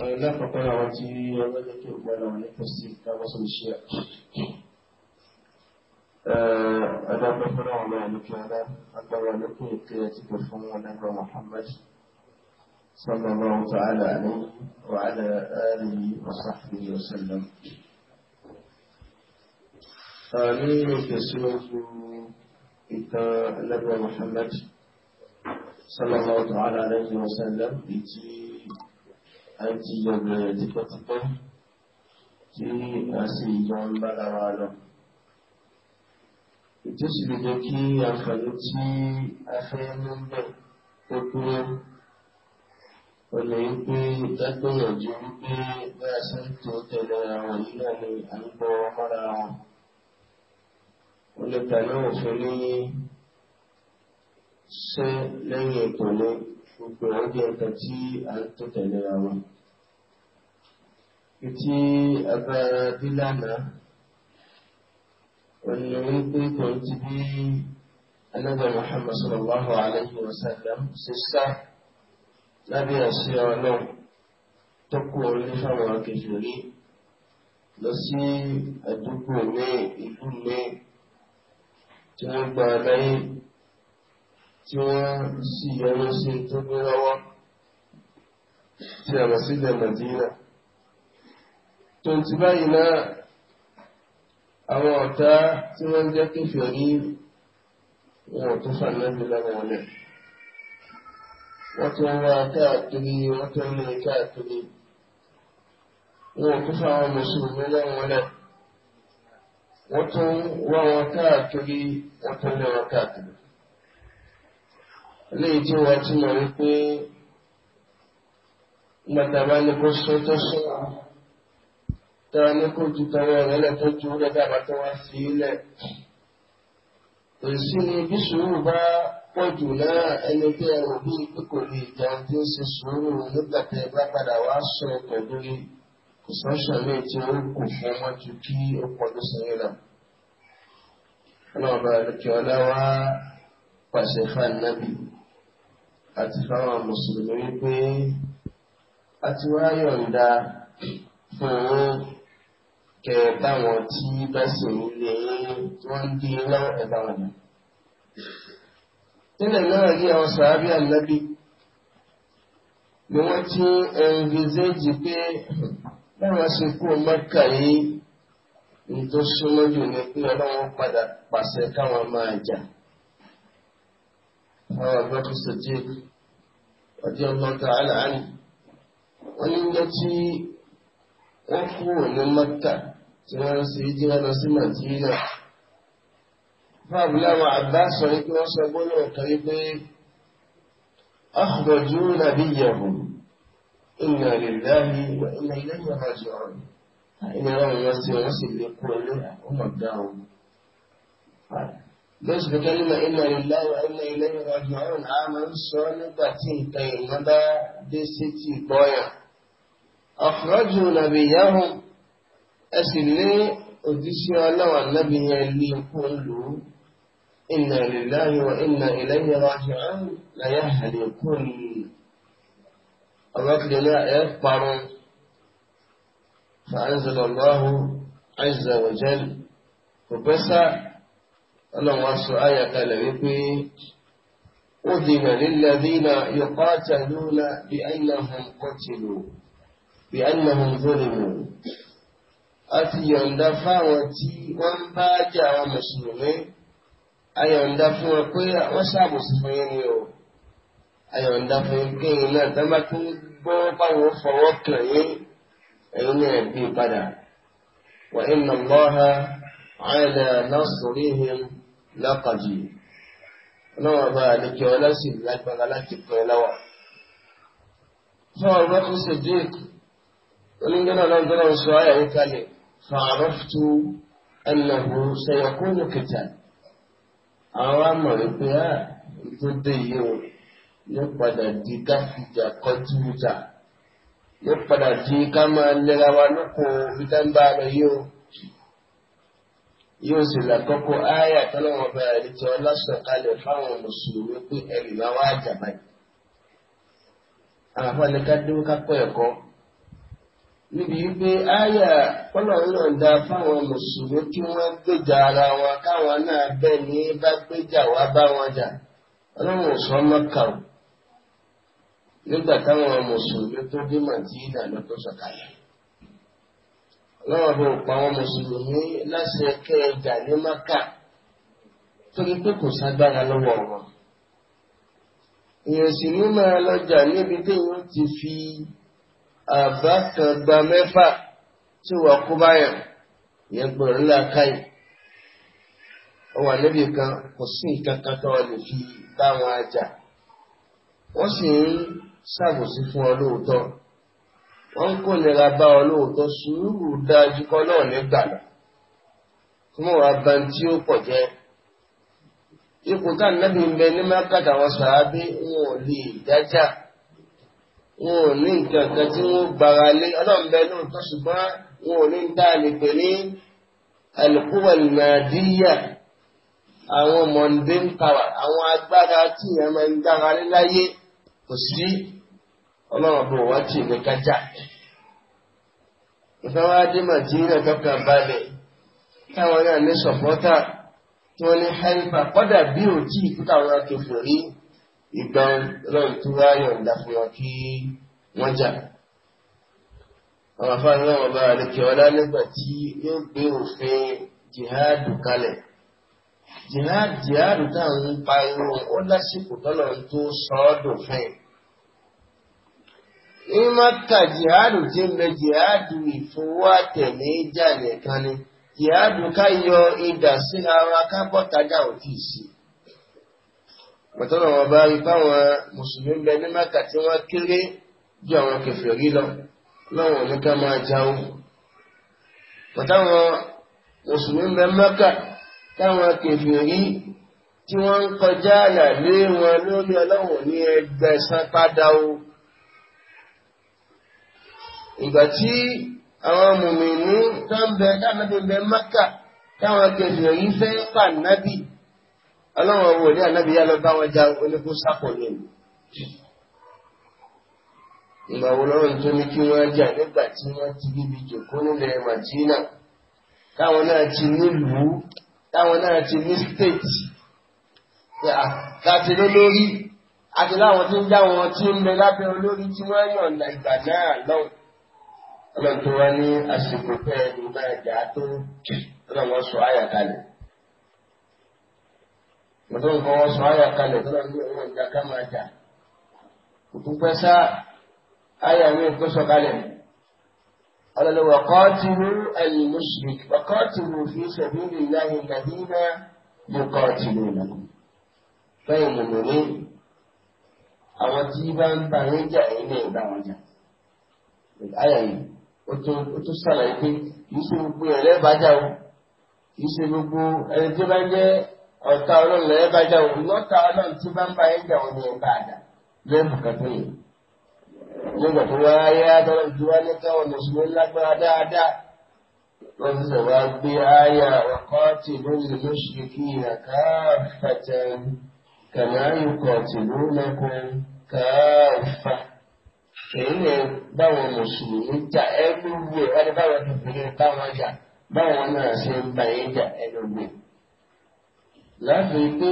lákọ̀ọ́kọ́ àwọn tí ọwọ́ jẹ́ kí ògbà lọ ní tẹ̀sí káwọ́ sí iṣẹ́ adágbẹ́ fúnra wọn lọ́wọ́ lókè ọ̀dá agbára lókè ètò ẹtì tó fún wọn lẹ́gbẹ́ Muhammad sallallahu ta'ala alayhi wa ala alihi wa sahbihi wa sallam ní ìfẹ̀síwájú ìtàn lẹ́gbẹ́ Muhammad sallallahu ta'ala alayhi wa sallam ìtì àti ìyọ̀bẹ̀rẹ̀ tipẹ́tipẹ́ tí a sì jọ ń bára wa lọ. Ètò sì lè jẹ́ kí àǹfààní tí a fẹ́ mú bẹ̀ tó dúró. Ọ̀nà yìí pé dágbìyànjú wípé bí a ṣe ń tó tẹ̀lé àwọn yìí ni à ń gbọ́ mọ́ra wọn. Olùkà náà fún ní ṣẹ́ lẹ́yìn ìtòlú gbogbo ẹ̀ jẹ́ nǹkan tí a ń tó tẹ̀léra wọn. Ìtí agbára dílànà òní wípé kò ti bí Ànábì Muhammad sallallahu alayhi wa sallam ṣe sá lábẹ́ àṣẹ ọlọ́run tó kú orí fáwọn akẹ́fẹ̀rí lọ sí àdúgbò ní ìlú ní tí wọ́n gba láyé tí wọ́n sì yọrí sí tó ní lọ́wọ́ tí a mọ̀ sílẹ̀ Mẹ̀dínà. tó ti báyìí náà àwọn ọ̀tá tí wọ́n jẹ́ kéfèé rí wọn tó fà lẹ́bi lọ́wọ́ wọn lẹ̀. wọ́n tó ń wá káàkiri wọ́n tó ń lè káàkiri wọn tó fà wọn mùsùlùmí lọ́wọ́ lẹ̀. wọ́n tó ń wá wọn káàkiri wọ́n tó ń lè wọn káàkiri eléyìí tí wọ́n ti mọ̀ wípé gbàtàbá ní kó sọ tó sọ tọ́ra ní kó ju tọrọ rẹ̀ lẹ̀ tó ju dàgbà tó wá sí ilẹ̀ èsì ni bí sùúrù bá pọ̀ jù náà ẹni tí ẹ rò bí pé kò lè jà tí ó ṣe sùúrù nígbà tẹ bá padà wá sọ ọkọ̀ lórí kò sọ́ṣọ̀ mi tí ó kù fún ọmọ ju kí ó pọ̀ tó sẹ́yìn náà. ọlọ́ọ̀bà rẹ̀ ọlá wá pàṣẹ fún àti fáwọn mùsùlùmí wípé a ti wá yọ̀ǹda fún wọn kẹ báwọn tí bá sì ń lé wọn dín lọ́wọ́ ẹ̀ báwọn ni. nílẹ̀ náà rí àwọn sàábì ànábì ni wọ́n ti ẹnviséjì pé báwọn ṣe kú mọ́kà yìí ní tó súnmọ́ jù ní pé ọlọ́wọ́ padà pàṣẹ káwọn máa jà. أبو بكر الصديق رضي الله تعالى عنه ونيجا تي وفو من تنال سيدنا نسيم مدينة فأبلا وعباس ولكن وصبونا وقريبين أخرجوا نبيهم إنا لله وإنا إليه راجعون فإن لهم نفسي ونفسي بيقول لها أمك داهم bẹ́ẹ̀ sì kẹ́lí mọ̀ iná ilé iná ilé ìrọ̀jùmọ́rún a máa ń sọ nígbà tí nǹkan ìyẹn bá dé sí ti gbọ́yàn. ọ̀fọ̀rọ̀jù nàbì yahoo ẹ sì lé òjíṣẹ́ ọlọ́wọ̀n nàbì yẹn lé ikú lù ú. iná ilé wa iná ilé ìrọ̀jùmọ́rún láyé àlè kú ni. ọlọ́kìlẹ̀ ẹ parun. fàánzọlọ́lọ́hù àìsàn òjẹ́lì kò bẹ́sà ọlọ́run wá sọ ayà kalẹ̀ wípé ó di mẹ̀lélẹ́dínà yọ̀pá tàlúlà bí àìnàhùn kọtìlù bí àìnàhùn zọ́lẹ̀mù àti yọ̀ǹda fáwọn tí wọ́n bá jẹ́ àwọn mùsùlùmí ayọ̀ǹda fún wọn pé wọ́n ṣàbòsí fún yín ni o ayọ̀ǹda fún yín kéyìn náà dábà tó gbọ́ báwọn fọwọ́ kàn yín ẹ̀yin náà bí e padà wà ìnà lọ́ha àìlẹ̀ náà lákàjì ọlọ́run ọba àlejò ọlọ́sìn lágbára láti pẹ́ lọ́wọ́. fún ọgbẹ́ tó ṣe déèkì onígbẹ́nà lọ́gbẹ́nà sọ ayẹ̀wò kalẹ̀ fàárọ̀fù ẹnàwó sẹ̀yọ̀kúnù kẹta àwọn àmọ̀ wípé á ah, tó dé yìí o yóò padà di káfíjà kọjújà yóò padà di ká máa lẹ́ra wa lóko ìdámbà rẹ̀ yìí o. yóò sì làkọ́kọ́ ááyà tọ́lọ́wọ́ bẹ̀rẹ̀ ní tí ọlá sọ̀kalẹ̀ fáwọn mùsùlùmí pé ẹ̀rì máa wá jàmbá yìí. àwọn afọ́ni ká dúró ká ẹ̀kọ́. níbi wípé náà fáwọn mùsùlùmí kí wọ́n gbèjà ara wọn káwọn náà bẹ́ẹ̀ ní bá gbèjà wá bá wọn jà ọlọ́run sọ nígbà táwọn mùsùlùmí tó dé sọ̀kalẹ̀ ọlọ́run bó pa àwọn mùsùlùmí láti ẹ̀kẹ́ ẹ̀jà ní maka torí pé kò ságbára lọ́wọ́ wọn. èèyàn sì ní máa lọ́jà níbi téèyàn ti fi àbá kan gba mẹ́fà tí wọ́n kó báyàn yẹn gbọ́dọ̀ ńlá káyì. ọwọ́ níbi kan kò sí nǹkan tó wọ́n lè fi bá wọn àjà. wọ́n sì ń ṣàbòsí fún ọ lóòótọ́ wọ́n kò nira bá ọ lóòótọ́ sùúrù dájú kọ́ náà nígbà lọ fún wa bá ń tí ó pọ̀ jẹ́ ipò tá nàbí ń bẹ ní mákàtà àwọn sàábé wọn ò lè dájà wọn ò ní nǹkan kan tí wọn gbára lé ọlọ́run bẹ lóòótọ́ ṣùgbọ́n wọn ò ní dá lè pè ní alquwal madiyya àwọn mundane power àwọn agbára tí ìyẹn máa ń dára lé láyé kò sí ọlọ́run bò wá tì mí kájà. ìfẹ́wá dé màdínà tọ́ka balẹ̀ táwọn náà ní sọ̀pọ́tà tí wọ́n ní hẹ́lpà kọ́dà bí ò tí ìkú táwọn akẹ́fọ̀ rí ìgbọ́n lọ́run tó wá yọ̀ǹda fún wọn kí wọ́n jà. àwọn afáàní náà wọ́n bá wà lókè ọlá nígbà tí yóò gbé òfin jihadu kalẹ̀ jihadu jihadu táwọn ń pa irun ó lásìkò tọ́lọ̀ tó sọ ọ́ dòfin. ní maka jihadu ti ń bẹ jihadu ìfowóatẹ̀lé ìjà nìkan ni jihadu ká yọ idà sí ara ká òtí sí. pẹ̀tọ́nà wọn bá rí báwọn mùsùlùmí bẹ ní maka tí wọ́n kéré ju àwọn kèfèrí lọ lọ́wọ́n ní máa jáwó. pẹ̀tọ́nà bẹ maka táwọn kèfèrí tí wọ́n ń kọjá wọn lórí ọlọ́wọ́n ní ìgbà tí àwọn mùmìnú tó ń bẹ káànábì ń bẹ Mákà táwọn akẹ́kọ̀ọ́ yìí fẹ́ pa nábì ọlọ́wọ́n wò ní ànábì yá bá wọn ja oníkó sápọ̀ ní ìgbà wo lọ́rùn tó ní kí wọ́n jà nígbà tí wọ́n ti ríbi jòkó nílẹ̀ Màdínà táwọn náà ti nílùú táwọn náà ti ní stéètì láti lólórí àti láwọn tí ń dá wọn tí ọlọ́run tó wá ní àsìkò pé ẹni máa jà á tó ọlọ́run wọn sọ àyà kalẹ̀. ọlọ́run kan wọn sọ àyà kalẹ̀ ọlọ́run ní owó ìjà ká máa jà. kùtù pẹ́ sá àyà mi kó sọ kalẹ̀. ọlọ́run wà kọ́ọ̀tìmù ẹ̀yìn mùsùlùmí wà kọ́ọ̀tìmù fi sẹ̀bílì ìyáhì gàdínà yóò kọ́ọ̀tìmù ìlànà. fẹ́yìn mùmùmí àwọn tí bá ń bá yín jà yín ní ìbá wọn jà. Ayà yìí ó tún ṣàlàyé pé kìí ṣe gbogbo ẹ̀lẹ́bàjá o kìí ṣe gbogbo ẹni tó bá jẹ́ ọ̀tá ọlọ́run lẹ́bàjá o lọ́tà ọlọ́run tó bá ń bá ẹ̀jẹ̀ wọn ni ẹ̀bá àdá lẹ́bù kàtó yìí. nígbà tó wá ayé adọ́rọ̀ ju wá ní káwọn mùsùlùmí lágbára dáadáa wọ́n ti sọ̀rọ̀ gbé ayé àwọ̀kọ́ tì lórí lóṣù kí ìràká fàtẹ́ kàmáyé kọ̀ọ̀tì lónà kan èyí ni báwọn mùsùlùmí jà ẹnu wúwo ẹni báwọn kékeré báwọn jà báwọn náà ṣe ń bá yín jà ẹnu wúwo. láti pé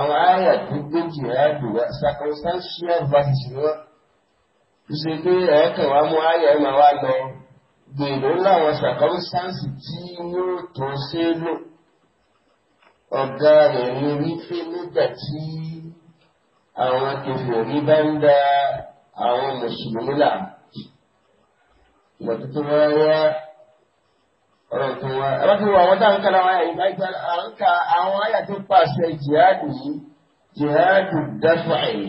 àwọn àyà tó gbèjì àdùwà circumstantial verses ni wọn tó ṣe pé ẹ̀ẹ́kẹ̀ wá mú àyà ẹ̀ máa wá lọ gbèrò láwọn circumstances tí yóò tó ṣe lò ọ̀gá rẹ̀ ni wípé nígbà tí àwọn kẹfẹ́ rí bá ń dáa àwọn mùsùlùmí là ìgbàtí tó wọ́n wá ọ̀rọ̀ tó wá ẹ̀rọ tó wà wọ́n dá nǹkan àwọn àyíká ìgbà àǹkà àwọn àyà tó pàṣẹ jihadu yìí jihadu dafa'i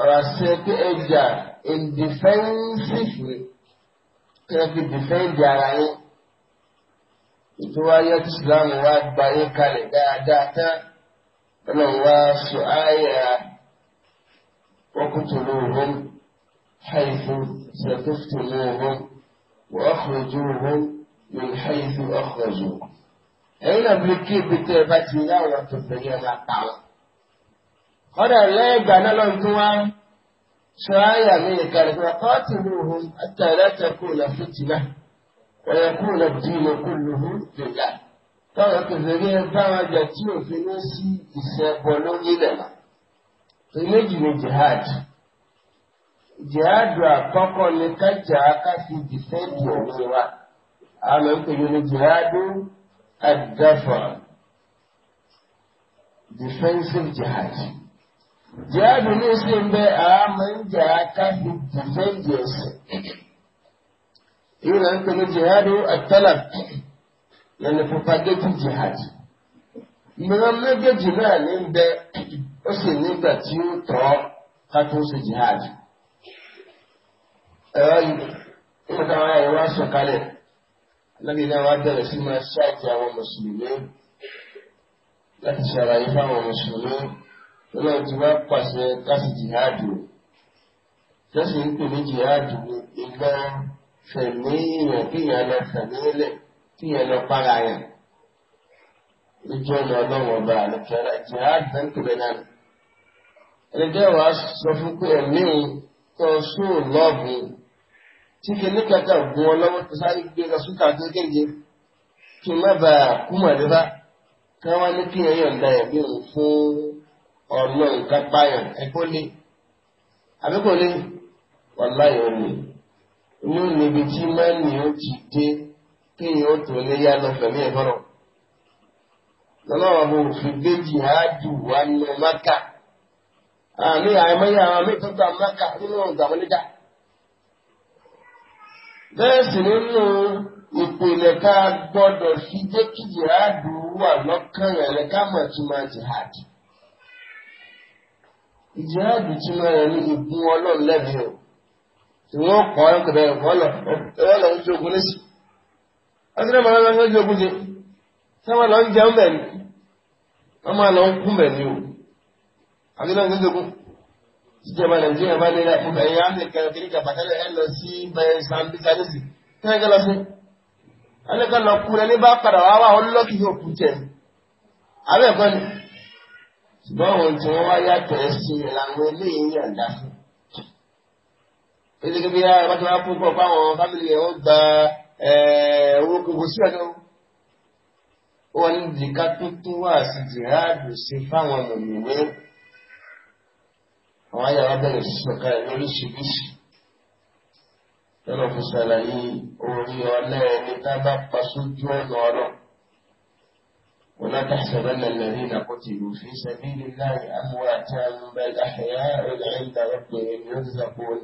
ọ̀rọ̀ àṣẹ pé ẹja in defensive kẹ́ẹ̀ fi defend ara yín ìtúwáyé Islam wá gba yín kalẹ̀ dáadáa tán ọlọ́run wá sọ ayé وقتلوهم حيث ستفتلوهم وأخرجوهم من حيث أخرجوكم ẹ̀yin náà fi kí ibi tẹ́ ẹ bá ti yá ọ̀nà tó fẹ́ yẹn láta wọn. kọ́dà lẹ́yìn ìgbà náà lọ́n tún wá sọ ayà mi nìkan ní pé kọ́ọ̀tì ní òhun àtàlẹ́ tẹ̀kù ní fìtìlá wọ́n kú ní bìtìlá kú lóhùn dùlá. táwọn kẹfẹ́ rí ẹ bá wọn jà tí òfin ní sí ìṣẹ́bọ lórí ilẹ̀ náà tó méjì ni jihad jihad àkọ́kọ́ ni kájà káfí dìfẹ́ǹdì ẹ̀mí wa àmọ́ ń pèlú ní jihad àdáfà defensive jihad jihad ní sí ń bẹ àmọ́ ń jà káfí dìfẹ́ǹdì ẹ̀sìn ìwé ń pèlú jihad àtàlà yẹn ni propagating jihad ìmọ̀ràn méjèèjì náà ní ń bẹ́ẹ̀ ó sì nígbà tí ó tọ́ ká tó ṣe jihad. ẹ̀rọ ìgbà wa ẹ̀rọ sọ̀kalẹ̀ lẹ́yìn náà wá bẹ̀rẹ̀ sí máa ṣáàtì àwọn mùsùlùmí láti ṣàlàyé fáwọn mùsùlùmí lọ́nà tí wọ́n pàṣẹ káṣí jihad o. Jọ́sìn ń pè ní jihad ní ìgbà fẹ̀mí èèyàn kí èèyàn lọ fẹ̀mí lẹ̀ kí èèyàn lọ para yẹn. Ìjọ ni ọlọ́run ọba àlùkẹ́rẹ́ jihad náà ń pè náà. ẹni tẹ́ wàá sọ fún pé ẹ̀mí òun tó sóò lọ́ọ̀bù tí kìíní kẹta gun ọ lọ́wọ́ tó sáré gbé lọ sókà tó kéde kí n má bàa kú ní kí ẹ̀mí òun fún ọ̀nà nǹkan ẹ̀kọ́ lé àbíkọ́ lé wàláyé òní inú níbi tí ti dé tó ní àìmọye àwọn míì tó gba mẹ́kà nínú ìgbàmọ́lẹ́jà. bẹ́ẹ̀ sì nínú ìpìlẹ̀ ká gbọ́dọ̀ fi jẹ́ kí wà lọ́kàn rẹ̀ ká ka tí máa jihadu. jihadu tí ní ìbú o. tí ti rẹ̀ máa lọ́n jogun jẹ. o. àbílẹ̀ nígbègún ìjọba nàìjíríà bá nílẹ̀ fún ẹ̀yìn áfíríkà kìríkà pàtàkì ẹ̀ lọ sí islamicanism tẹ́lẹ̀kẹ́ lọ sí ẹlẹ́kẹ́ lọ kú ẹni bá padà wá wà ọlọ́kì yóò kú jẹ abẹ́ ẹ̀kọ́ ni ṣùgbọ́n àwọn tí wọ́n wá yàtọ̀ ẹ̀sìn ìlànà eléyìí yàǹda fún ẹ̀ẹ́dẹ́gbẹ́ bí i bá ti wá púpọ̀ fáwọn fámìlì ẹ̀ wọ́n gba owó gbogbo sí ọ̀dọ́ wọn ní dìkà tuntun wà sí jìhádù sí fáwọn mọ̀mìnrin àwọn ayára bẹ̀rẹ̀ sí sọ̀ka ẹ̀ lóríṣiríṣi lọ́nà fún sàlàyé orí ọlẹ́ ẹni tá bá pa sójú ọ̀nà ọlọ́ ولا تحسبن الذين قتلوا في سبيل الله أمواتا بل أحياء عند ربهم يرزقون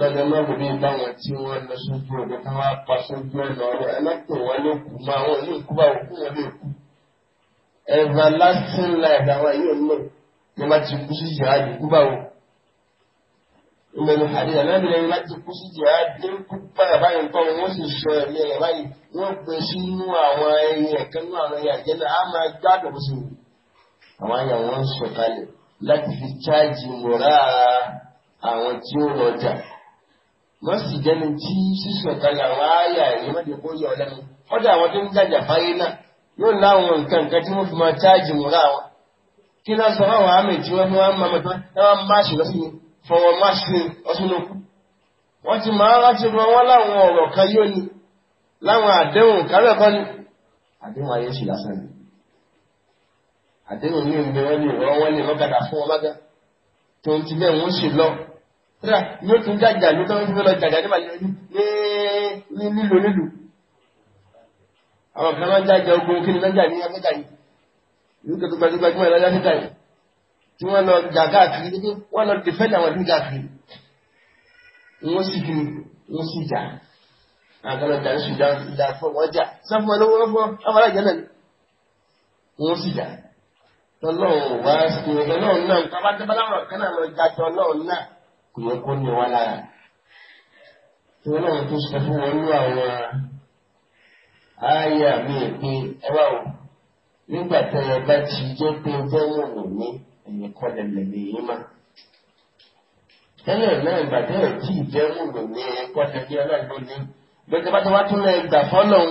lọ́jọ́ náà bí báwọn tí wọ́n lọ sójú ọ̀dọ̀ kan wá pa sójú ọ̀nà ọ̀rọ̀ ẹlẹ́pẹ̀ wọn ló kú máa kú ní bá ti kú sí jihad kú báwo ìmọ̀lù àdéhà náà ní ẹni láti kú sí jihad ní kú báyà báyà ń tọ́ wọ́n sì sọ ẹ̀mí rẹ̀ báyìí wọ́n gbé sínú àwọn ẹyẹ ẹ̀kan nínú àwọn ẹyẹ àjẹ́ náà á máa gbádùn bó ṣe wù àwọn àyà wọn ń sọ kalẹ̀ láti fi cháàjì mọ̀rá àwọn tí ó lọ jà wọ́n sì jẹ́ni tí sísọ kalẹ̀ àwọn àyà yìí má dé kó yọ ọ lẹ́nu kọ́dà àwọn tó ń jàjà fáyé náà yóò láwọn nǹkan nǹkan tí wọ́n fi máa cháàjì mọ̀rá àwọn kí náà sọ fáwọn àmì tí wọ́n fi wọ́n máa mẹ́ta náà máa ṣe lọ sí fọwọ́ máa ṣe ọsúnú wọ́n ti máa rántí fún wọn láwọn ọ̀rọ̀ kan yóò ní láwọn àdéhùn kárẹ̀ ní àdéhùn ayé ṣì lásán ni àdéhùn ní ìgbé wọn ní ìrọ̀ wọn ní ìrọ̀gàdà fún wọn lágá tó ń ti bẹ́ẹ̀ wọ́n ṣe lọ tíra yóò tún jàjà ló tọ́ fífẹ́ lọ jàjà nípa ní lílo nílùú àwọn kan máa ń jàjà ogun kí ni lọ́jà ìlú kẹtù gbajúgbajúmọ̀ ìlọ́jà níta yìí tí wọ́n lọ jà káàkiri tí wọ́n lọ dìfẹ́ndì àwọn ìlú káàkiri wọ́n sì ju wọ́n sì jà àgbàlọ̀ jà ń sùn jà jà fún wọn jà sáfún wọn lọ́wọ́ fún àwọn alájà náà wọ́n sì jà lọ́lọ́run wá sí ọlọ́run náà nǹkan bá dé báláwọ̀ kan náà lọ jà jọ ọlọ́run náà kò yẹ kó ní wa lára tí ọlọ́run tó sọ fún wọn ní àwọn ááyà mi pé ẹ wá wò nígbà tí ẹ bá ti jẹ́ pé bẹ́ẹ̀ mọ̀ ní ẹ̀yìn kọ́lẹ̀ lẹ́nu yìí mà. tẹ́lẹ̀ náà ìgbà tí ẹ tí ì jẹ́ mọ̀ ní ẹ̀yìn kọ́lẹ̀ ní ọlọ́run ní bẹ́ẹ̀ bá ti wá tún lẹ́yìn gbà fọ́lọ́run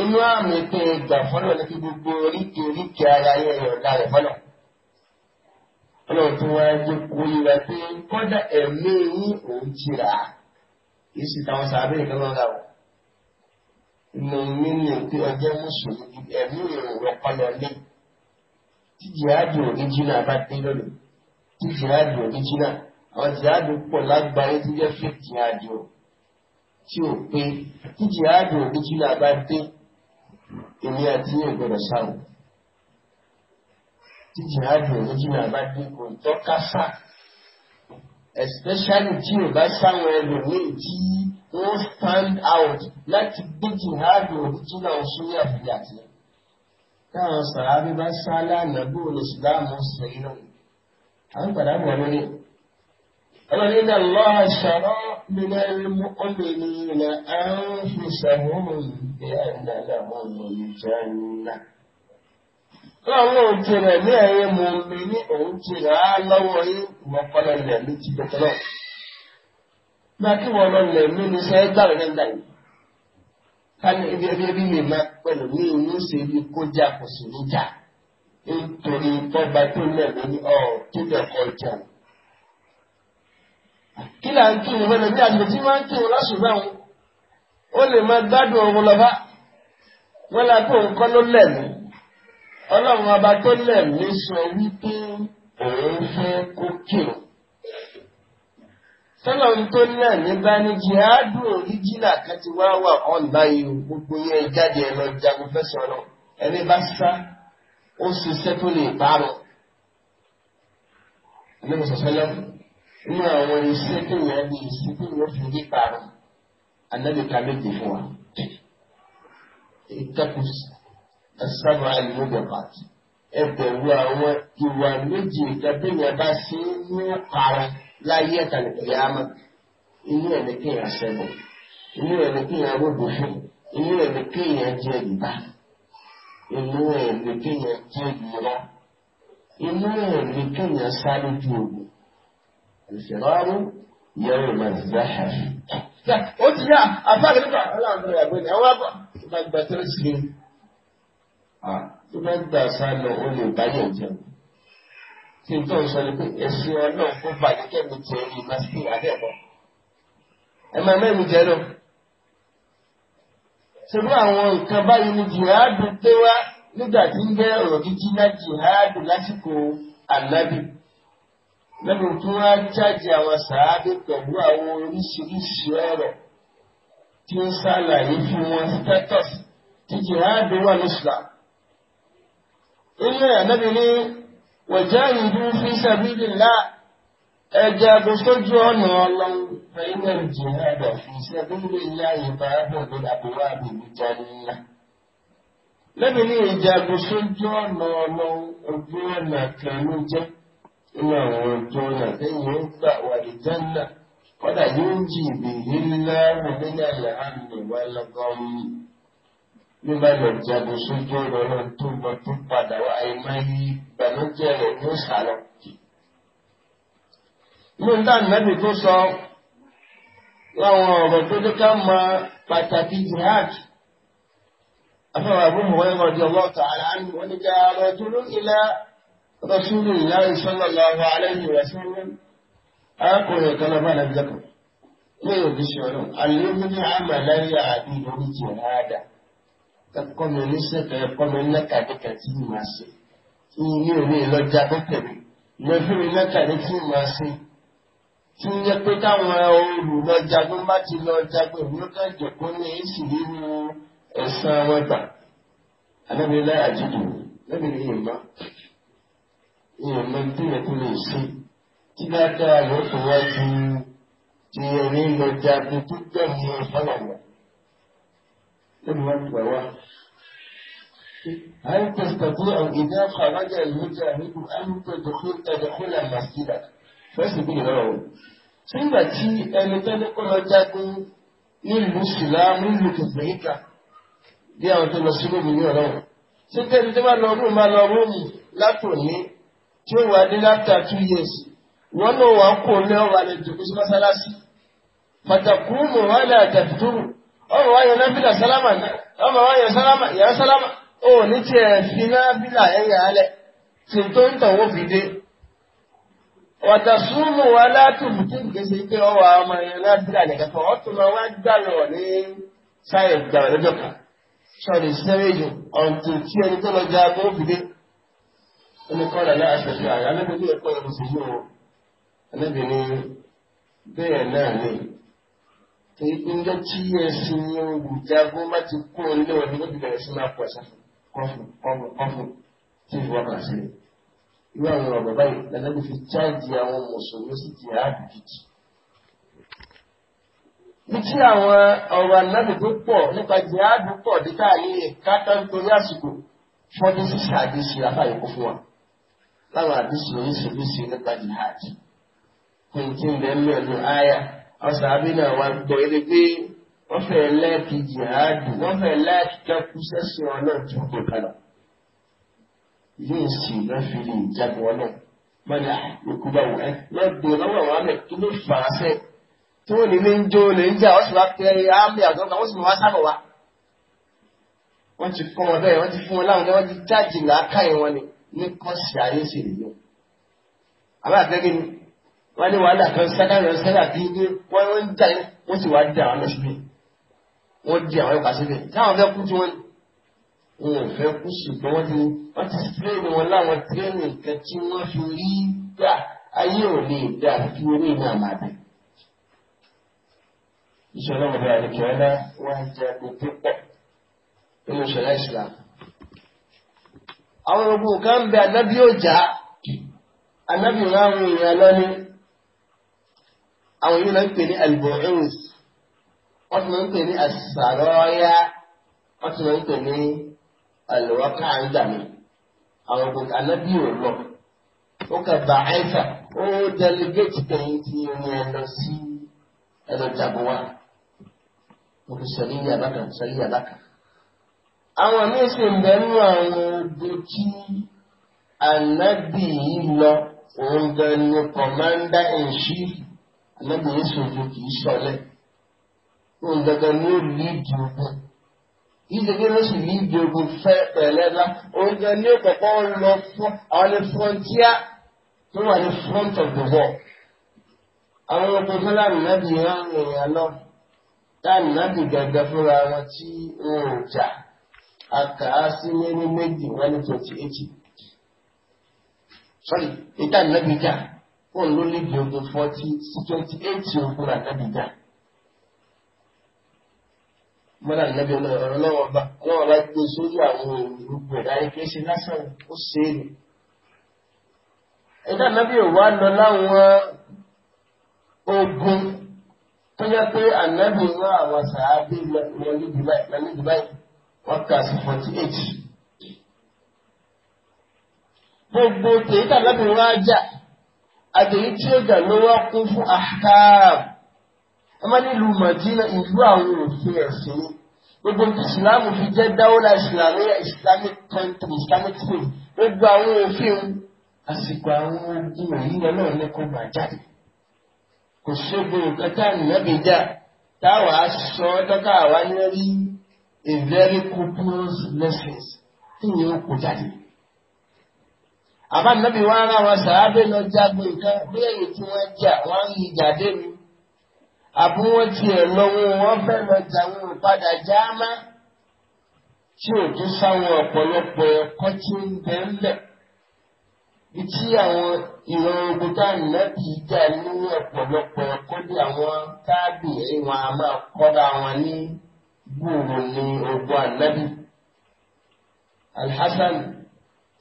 inú àmì pé gbà fọ́lọ́run ní kí gbogbo oríkèé oríkèé ara yẹn yọ̀ ọ̀dà rẹ̀ fọ́lọ́run ọlọ́run tó wáá jẹ́ kó yíra pé kọ́dà ẹ̀mí yín òun jìrà kì í sì táwọn sàbẹ̀ nìkan lo nílé pé ọjọ́ mùsùlùmí ẹ̀mí ìrìn rẹ̀ kọ́lọ lé tí jihadi òríjìnà bá dé lónìí tí jihadi òríjìnà àwọn jihadi pọ̀ lágbàáyé tí jẹ́ fún jihadi o tí ò pé tí jihadi òríjìnà bá dé èmi àti yóò gbọdọ̀ sáwọn tí jihadi òríjìnà bá dé kò tọ́ka sá especially tí ò bá sáwọn ẹlòmíì tí. ń stand out like gbé jihadu òtútù náà súnmọ́ àfìyà sí. Táwọn sàábí bá sá lánàá bí òun ìsìláàmù sọ iná. À ń padà bọ̀ wọ́n ní. Ọlọ́run ní ìlànà lọ́wọ́ ṣọ̀rọ̀ nínú ẹlẹ́mú na ní fi ṣàwọ́n gba kí wọn lọ lẹ mí ní sẹ gbàrẹ náà gbà yìí kánú ebi ebi ebi lè má pẹ̀lú ní inú ṣe ibi kójà kò sí níjà nítorí tọba tó lẹ mí ní ọ tó dẹkọ ìjà kí là ń kírun lọ́dọ̀ bí àgbẹ̀ tí wọ́n ń kírun lọ́sùnmọ́ àwọn ó lè máa gbádùn òun lọ́ba wọ́n la kó nǹkan ló lẹ̀mí ọlọ́run ọba tó lẹ̀mí sọ wípé òun fẹ́ kó kírun tọ́lọ̀ ń tó náà ní bá ní jihadu oríjìnà kan ti wá wà ọ̀n báyìí gbogbo yẹn jáde ẹ̀ lọ jagun fẹ́sọ̀ lọ ẹni bá sá ó ṣiṣẹ́ tó lè bá rọ. ẹni mo sọ̀sọ́ lẹ́nu nínú àwọn iṣẹ́ tó yẹ ní iṣẹ́ tó yẹ fi rí parọ́ anábìka méjì fún wa. ìtẹ́kùn ẹ̀sábà ìmúdẹ̀pàtì ẹ̀bẹ̀rù àwọn ìwà méjì ìtẹ́bí yẹn bá ṣe ní parọ́ láyé àtàlẹ̀kẹ̀yà ama inú ẹ̀ ní kéèyàn sẹ́gun inú ẹ̀ ní kéèyàn wọ́gbọ̀n fún inú ẹ̀ ní kéèyàn jẹ́ ìgbà inú ẹ̀ ní kéèyàn jẹ́ ìmúra inú ẹ̀ ní kéèyàn sáré ju ogun ìfẹ̀rọ̀rù yẹ̀rọ ìmọ̀lẹ́dá hàfi. ó ti yá afáàlì nípa aláàbẹ̀rẹ̀ àgbẹ̀ni àwọn àbọ̀ tó tó ń ah, tó bá gbà sá lọ lè báyọ̀ jẹun tí n tó ń sọ ni pé ẹ̀sìn ọlọ́run kó bàjẹ́ kẹ́mi tẹ̀ ẹ́ ìmọ̀ sí àdẹ́ẹ̀kọ́. ẹ máa mẹ́rin jẹ́ lọ. ṣèlú àwọn nǹkan báyìí ni jihadu gbé wá nígbà tí ń jẹ́ ọ̀rọ̀ jíjí ná jihadu lásìkò ànábì. lẹ́nu tí wọ́n á jáde àwọn sàábì pẹ̀lú àwọn oríṣiríṣi ọ̀rọ̀ tí ń ṣàlàyé fún wọn status ti jihadu wà ní Islam. inú ẹ̀ وجاهدوا في سبيل الله ẹjagun sójú ọ̀nà ọlọ́run fẹ́yìnà ìjìnàdà fi sẹ́bílì láyé bá bọ̀dọ̀ àbúrò àbìbí jàdínlá. lẹ́bìnrin ìjagun sójú ọ̀nà ọlọ́run ojú ọ̀nà kan ló jẹ́ nínú àwọn ojú ọ̀nà lẹ́yìn ó gbà kọ́dà yóò jì ńlá wọlé ní àyà àmì lọ́gọ́rùn-ún nígbà nàìjíríà sójú ọ̀rọ̀ náà tó lọ tó padà wá àìmáyé ìbànújẹ́ rẹ̀ ní ìsàlọ̀. Inú ìdá nàbì tó sọ láwọn ọ̀rọ̀ tó dé ká mọ pàtàkì jihad. Afẹ́wà Abu Hurairah radiyallahu ta'ala anhu wọ́n ní ká rajulun ila Rasulillahi sallallahu alayhi wa sallam. Arákùnrin kan lọ́ba nàìjíríà kan. Ilé ìwòsàn ọ̀rọ̀ àlè ní àmàlẹ́yà àti ìdórí jihada ẹ̀kọ́ mi níṣẹ́tọ̀ ẹ̀kọ́ mi lẹ́ka kẹ̀kẹ́ tí mo máa ṣe tí ilé òní ìlọ́jà kẹ̀kẹ́ mi ìlọ fún mi lẹ́ka ní tí mo máa ṣe tí ń yẹ pé táwọn olùlọ́jà ló bá ti lọ jagbó ìlú kan jẹ̀kọ́ ní èsì nínú ẹ̀sán wọn gbà alábi láyà jìdù lẹ́bi ní ìmọ̀ ìmọ̀ tí mo tún lè ṣe tí dáadáa ló fi wá ju ti ẹni lọ jagbó tó gbẹ̀mí ọ̀fọ́lọ̀wọ̀. قل هو واحد هل تستطيع إذا خرج المجاهد أن تدخل تدخل مسجدك فاسبيل الله sígbà tí ẹni tẹ́lẹ̀ kọ́ lọ jágun nílùú sùlámù nílùú kẹfẹ́ríkà bí àwọn tó lọ sí lómi ní ọ̀rọ̀ ṣé tẹ́lẹ̀ tó bá lọ rúùn máa lọ rúùmù látòní tí ó wà ní láfta two years wọn náà wà kó lẹ́wọ̀ àlejò kó sí mọ́sálásí pàtàkùn mọ̀ wálé àtàkùn ọmọ wa yẹn nábìlà sálámà ní ọmọ wa yẹn sálámà yẹn sálámà ó ní tiẹ̀ fi nábìlà yẹn yà á lẹ̀ tí n tó ń tàn wọ́n fi dé. Wàtàsúmù wa látùbù tí n gbèsè pé ọwọ́ ọmọ yẹn nábìlà nìkan kan ọ̀tún máa wá gbà lọ ní sáyẹ̀ gbà lọ́jọ́ kan. Sọ̀rọ̀ ìsẹ́rẹ́jù ọ̀tún tí ẹni tó lọ jẹ agbó fi dé. Ẹni kọ́ ọ̀dà náà ṣẹ̀ṣẹ̀ àyà lẹ́gbẹ̀ẹ́ torí pé njẹ́ tí ẹ̀sìn olùjagun bá ti kó ilé wọn ni wọ́n ti bẹ̀rẹ̀ sí máa pọ̀ ẹ̀sán kọ́fùn kọ́fùn kọ́fùn tí ìfowó kan irú àwọn ọ̀rọ̀ báyìí fi cháàjì àwọn mùsùlùmí sí ti àádù ní tí àwọn ọ̀rọ̀ ànábì tó pọ̀ nípa jihadu pọ̀ díkà ayé kátà nítorí àsìkò fọ́dí sísá àdéṣe afáyé kó fún wa láwọn oríṣiríṣi nípa bẹ́ẹ̀ mẹ́rin áyà àwọn sàábì náà wá gbọ́ ilé pé wọ́n fẹ́ láìkì jihadi wọ́n fẹ́ láìkì kẹ́kù sẹ́sìn ọlọ́run tó kò kànà yóò sì lọ́fi lè jagun ọlọ́run mọ́lá ikú bá wù ẹ́ lọ́gbọ̀n lọ́wọ́ àwọn àmì kí ló fà á sẹ́ tí wọ́n ní ní ń jó lè ń jà wọ́n sì wá pé àmì àtọ́ka wọ́n sì wá sábà wá. wọ́n ti kọ́ wọn bẹ́ẹ̀ wọ́n ti fún wọn láwọn wọ́n ti jáde làákàyè wọn ni ní kọ́ọ̀sì ayé sì rèé wọ́n ní wàhálà kan sẹ́dáàrọ̀ sẹ́dáàbí ní wọ́n ń jà wọ́n sì wá dé àwọn lọ síbẹ̀ wọ́n di àwọn ẹ̀ka síbẹ̀ táwọn fẹ́ kú tí wọ́n wọn ò fẹ́ kú ṣùgbọ́n wọ́n ti wọ́n ti tírẹ́nì wọn láwọn tírẹ́nì kan tí wọ́n fi rí gbà ah, ayé ò lè dá fi orí iná àmàdé. ìṣọ̀lá ọ̀dọ̀ àdìkẹ́ ọ̀lá wọ́n jẹ́ gbogbo pọ̀ nínú ìṣọ̀lá ìsìlámù. àwọn ogun kan bẹ anábì ọjà anábì ńlá àwọn èèyàn lọ́ní àwọn yìí máa ń pè ní albu'us wọ́n ti máa ń pè ní asàrọ́yá wọ́n ti máa ń pè ní alùwọ́ká àǹdàmì àwọn gbogbo anábì ò lọ ó kà bá àìsà ó délégéètì kẹyìn tí ní ẹ lọ sí ẹnu jàbúwà òkú sọlí ní abáka sọlí abáka. àwọn míín sì ń bẹnu àwọn ojú anábì yìí lọ òun gan ni commander in chief àlẹ́bí yìí ṣòfò kìí ṣọlẹ̀ ohun dandan ni ó lè di ogun yíṣe kí ló sì ní ìdí ogun fẹ́ pẹ̀lẹ́ ńlá ohun dandan ni ó kọ́kọ́ lọ fún àwọn ní frontier tó wà ní front of the war àwọn ogun fúlàní nábì hàn èèyàn náà táàmì nábì gàgà fúnra wọn tí wọn ò jà a kà á sí méní méjì wọn ní twenty eight sorry ìtàn nábì jà òun ló lè di ogun forty sí twenty eight ogun àtàdìjà mọ́nà nàbí ọlọ́wọ́ bá ọlọ́wọ́ bá gbé sórí àwọn olùgbò ẹ̀dá ayé kìí ṣe lásán ó ṣe é lò. ẹ̀dá nàbí ò wá lọ láwọn ogun tó yẹ pé ànábì wá àwọn sàábì lọ ní Dubai wọ́n kà sí forty eight. gbogbo tèyí tàbí wọ́n á jà àtẹ̀yí tí ó jà ló wá kún fún ahkam ẹ má nílùú Madina ìlú àwọn òfin ẹ̀sìn gbogbo tí ìsìláàmù fi jẹ́ dáwọ́lá ìsìláàmìyà islamic country islamic state gbogbo àwọn òfin àsìkò àwọn ogun ìyílẹ̀ náà lẹ́kọ̀ọ́ máa jáde kò sóògùn nǹkan tá àníyàbíjà táwa sọ dọ́kà àwa ní rí a very copious lessons tí ìyẹn ó kó jáde àbá nàbí wọn ara wọn sàábẹ lọ jagun nǹkan bí èyí tí wọn jà wọn ń yin jáde mi àbí wọn tiẹ̀ lọ wọn wọn fẹ́ lọ jà wọn padà já má tí ò tún sáwọn ọ̀pọ̀lọpọ̀ ẹ̀kọ́ tí ń bẹ ń bẹ àwọn ìran ogun nàbí jà ní ọ̀pọ̀lọpọ̀ ẹ̀kọ́ bí àwọn káàdì ìwọn a máa kọ́ra wọn ní gbòòrò ní ogun ànábì alhassan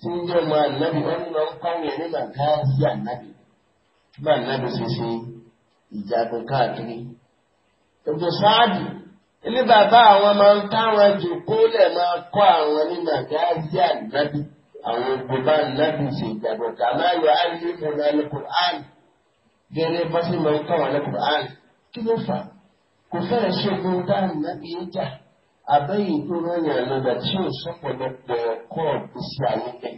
tí ń jẹ́ ọmọ ànábì wọ́n ní wọ́n káwọn ẹ̀rí mà gáàsì ànábì bá ànábì ṣe ṣe ìjagun káàkiri. Ètò sáàdì ilé bàbá àwọn máa ń táwọn jòkó lẹ̀ máa kọ́ àwọn ní mà gáàsì ànábì àwọn ogun bá ànábì ṣe ìjagun ká máa yọ àìlè múra lẹ́kọ̀ọ́ àn gẹ́gẹ́ bá sì máa ń kọ́ àwọn lẹ́kọ̀ọ́ àn kí ló fà kò fẹ́rẹ̀ ṣe ogun táwọn ànábì jà abẹ́yìn tó rán yàn lọ́dà tí ò sọ́pọ̀lọpọ̀ ẹ̀kọ́ ìgbésí ayé lẹ̀.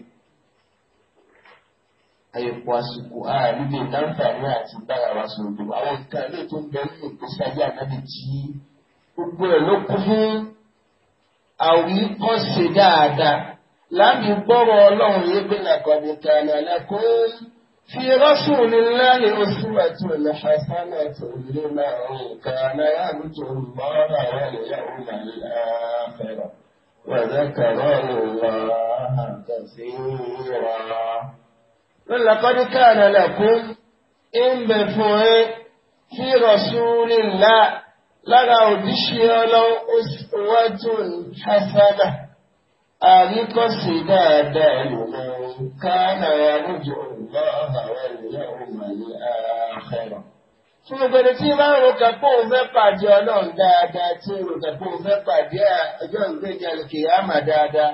Àyẹ̀pọ̀ àsìkò àárín lè láǹfààní àti bára wa sọ̀rọ̀ lò. Àwọn nǹkan ilé tó ń bẹ nínú ìgbésí ayé ànábì tí gbogbo ẹ̀ ló kún fún àwíkọ́ṣe dáadáa. Láàbì gbọ́rọ̀ ọlọ́run yé pé nàkọ́ni kan ní alákòó. في رسول الله أسوة حسنة لمن كان يرجو الله واليوم الآخر وذكر الله كثيرا ولقد كان لكم إن بفوه في رسول الله لنا ودشي أسوة حسنة àríkọ̀sí dáadáa lòmọ̀ kánà àrùjọ lọ́hà ẹ̀yà òmàlẹ́ àfẹ́rọ̀. Fún ìgbèrè tí bá ń ròkà pé òun fẹ́ pàdé ọlọ́run dáadáa tí ń ròkà pé òun fẹ́ pàdé ọjọ́ ìgbéga kìyàmà dáadáa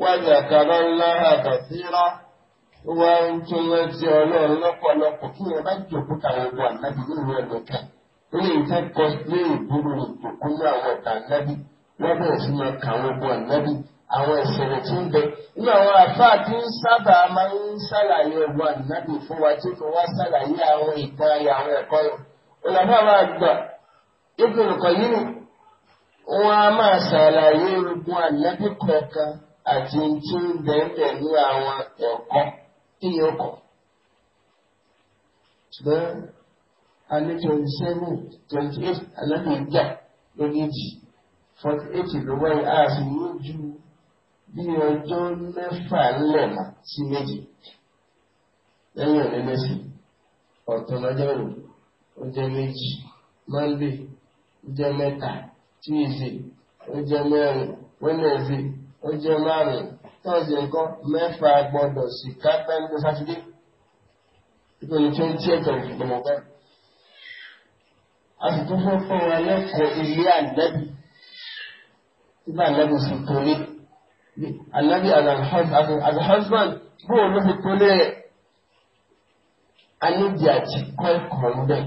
wá zàkàrọ̀ lọ́hà kàfírà wá ń tún rántí ọlọ́run lọ́pọ̀lọpọ̀ kí ẹ bá jòkó káwọn ọgbọ ànábì nínú ẹ̀mí kan. ilé ìgboro àwọn ìṣẹ̀lẹ̀ tí ń bẹ nínú àwọn àfáà tí ń sábà máa ń ṣàlàyé ọgbọ́n àdínábì fún wa tí kò wá ṣàlàyé àwọn ìtàn ayé àwọn ẹ̀kọ́ rẹ̀. olùkọ́ àwọn àgbà ibùdó olùkọ́ yìí nì wọ́n á máa ṣàlàyé ogun àdínábì kọ̀ọ̀kan àti tí ń bẹ pẹ̀lú àwọn ẹ̀kọ́ iye ọkọ̀. ṣùgbọ́n a ní twenty seven twenty eight alábìíjà lórí ìjì forty eight ló wáyé a sì ní ju bí ọjọ́ mẹ́fà lẹ́nà sí méjì lẹ́yìn ọ̀nà mẹ́sì ọ̀tọ̀ lọ́jọ́rò ó jẹ́ méjì monday ó jẹ́ mẹ́ta tuesday ó jẹ́ mẹ́rin wednesday ó jẹ́ márùn-ún tọ́sí nǹkan mẹ́fà gbọ́dọ̀ sí kápẹ́ ní sátidé nítorí twenty eight of november a sì tún fẹ́ fún wa lẹ́kọ̀ọ́ ilé àdẹ́bì nígbà lẹ́nu sì torí. Ànábì as a husband bóun ló fi tó lé ẹ̀. A níbi àti kọ́ ẹ̀kọ́ ń bẹ̀.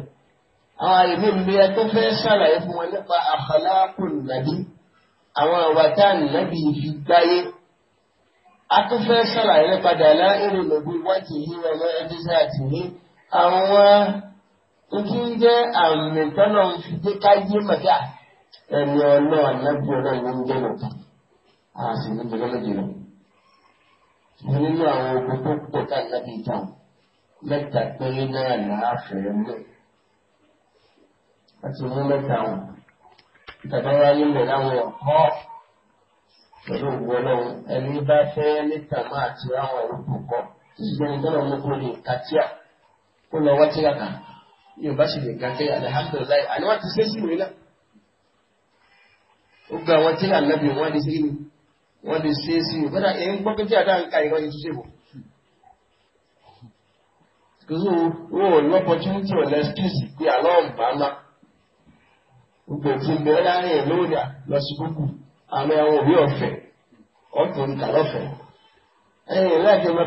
Àwọn àyèmí mi ẹ tó fẹ́ ṣàlàyé fún wọn nípa àkàlákùn nàbí. Àwọn àwa tá nàbí fi gbáyé. A tó fẹ́ ṣàlàyé nípa dàlá èrò lòbí wájú yìí wọn lọ ẹbí sáà tì ní. Àwọn ojú ń jẹ́ àmì tọ́lọ́ fi dé ká yé màgà. Ẹni ọlọ́ọ̀ ànábì ọlọ́ọ̀ ló ń jẹ́ nìkan àti ìmúdọ́lọ́dì lọ. Mo nínú àwọn ogun tó pọ̀ tá lábí ìtàn mẹ́ta péré náà láàfẹ́ mọ́. Àti mú mẹ́ta wọn. Ìtàbá wa nílẹ̀ láwọn ọ̀kọ́ pẹ̀lú ògbó ọlọ́run ẹni bá fẹ́ níta máa ti ráwọn orúkọ kọ. Ṣùgbọ́n ní tọ́lọ̀ mú kó lè kàtíà kó lọ wá tíyàkà. Yóò bá ṣe lè gàkẹ́ alihamdulilayi. Àníwá ti ṣe sí ìwé náà. Ó gba àwọn tíyà lẹ́bi wọ́n ní sí ìwé. wọ́n lè ṣe sí o bẹ́ẹ̀ ẹ̀ ń gbọ́ pé tí àdá ń ka ìrọ̀ yìí ṣe wò. kò sí o ní opportunity or excuse pé àlọ́ ọ̀bá má gbogbo tí ń bẹ̀rẹ̀ láàrin ẹ̀ lóòdà àmì àwọn òbí ọ̀fẹ́ ọ̀tún ń kà ẹ̀yìn ìlú àti ọmọ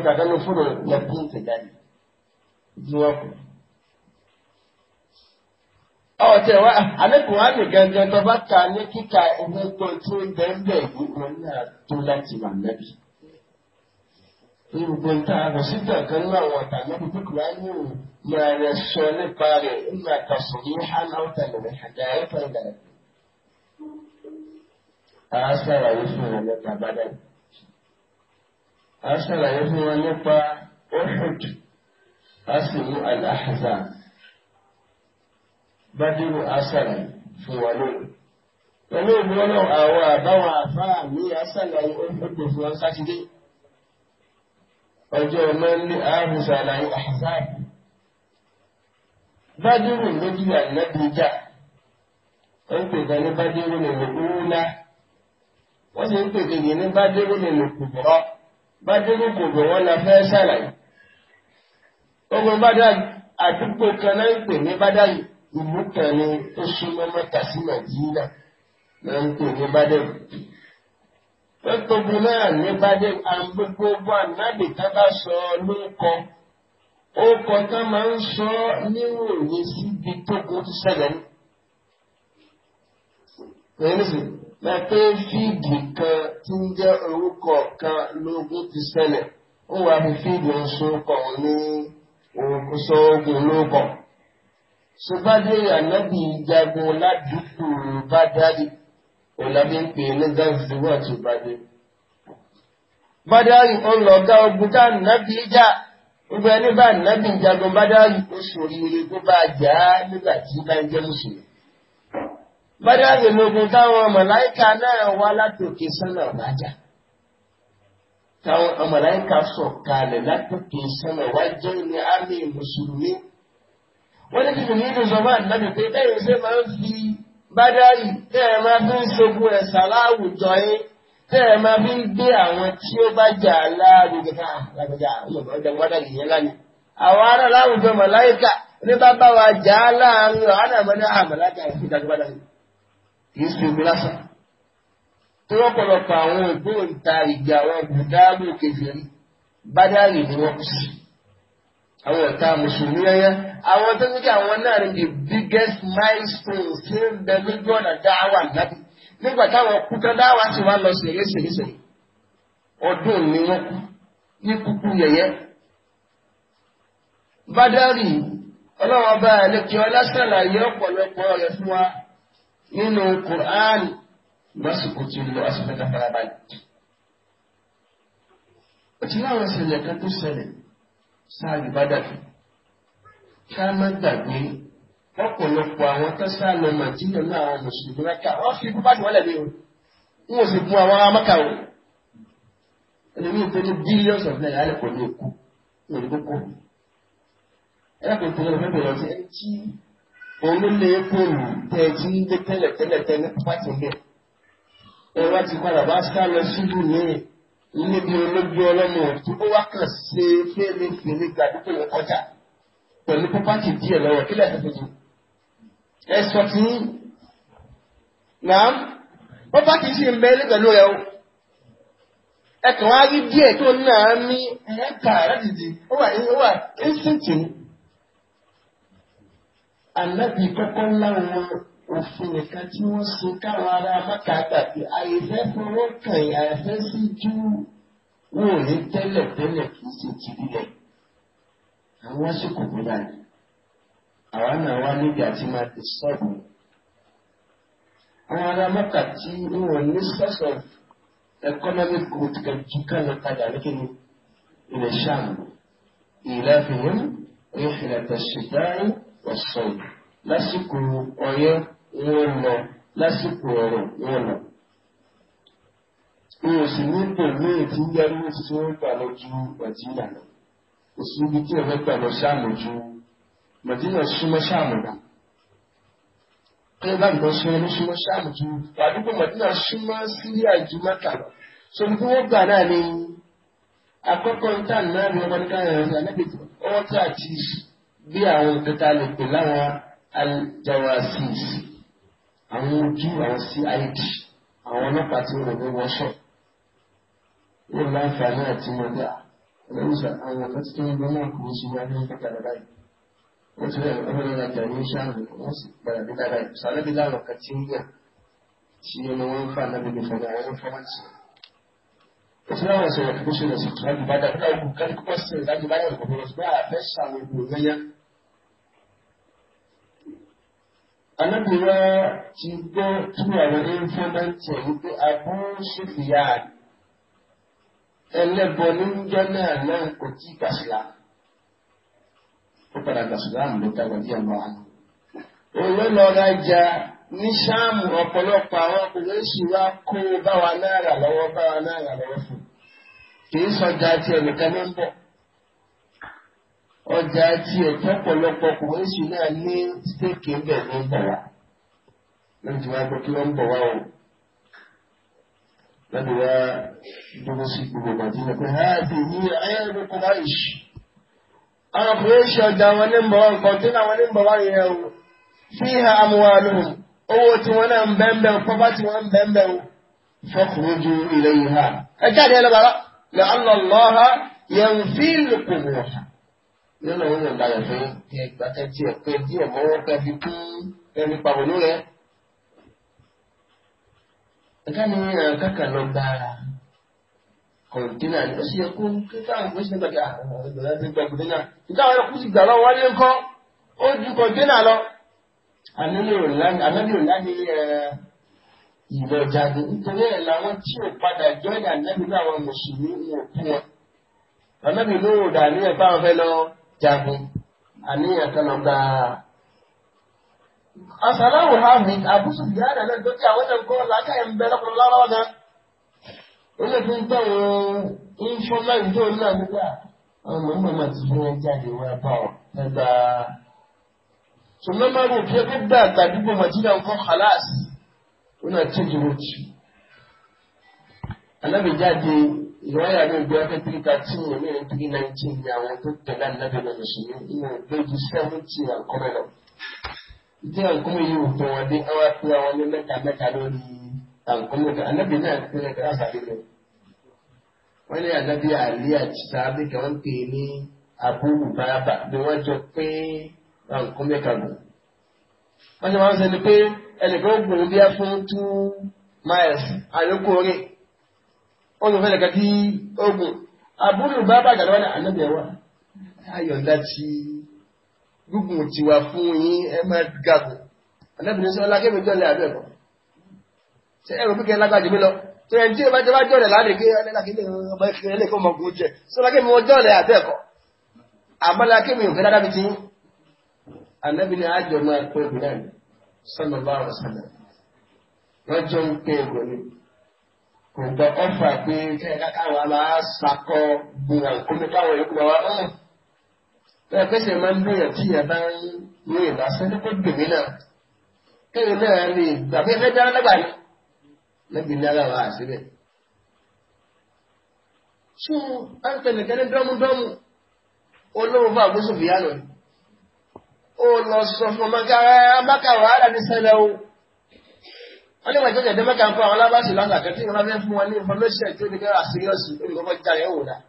ọtẹ wa alẹkùn wa nìkan jẹ tọba ka ní kíka ẹgbẹ tó tó ń bẹ ń bẹ gbogbo náà tó láti wà nẹbi. gbogbo nta àrùn síbẹ̀ kan náà wọn tà nẹbi tó kura ní o máa rẹ sọ nípa rẹ nígbà kàṣọ yìí hànà ọ̀tà lẹ́rẹ̀ àjà ẹ̀ fẹ́ dàrẹ́. a fún wọn nípa bàdà yìí. a ṣàlàyé fún wọn nípa ọ̀hùd a sì mú àlàáhàzà. bádírù asàlàyé fún wa lónìí. àwọn àbáwọn àfáà ní asàlàyé ó fún wọn sátidé. Ọjọ́ lójú ní nínú Wọ́n sì ń ní nínú la fẹ́ sàlàyé. Ogun àdúgbò kan náà ń pè ní ìlú kan ni ó súnmọ́ mẹ́ta sí nàìjíríà náà ń pè ní bádẹ́rù. Tótóbi náà ní bádẹ́rù agbègbè ànábì tá bá sọ lóko. Ó kọ tá máa ń sọ níwòye síbi tóbi ó ti ṣẹlẹ̀ ní. Lẹ́yìn náà pé fíìdì kan tí ń jẹ́ orúkọ kan lógún ti ṣẹlẹ̀. Ó wà fi fíìdì ń sọ ọkọ̀ ní òkú ogun lóko ṣùgbọ́dé ànábì jagun ládùúgbò bá dárí ọ̀làdé ń pè ní zanzibar àti ìbàdí. bádárì ọlọ́gá ogun tá ànábì jà gbogbo ẹni bá ànábì jagun bádárì ó ṣòríire tó bá jà á nígbà tí bá ń jẹ́ mùsùlùmí. bádárì lógun táwọn màláíkà náà wá látòkè sánà ọ̀bájà. táwọn màláíkà sọ̀kalẹ̀ látòkè sánà wájú ní àmì mùsùlùmí wọ́n ní kìkì nínú sọ́mọ́ ànábì pé bẹ́ẹ̀ ṣe máa ń fi bádárì tẹ́ ẹ máa fi ń ṣogun ẹ̀sà láwùjọ yín tẹ́ ẹ máa fi ń gbé àwọn tí ó bá jà láàrúgbẹ́ náà ah, lágbèjà ọ̀dọ̀gbọ́dọ̀ yìnyín lánàá. àwọn ará láwùjọ màláìkà ní bá bá wa jà á láàrin ọ̀hánà mọ́ ní àmàlájà ìfìdàgbàdà yìí kì í ṣogun lásán. tí wọ́n pọ̀lọpọ̀ àwọn ògbóǹtarìgì àwọn bùdáàbù kẹfìrí bádárì ni wọ́n kù sí. àwọn ọ̀tá mùsùlùmí yẹn àwọn tó ní kí àwọn náà ní the biggest milestone ṣe ń bẹ lójú ọ̀nà dáwà nábì nígbà táwọn wá lọ sèré sèré sèré ọdún ni wọ́n kú ní kúkú yẹ̀yẹ́. bádárì ọlọ́wọ́ bá ẹlẹ́kì ọlásàlàyé ọ̀pọ̀lọpọ̀ ọ̀rẹ́ fún wa nínú Qur'an lásìkò tí lọ láwọn ìṣẹ̀lẹ̀ kan tó ṣẹlẹ̀ sáà ìbádàfẹ́. ká má gbàgbé ọ̀pọ̀lọpọ̀ àwọn tó sá lọ màdínà náà àwọn mùsùlùmí mẹ́ka wọ́n fi ibú báyìí wọ́lẹ̀ ní o wọn ò sì gun àwọn ará o ẹlòmíì tó ní billions of naira alẹ́ kò ní kú wọn ò ní kókó ẹlẹ́kùn tó lọ́wọ́ bẹ̀rẹ̀ ọtí ẹni tí ń gbé tẹ́lẹ̀ tẹ́lẹ̀ tẹ́lẹ̀ pàtó bẹ́ẹ̀ ẹ̀rọ àti padà bá sá lọ sílùú mìíràn níbi olóògbé ọlọ́mọ pẹ̀lú pọ́pátì díẹ̀ lọ́wọ́ kílẹ̀ ẹ̀sẹ̀kejì ẹ̀sọ̀ tí ń nàám pọ́pátì sì ń bẹ ní pẹ̀lú rẹ̀ o ẹ̀kàn wá rí díẹ̀ tó náà ní ẹ̀ka ẹ̀dìdì ó wà ó wà ẹ̀sìntì ànábì kọ́kọ́ láwọn òfin nìkan tí wọ́n ṣe káwọn ará mọ́ta àgbàdo àyẹ̀fẹ́ fọwọ́ kàn àyẹ̀fẹ́ sí jù wọ́n ò ní tẹ́lẹ̀ tẹ́lẹ̀ kì í ṣe tìbílẹ̀ àwọn lásìkò tó dáa àwa náà wá níbi àti máa ti sọ́ọ̀bù. àwọn ará mọ́kà tí wọ́n ní source of economic growth kẹjú kánà padà nìkíni ilẹ̀ sàmù ilẹ̀ fìhìn ìfìlẹ̀ tẹ̀sídáì ọ̀sán lásìkò ọyẹ́ wọ́n lọ lásìkò ọ̀rọ̀ wọ́n lọ. Mo sì ní ìbò ní ìdíyẹ́rú tí wọ́n gbà lójú ọ̀dí ìlànà kò sí ibi tí ọ̀fẹ́ gbà lọ ṣáàmù ju mọ̀dínà súnmọ́ ṣáàmù dà kẹ́lá nìkan súnmọ́ ló súnmọ́ ṣáàmù ju àdúgbò mọ̀dínà súnmọ́ síríà ju mẹ́ta lọ so ní kí wọ́n gbà náà ni akọ́kọ́ ń tà náà ni ọmọdé káyọ̀ ẹ̀sìn anábìtì ọwọ́ tí a ti bí àwọn kẹta lè pè láwọn aljawasis àwọn ojú àwọn cid àwọn ọlọ́pàá tí wọ́n lè wọ́ṣọ̀ wọ́n láǹfààní àti mọ́tò àwọn lẹ́yìn àwọn ọ̀pọ̀ tí wọ́n gbé náà kò ní ṣe wáyé ní padà báyìí wọ́n ti rẹ̀ ọmọdé àjà ní sáàmù wọ́n sì padà bí dáadáa yìí sàlẹ́bí láwọn kan tí ń yà tí ẹni wọ́n ń fà lábẹ́ ní fọ́nà àwọn fọ́nàtì. Ètò àwọn sọ̀rọ̀ kí ó ṣe lọ sí ìtọ́jú ẹlẹ́bọ níjọ́ náà náà kò tí ì gbàsílá ó padà gbàsílá àmì ló dàgbà díẹ̀ lọ àná. òun ló rajà ní sáàmù ọ̀pọ̀lọpọ̀ àwọn ọkùnrin sì wá kó báwa náírà lọ́wọ́ báwa náírà lọ́wọ́ fún kì í sọjà tí ẹnìkan ní ń bọ̀ ọjà tí ẹ̀tọ́ pọ̀lọpọ̀ ọkùnrin sì náà ní stéèkì ń bẹ̀ ní ń bọ̀ wá lójú wa gbọ́ kí wọ́n ń bọ̀ wá o láti wá dúró sí gbogbo Madina pé ha ti ní ayélujára Quraish. àwọn Quraish ọjà wọn ní mbọ̀ kọ̀ntínà wọn ní mbọ̀ wá yẹ o fi ha amwaluhum owó tí wọn náà ń bẹ́ńbẹ́ o pọ́pá tí wọ́n ń bẹ́ńbẹ́ o fakhruju ilayha. ẹ jáde ẹ lọ bàbá la'alla Allaha yanfilkumuha nínú òun yóò dára fún kí ẹ gbàtẹ́ tí ẹ pé díẹ̀ mọ́wọ́ kẹ́ fi kú ẹni pàbọ̀ lórí ẹ ẹ̀ka ni kàkà lọ gbára kọ̀ǹtínà ni ó sì yẹ kó kíkà ah, àwọn ìṣẹ́ gbàgbà ọ̀gbẹ̀rẹ̀ ti gba kọ̀ǹtínà kíkà àwọn ẹ̀kú sì gbà lọ wáyé ńkọ́ ó ju kọ̀ǹtínà lọ. ànábì òlá ni ìlọ jáde nítorí ẹ̀ làwọn tí ò padà jọ́ọ̀dà ànábì ní àwọn mùsùlùmí wọn kú wọn. ànábì ló wò dà ní ẹ̀fọ́ àwọn fẹ́ lọ jagun asàláwò ha mi àbúsù bí á nàlẹ́ tó tí àwọn ẹ̀ ń kọ́ láká ẹ̀ ń bẹ lọ́kùnrin lọ́wọ́ gan. ó lè fi ń tẹ̀ wọ́n ń fọ́ láì tó náà nígbà àwọn ọmọ náà ti fún wọn jáde wọn bá ọ nígbà. sọlá máa rò pé ó dà tàbí bó ń kọ́ kàlás ó náà tó dúró jù. alábìjáde ìwáyà ní ìgbé ọdún three thirteen ní ìrìn three nineteen ní àwọn tó tẹ̀lé alábìjáde nínú ìgbéjì seventeen àkọ́rẹ́ lọ tí àǹkómi yìí ò fún wọn dé ẹ wá pé àwọn ní mẹ́ta mẹ́ta lórí àǹkómi kan anábì náà pé ẹ kẹrẹ àṣàbí lọ. wọ́n ní anábì àlí àjùsá bí kí wọ́n pè ní abúlù báábà bí wọ́n jọ pé àǹkómi kan gùn. wọ́n ti máa ń sọ ni pé ẹnìkan ó gbòòrò bí a fún two miles àyókù orí olùfẹ́ nìkan tí ó gùn abúlù báábà gàdúrà ní anábì ẹ̀wà ayọ̀ ńlá tí gúgùn ti wà fún yín ẹ máa gàgùn anábìnrin sí ọlá kébè jọ́lẹ̀ àbẹ́ ẹ̀kọ́ ṣe ẹ̀rọ pípẹ́ lágbàjì mi lọ tó yẹn tí ìbájọ́ bá jọ́lẹ̀ láàrin kí ọlẹ́lákìlẹ̀ ọmọ ìkẹrẹ lè kọ́ ọmọkùnrin jẹ sọlá kébè wọn jọ́lẹ̀ àbẹ́ ẹ̀kọ́ àmọ́lá kébè òfin dáadáa bí ti yín anábìnrin àjọ máa pẹ́ ìbílẹ̀ sọ́nà bá ọ̀rọ̀ sọ́nà wọ́n ń pẹ́ ìgbọ̀nì kò gbọ́ ọ̀fà pé káwọn máa bẹ́ẹ̀ pèsè máa ń lóyàn tí ẹ bá ń lo ìlàsẹ́ lókè gbèmí náà kéwì náà lè gbàgbé ẹgbẹ́ dáná lọ́gbà yìí lẹ́bi náírà wà síbẹ̀. ṣé à ń tẹ̀lé kẹ́ni dọ́múdọ́mú olówó fún àgbóṣù fìyànà ó lọ sọ fún ọmọ kára abáka wàhálà ní ṣẹlẹ̀ o wọ́n ní wàjọ́jọ́ ẹ̀dẹ́ mẹ́ta ń kọ́ àwọn alábàṣì lọ́nà kẹ́tí wọn fẹ́ fún wọn ní information tí ó ní kẹ́rà síríọ́sì ó ní kọ́kọ́ já ẹ̀ wò náà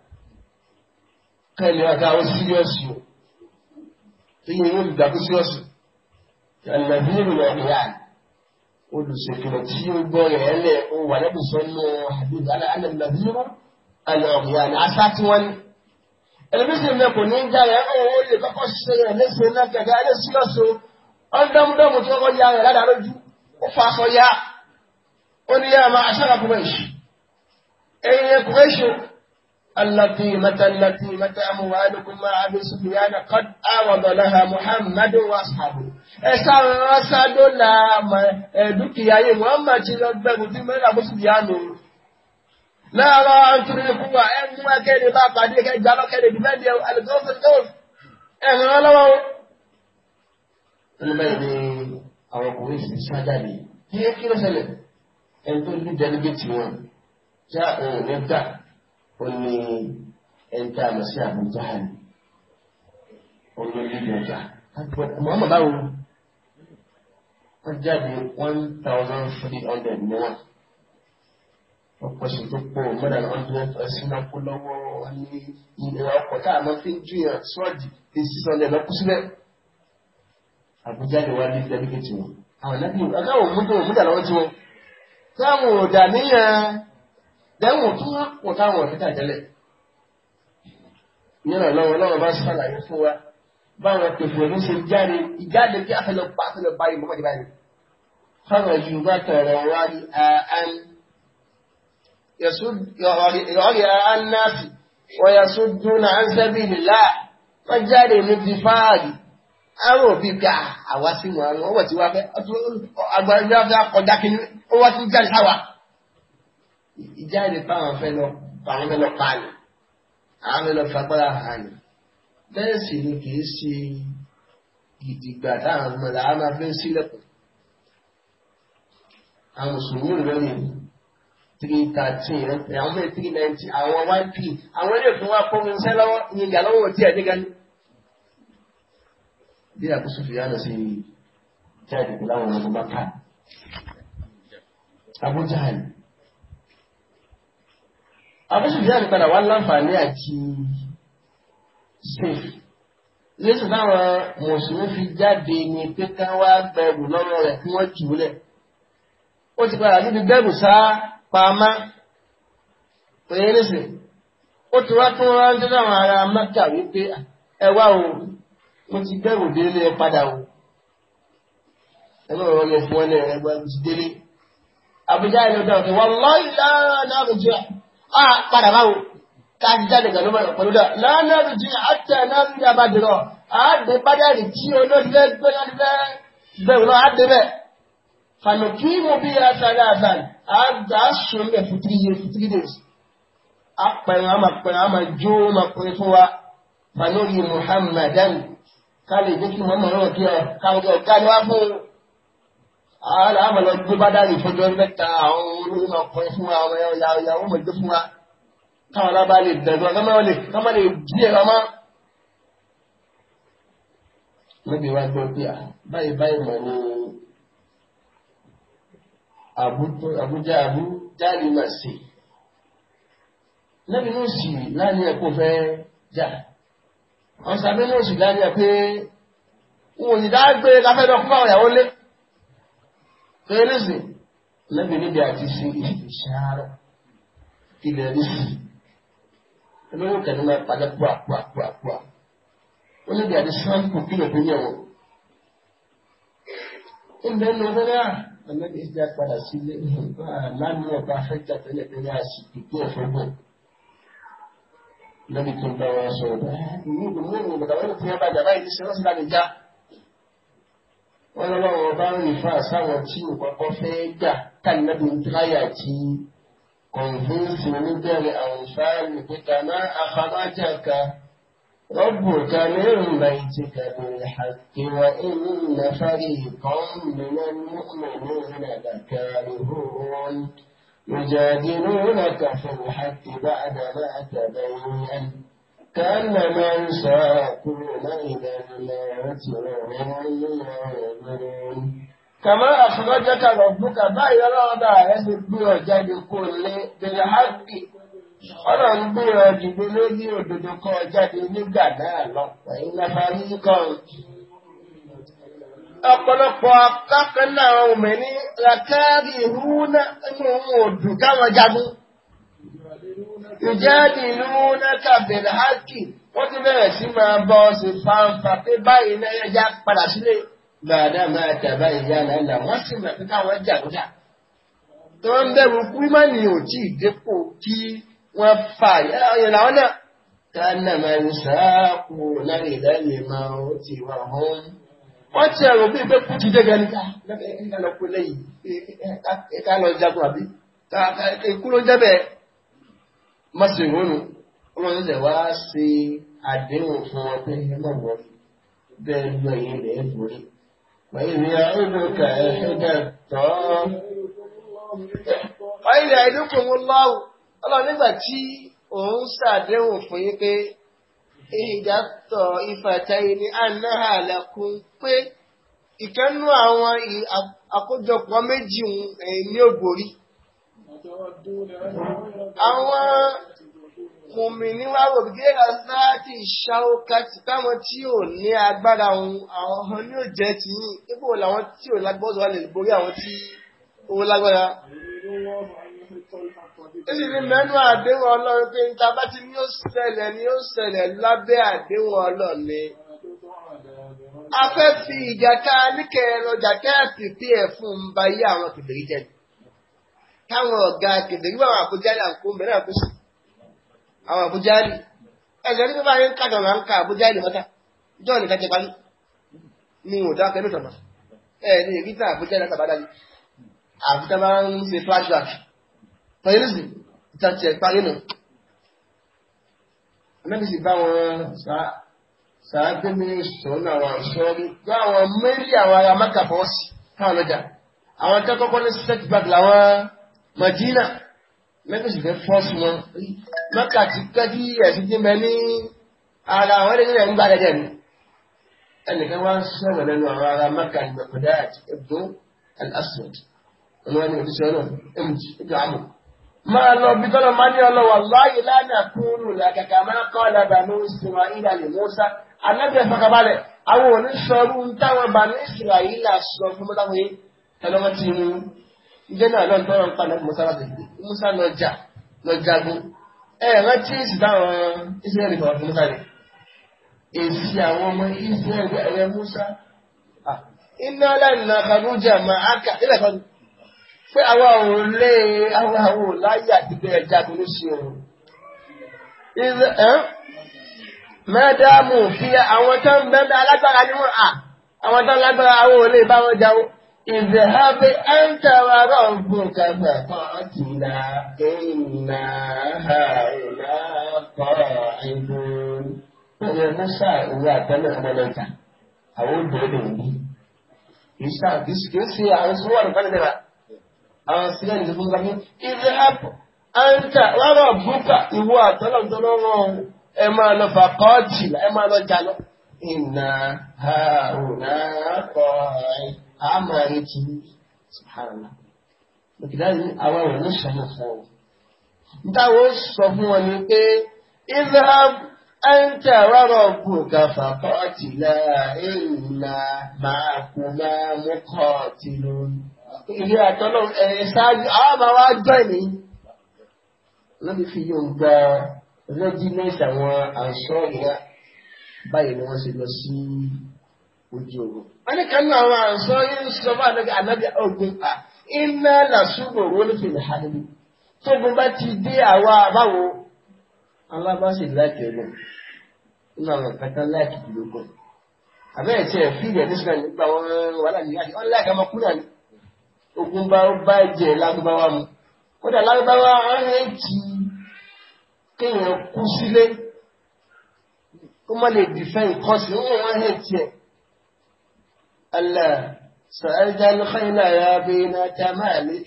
kẹ́ni ọ̀gá ó síríọ́sì o iye yóò lè dàkú sí ọ̀sùn ẹ̀lẹ́bí ìrìnà ìyá olùsèkìlọ̀ tí ó gbọ́ rẹ̀ lẹ̀ ó wà lẹ́bùn sọ́nù àdúgbò alẹ́bí ìrìnà ìyá ni asá tí wọ́n ní. ẹlẹ́bíṣẹ́ mi kò ní í já yẹn ó lè kọ́kọ́ ṣe rẹ̀ léṣe náà gẹ́gẹ́ alẹ́ sí ọ̀sùn ọ̀dọ́mùdọ́mù tí wọ́n yá rẹ̀ ládàá اللطيمة اللطيمة أموالكم مع أبي سفيان قد أعرض لها محمد وأصحابه ẹ̀sán sádọ́là dúkìá yìí wọ́n máa ti lọ gbẹ̀rù tí mẹ́rin àbúṣù bíi àná o. láàárọ̀ àtúndínlẹ́kùn wa ẹ̀ mú akẹ́ni bá pàdé kẹ́ gbàgbọ́ kẹ́ni bí bẹ́ẹ̀ ni àlùkòfò tó ẹ̀ ràn án lọ́wọ́. ẹni bẹ́ẹ̀ ni àwọn ọkùnrin sì sájáde kí ló ṣẹlẹ̀ ẹni tó ní dẹ́lẹ́gẹ̀tì wọn já òun ní dáa ó ní lọ sí àbújá ni ó ló lílẹ̀ ọjà. Muhammad báwo wọ́n jáde one thousand three hundred ní wọn. Wọ́n pèsè tó pọ̀ mọ́dà náà ọdún ẹ̀fọ́ sínákú lọ́wọ́ wọn ní ìlera ọkọ̀ tá a lọ fi ń júyàn sọ́ọ̀dì ní six hundred lọ́kú sílẹ̀. Àbújá ni wọ́n á lé dẹ́bíkẹ́tì wọn. Àwọn ìlànà ìgbà káwọn mú dé òmùdà lọ́wọ́ tiwọn. Táwọn ò dà níyàn. dẹ́n wọ́n tún wá pọ̀ táwọn ẹ̀fẹ́ta tẹ́lẹ̀ nílò lọ́wọ́ lọ́wọ́ bá ṣàlàyé fún wa báwọn pèpè ní ṣe jáde ìjáde bí afẹ́lẹ́ pa afẹ́lẹ́ báyìí mọ́kànlá báyìí fáwọn yorùbá na àwọn òbí ah, sínú àwọn ọwọ́ tí fẹ́ ìjáde táwọn fẹ́ lọ àwọn fẹ́ lọ pa ni àwọn fẹ́ lọ fagbára hàn ni bẹ́ẹ̀ sì ni kì í ṣe gidigba táwọn ọmọ làwọn máa fi ń sílẹ̀kùn àwọn mùsùlùmí lónìí three thirteen àwọn mẹ́rin three ninety àwọn one three àwọn ilé ìfún wa fún mi ń sẹ́ lọ́wọ́ ní ìyá lọ́wọ́ tí ẹ̀ nígbà ní. bí àkóso fi yára sí jáde pẹ̀lú àwọn ọmọ bàbá ká Abuja ni àbúṣùfíà ní padà wá láǹfààní àti safe lẹ́sù táwọn mùsùlùmí fi jáde ní pé ká wá gbẹ̀rù lọ́rọ̀ rẹ̀ kí wọ́n jù ú lẹ̀ ó ti padà níbi bẹ́ẹ̀rù sá pamá òye lẹ́sìn ó ti wá tí wọ́n rán jẹ́ àwọn ará mẹ́ta wípé ẹ o mo ti bẹ̀rù délé padà o ẹ náà rọlẹ̀ fún ẹ lẹ́rẹ̀ ẹgbẹ́ ti délé Àbújá ìlú dáhùn wọ́n lọ́ ìlànà àbújá a padà báwo ká jáde pẹ̀lú mọ̀ràn pẹ̀lú dọ̀ lọ́nàrú jí àtẹ náà ń yaba dìrọ̀ àdé bájárì tí olóòlẹ́ gbẹ́lẹ́ bẹ̀rù àdé bẹ̀ fànùkì mo bí ya sáré àdán àgbà sùn bẹ̀ fìtìrì yẹ fìtìrì dè apẹ̀rẹ̀ àmà pẹ̀rẹ̀ àmà jó ma pẹ̀rẹ̀ fún wa fanúri muhammadan ká lè jẹ́ kí muhammadu wọ̀ kí ọ káwọn kí ọ ká ní wá fún un ara àmọ̀ lọ gbé bá dárì fún ọjọ́ mẹ́ta àwọn olóyún ọkùnrin fún wa àwọn ìyàwó mọ̀jọ́ fún wa káwọn alábá lè dẹ̀rù ọ̀gá máa lè ká máa lè dí ẹ̀rọ máa. níbi wá gbọ́ pé ah, báyìí báyìí mọ̀ ní àbújá àbújáde máa ṣe. lẹ́bi ní òsì láàrin ẹ̀kọ́ fẹ́ jà ọ̀sàbí ní òsì láàrin ẹ̀ pé òyìnbá gbé láfẹ́ lọ fún àwọn ìyàwó lé. Fẹ́rẹ́sì lẹ́bi níbi àti ṣe ìṣàárọ̀ ilẹ̀ rísì. Olóyún kẹ́ni máa padà púà púà púà púà. Ó níbi àti sáǹpù kí lòdì yẹ̀ wọ̀. Ìbẹ̀ ni ọ̀rẹ́ náà ẹ̀mẹ́bí ìjà padà sílé lánàá ọba afẹ́jà tẹ́lẹ̀ tẹ́lẹ̀ àsìkò tó ọ̀fọ́gbọ̀. Lẹ́bi tó ń bá wọn sọ̀rọ̀ bẹ́ẹ̀. Ìlú ìgbòmọ̀ ìgbòmọ̀ ìgbòmọ̀ ìgbòmọ̀ ìgbòmọ̀ wọ́n lọ́wọ́ bá ń rìfà sáwọn tí òkọ́kọ́ fẹ́ gbà kálímẹ́bí tíráyà tí kọ̀ǹfẹ́ǹsì oníbẹ̀rẹ̀ àwọn ìfáàlì pẹ̀ka náà afamájàka ربك من بيتك بالحق وإن فريقا من المؤمنين لكارهون يجادلونك في الحق بعدما تبين كأنما يساقون إلى الموت وهم لا يؤمنون kàmá àfọwọ́jọ́ka lọ́gbùkà báyìí ọlọ́ọ̀dà rẹ̀ ti gbé ọ̀jáde kó lórí nígbà náà lọ pẹ̀lú kan. ọ̀pọ̀lọpọ̀ nínú káwọn jagun. yujadilunaka bil haqqi wọ́n ti bẹ̀rẹ̀ sí máa bọ́ sí fáńfà pé báyìí náà ẹja padà sílé gbàdá máa tàbá ìyá nàlà wọ́n sì mọ̀ pé káwọn jà lọ́jà. tó ń bẹ̀rù kú má ní òjì dépò kí wọ́n fà yẹn làwọn náà. kánà máa ń sáàkù náà ìdálẹ̀ máa ó ti wà hún. wọ́n ti ẹ̀rọ bí pé kú ti dé níta lọ́pẹ́ níta lọ́pẹ́ lẹ́yìn ká mọ́sí ìwọ́nu ọlọ́run ṣẹ̀ wá ṣe àdéhùn fún wọn pé ẹ mọ̀ wọ́n bẹ́ẹ̀ lọ yìí lè é borí. Wàyí àìdùn kà ẹ ṣẹ́dá tọ́. Wàyí àìdùn kò mú láwù. Ọlọ́run nígbà tí òun ṣàdéhùn fún yín pé ìdàtọ̀ ìfàtàyè ni àná àlàkùn pé ìkẹ́nu àwọn àkójọpọ̀ méjì ẹ̀yìn ní ògbórí àwọn mùmìnì wá rò bí gẹ́gà sáàtì ìṣàwó kàtì táwọn tí ò ní agbára òun àwọn ọmọ ní ò jẹ́ ti yìn nípò làwọn tí ò lágbọ́dọ̀ wà lè borí àwọn tí ó lágbára. Èsì ni mẹ́nu àdéhùn ọlọ́run pé níta bá ti ní ó ṣẹlẹ̀ ní ó ṣẹlẹ̀ lábẹ́ àdéhùn ọlọ́run ni. A fẹ́ fi ìjà ká níkẹ̀ẹ́ lọ jà kẹ́ẹ̀sì pé ẹ̀fún ń ba yé àwọn kìbìrì jẹ́ táwọn ọ̀gá kèdè yíwọ́ àwọn àbújáde àǹkó mẹ́rin àkóso àwọn àbújáde ẹ̀sẹ̀ ní bíbá yẹn ń kàtọ̀ máa ń ka àbújáde mọ́ta ìjọ nìkan ti parí ni wọn ò dá kẹ́lú tọ̀mọ̀ ẹ̀ ní èyí tá àbújáde àtàbádá ni àbújá máa ń ṣe flashback tọ́yẹ́lẹ́sì ìtàtì ẹ̀ parí nù. anábìsì bá wọn sàágbé mi sọ̀rọ̀ àwọn àṣọ gbọ́ àwọn mẹ́rin àwọn ará mákà fọwọ́sì káwọn lọ́jà àwọn akẹ́kọ̀ọ́ ní setback làwọn Madina mẹ́kùn sì fẹ́ fọ́ọ̀sì wọn mẹ́kà ti pẹ́ kí ẹ̀sìn ti mẹ́ ní ara àwọn ẹ̀rẹ́gbẹ̀rẹ̀ ń gbàdẹ́dẹ̀ ni ẹnìkan wá ń sọ̀rọ̀ lẹ́nu àwọn ará mẹ́kà ní mẹ́kọ̀dá àti ẹ̀gbọ́n al ọmọ ẹni òtútù ọ̀nà mg ìgbà àmọ̀ máa lọ bí tọ́lọ máa ní láàyè làkàkà máa kọ́ ní ìsìnwá mọ́sá ìjẹ́ náà lọ́n tọ́rọ ń padà Musa láti gbé Musa lọ jà lọ jagun ẹ rántí èsì táwọn Israẹli bàbá fún Musa rẹ̀ èsì àwọn ọmọ Israẹli ẹ̀rẹ́ Musa iná lẹ́nà kàrújà máa áka nílẹ̀ kan pé àwa ò lé àwa ò láyé àdìgbẹ́ ẹja tó ló ṣe òun. mẹ́dàmù fi àwọn tó ń alágbára ni wọ́n à àwọn tó ń àwọn ò lè bá wọn jáwọ́. اذهب أنت وربك فقاتلا إنا هنا قاعدون Ọ̀rẹ́ Mọ́sá ìwé àtẹ́lẹ̀ ọmọlẹ́ta, àwọn obìnrin lè ní. Ìṣà kìí ṣe àwọn tí wọ́n nìkan nìkan. Àwọn sílẹ̀ ní ìfún ìgbàgbé. Ìdí àpò, àǹtà, rárá bùkà, ìwọ àtọ́lọ̀ tó lọ́rọ̀ ẹ máa lọ fà kọ́ọ̀tì, ẹ máa lọ jà lọ. Ìnà àrùn náà kọ́ ẹ̀ àmà ayé ti ní sàrànà òkèdáyé àwọn ọ̀rọ̀ ní sọ̀rọ̀ fún ọ. ntáwo sọ fún wọn ni pé israel ẹ̀ńtẹ̀ rọ̀rọ̀ bù gàfà kọ́ọ̀tì náà ìnà máa kú náà mú kọ́ọ̀tì lónìí. ìlú àtọ́nà ẹ̀ ṣáájú àwọn máa ìní. lóbi fi yóò gba rẹ́gínẹ́sì wọ́n ní kanú àwọn àǹsọ́ yín sọ fún ànábì ànábì ogun à iná làṣùgbọ̀ owó ní fìlẹ̀ hàlùmí tó gun bá ti dé àwa báwo alábàṣe láti ọlọ́run nínú àwọn kankan láti ìlógún àbẹ́ẹ̀ tí ẹ̀ fílẹ̀ nígbà nígbà wọn wàhálà nígbà tí wọ́n láàkà máa kú náà ni ogun bá bá jẹ lágbábáwá mu kódà lágbábáwá ọ̀rẹ́ ti kéèyàn kú sílé kó má lè dìfẹ́ nǹkan sí wọ́n wọ́n hẹ̀ tiẹ̀. ألا سألت الخيل يا بنة مالك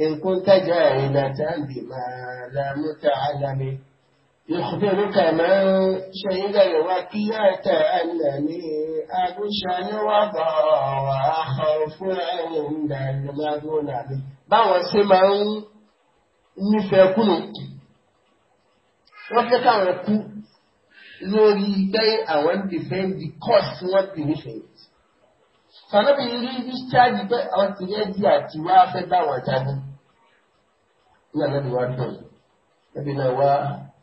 إن كنت جاهلة بما لا متعلم يخبرك من شهد الوكية أنني أبشى الوضع وأخاف عند المغنم báwọn ṣe máa ń lórí pé àwọn dìfẹ́ǹdì cost wọn ti nífẹ̀ẹ́. sànàbí rí discharge pé àwọn ti rẹ́dí àti wá fẹ́ báwọn jáde. nígbà náà ni wàá dùn ẹbí náà wá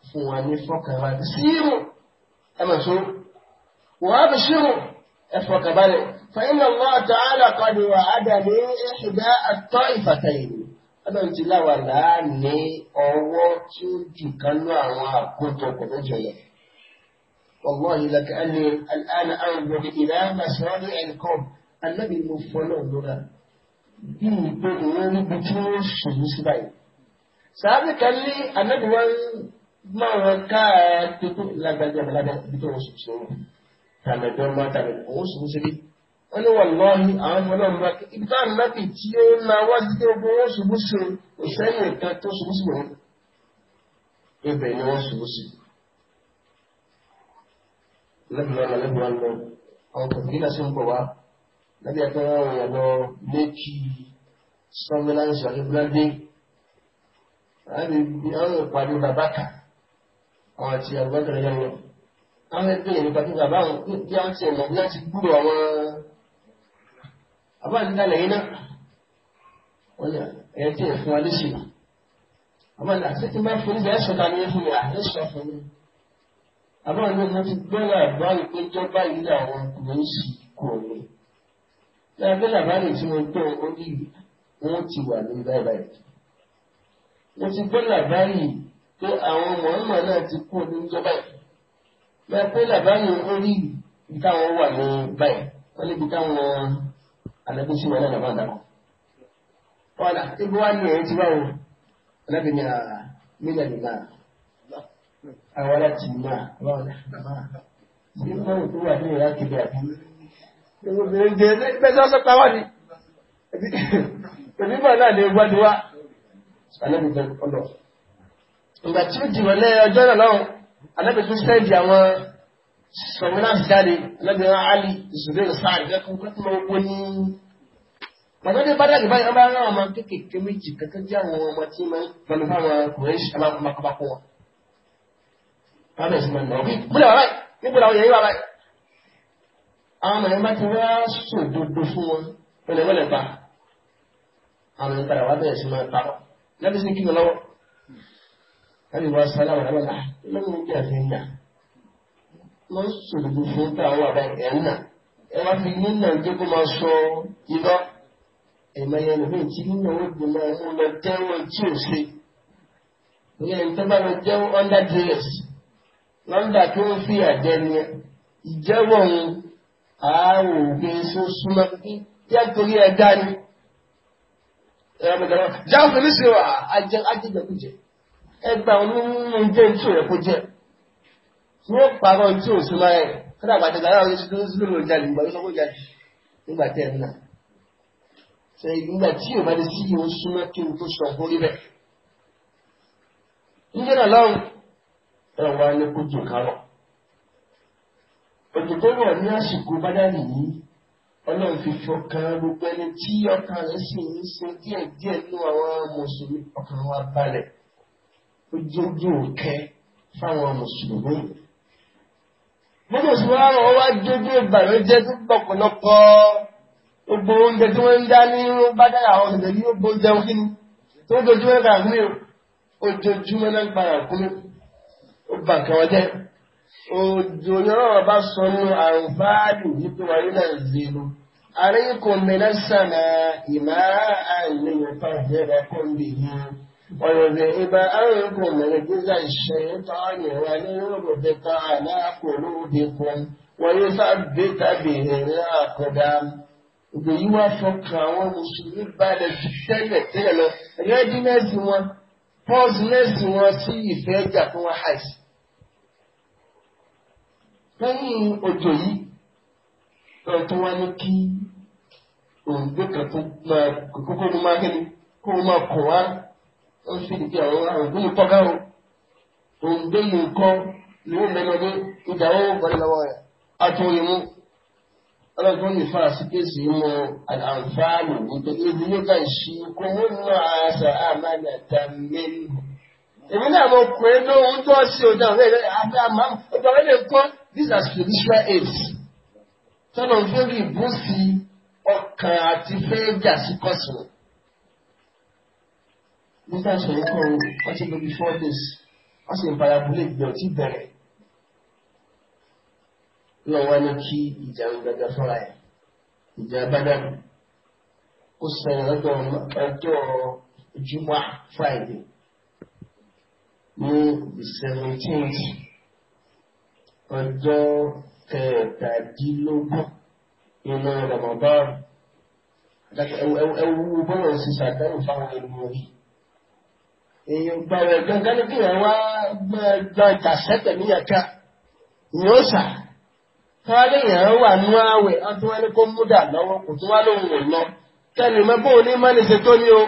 fún wa ní fọkànlá sírò ẹ mọ̀ sọ wàá fi sírò ẹ fọkànbalẹ̀ fẹ́yìnà wọn tààlà kọ́ni wà á dà àtọ́ ìfàtàyìn. Ọlọ́run ti láwàlá ní ọwọ́ tí ó jù kánú àwọn àkójọpọ̀ méjọ yẹn. والله làkàní àlànà àwòrán ìlà màsàlù ẹ̀kọ́ anábì mo fọlọ́ lọ́ra bí ìpè ìwé níbi tí wọ́n sùn sí báyìí. sàbí kan ní anábì wọn máa wọn káà tuntun lágbàjá lágbàjá ibi tí wọ́n sùn sọ́run tàmẹ̀dọ́ máa tàmẹ̀dọ́ òun sùn síbi wọ́n ní wàlọ́ọ̀hí àwọn ọlọ́run bá kí ibùdó ànábì tí ó ń wá sí gbogbo wọn ṣubú sí òṣèlú nǹkan tó ṣubú sí wọn. ibẹ̀ ni wọ́n ṣubú sí lẹ́gbẹ̀ẹ́ lọ lẹ́gbẹ̀ẹ́ lọ àwọn kòkòrò náà sì ń pọ̀ wá lẹ́gbẹ̀ẹ́ pé wọ́n rìn lọ lẹ́kì sọ́míláńsì àdébúládé àwọn ìpàdé bàbá kan àwọn àti àgbàdo yẹn lọ àwọn ẹgbẹ́ yẹn nípa tí bàbá àwọn bí wọ́n ti ẹ̀mọ́ bí wọ́n ti gbúrò àwọn àbá nígbà lẹ́yìn náà wọ́n yà ẹ̀yẹ́ tí àti tí wọ́n bá ní fún fún mi àmọ́ ní mo ti gbọ́rọ̀ àbáyé pé jọba yìí làwọn ọkùnrin sì kú ọ̀rọ̀ lábẹ́ làbáyé tí mo gbọ́ ó ní wọ́n ti wà ní báyìí mo ti gbọ́ làbáyé pé àwọn mọ̀ọ́mọ̀ náà ti kú ní jọba yìí lábẹ́ làbáyé ó ní ibi táwọn wà ní báyìí wọ́n níbi táwọn alábísí wọn náà làbáyé dàpọ̀ ọ̀là ibi wá ní ẹ̀ ti báwo alábìnrin ah, àmì àwọn láti ìlà àwọn àlàmà ní mọ́ òkú wà ní ìlà kìlì àbí gbogbo De jẹ ẹgbẹ́sọ́ sọ pa wá ní òbí bọ̀ náà ní gbọ́dọ̀ wá alẹ́bìtẹ̀ ọlọ ìgbà tí ó dìbò ní ọjọ́ náà lọ́wọ́ alẹ́bìtẹ̀ tó sẹ́ẹ̀dì àwọn sọ̀rọ̀ náà Ali, lẹ́bìtẹ̀ alì zùdé sáàrì lẹ́kùn kọ́tùmọ̀ owó ní Màtọ́dé bá dàgbà báyìí, ọba ń rán ọmọ kéékèèké méjì kankan jẹ́ àwọn ọmọ tí máa ń pẹ̀lú fáwọn ọkùnrin ṣe máa ń kọ́bákọ́ wọn bàbá ẹ̀sìn máa ń lọ múlẹ̀ bàbá yìí nígbàdà ọ̀yẹ́ yìí bàbá yìí. àwọn ọmọ yẹn bá ti wá sòdodo fún wọn wọlé wọlé bá àwọn yẹn padà wá bẹ̀rẹ̀ sí máa parọ́ lábẹ́ sí kí n lọ́wọ́ lábẹ́ wá sálámà lábẹ́ là lọ́wọ́ ní àfi ń yà wọ́n sòdodo fún táwọn àbá ẹ̀ ń nà ẹ wá fi ní nàìjíríà kó máa sọ irọ́ ẹ̀mọ yẹn lómi tí nínú owó gbọmọ ẹ̀ ń lọ jẹ́wọ́ tí ò ṣe ìyẹn tó bá lọ under duress. lọ́ndà tó ń fi àjẹni ẹ ìjẹ́wọ́ òun àárò ògbìn tó súnmọ́ yẹ́ torí ẹja ẹgbà tí ó parọ́ tí ẹ kódà àgbàdo gbàdá àwọn oṣù tó ń sílò lòun jáde ìgbà oníṣòwò jáde nígbà tẹ ẹ ṣe ìgbà tí ò bá sí súnmọ́ kí n tó bẹ́ẹ̀. ń jẹ́ náà lọ́rùn ọlọ́run wá ní kójú kárọ̀ òjò tó rọ̀ ní àsìkò bádàlì yìí ọlọ́run fi fọkàn gbogbo ẹni tí ọkàn rẹ̀ sì ń ṣe díẹ̀ díẹ̀ nínú àwọn mùsùlùmí ọkàn wa balẹ̀ ó jẹ́ ojú òkẹ́ fáwọn mùsùlùmí mọ́tòsí wọn àwọn wá dójú ìbànújẹ́ tó pọ̀pọ̀lọpọ̀ gbogbo oúnjẹ tí wọ́n ń dá ní bá dára àwọn ọ̀sẹ̀ ní gbogbo oúnjẹ wọn kí ni tó ń dojú mẹ́ta àgúnmí ojoojúmọ́ náà gbára àgúnmí ó bà nǹkan wọn jẹ́ òjò yọrọ bá sọ nù àrùn fáàdù wípé wà nínú àzèrò àríkùn mìíràn sànà ìmọ̀ àìní ìfà ìjẹba kọ́ńbì yìí ọ̀rọ̀dẹ̀ ibà àríkùn mìíràn jíjà ìṣe ìtọ́ ìwà ní yóò bẹ ká aláàkóró òde kan wọ́n sábẹ́ tàbí ìrìn àkọ́dá. Ògbè yìí wá fọkàn àwọn mùsùlùmí balẹ̀ tẹ́lẹ̀ tẹ́lẹ̀ lọ rẹ́dínẹ́sì wọn pọ́sínẹ́sì wọn sí ìfẹ́ jà fún wa àìsí lẹ́yìn òjò yìí ẹ̀ tó wá ní kí òǹdè kan tó máa kókó ló máa kéde kó o máa kọ̀ wá ó sì di pé àwọn àrùn kọ́ gá o òǹdè yìí kọ́ ni ó mẹ́nu ọdún ìjà ó wọlé lọ́wọ́ rẹ̀ àtúnyẹ̀ mú ọlọ́gbọ́n ní fáàsì kéèsì mọ àǹfààní nípa ibi nígbà ìṣí kó mú nà àṣà àmàlà tà èmi náà mo pè é lóhun tó ṣe òjò àwọn ẹ̀rọ àti àmàmù ọjọ́ rẹ̀ lè kọ́ these are spiritual aids tọ́lọ̀ lórí ìbúsí ọkàn àti fẹ́ẹ́jà sí kọ́sùn. nígbà tó ń kọ́ wọ́n ti lórí four days wọ́n sì ń fara bulé ìgbẹ́ ọtí bẹ̀rẹ̀ lọ́wọ́ wá ní kí ìjà ń gbàgbà fúnra ẹ̀ ìjà abádàbí ó sọ̀rọ̀ lọ́dọ̀ ọjọ́ Jímọ̀ Friday ní the seventeenth ọjọ́ kẹtàdínlógún nínú Ramadan ẹwú bọ́ọ̀ sí sàdáwò fáwọn ẹnu rí èèyàn gbàwẹ̀ gangan ní kíyàn wá gba ìtàsẹ́tẹ̀ níyàká ìyóò sà káwálé èèyàn wà nú àwẹ̀ ọdún wá ní kó múdà lọ́wọ́ kò tún wá lóhùn ò lọ kẹ́lì mọ́ bóun ní mọ́ni ṣe tó ní o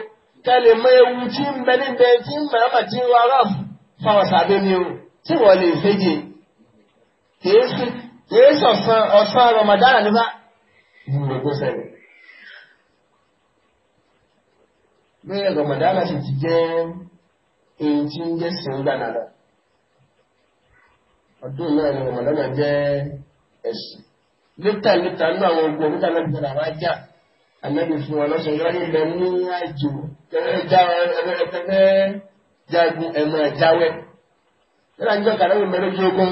kẹ́lì mọ́ ewu tí ń bẹ níbẹ̀ tí ń mọ̀ ọ́mà tí ń wá rọ̀ fáwọn sàbẹ̀ mi o tí wọ́n lè fẹ́jẹ̀ kìí sọ̀sán ọ̀sán Ramadan nípa ìmọ̀gbọ́ sẹ́rẹ̀. Bí Ramadan sì ti jẹ́ èyí tí ń jẹ́ sí ńgbà náà lọ. Ọdún náà ni Ramadan jẹ́ ẹ̀sìn. Lítà lítà nínú àwọn ogun níta náà gbọdọ̀ àwọn ajá. Ànábì fún wọn lọ́sọ̀ yọ́ nílẹ̀ ní àjò ẹgbẹ́ jagun ẹ̀mọ ẹ̀jáwẹ́. Nígbà níjọ́ kàdáwò mẹ́rin ogun.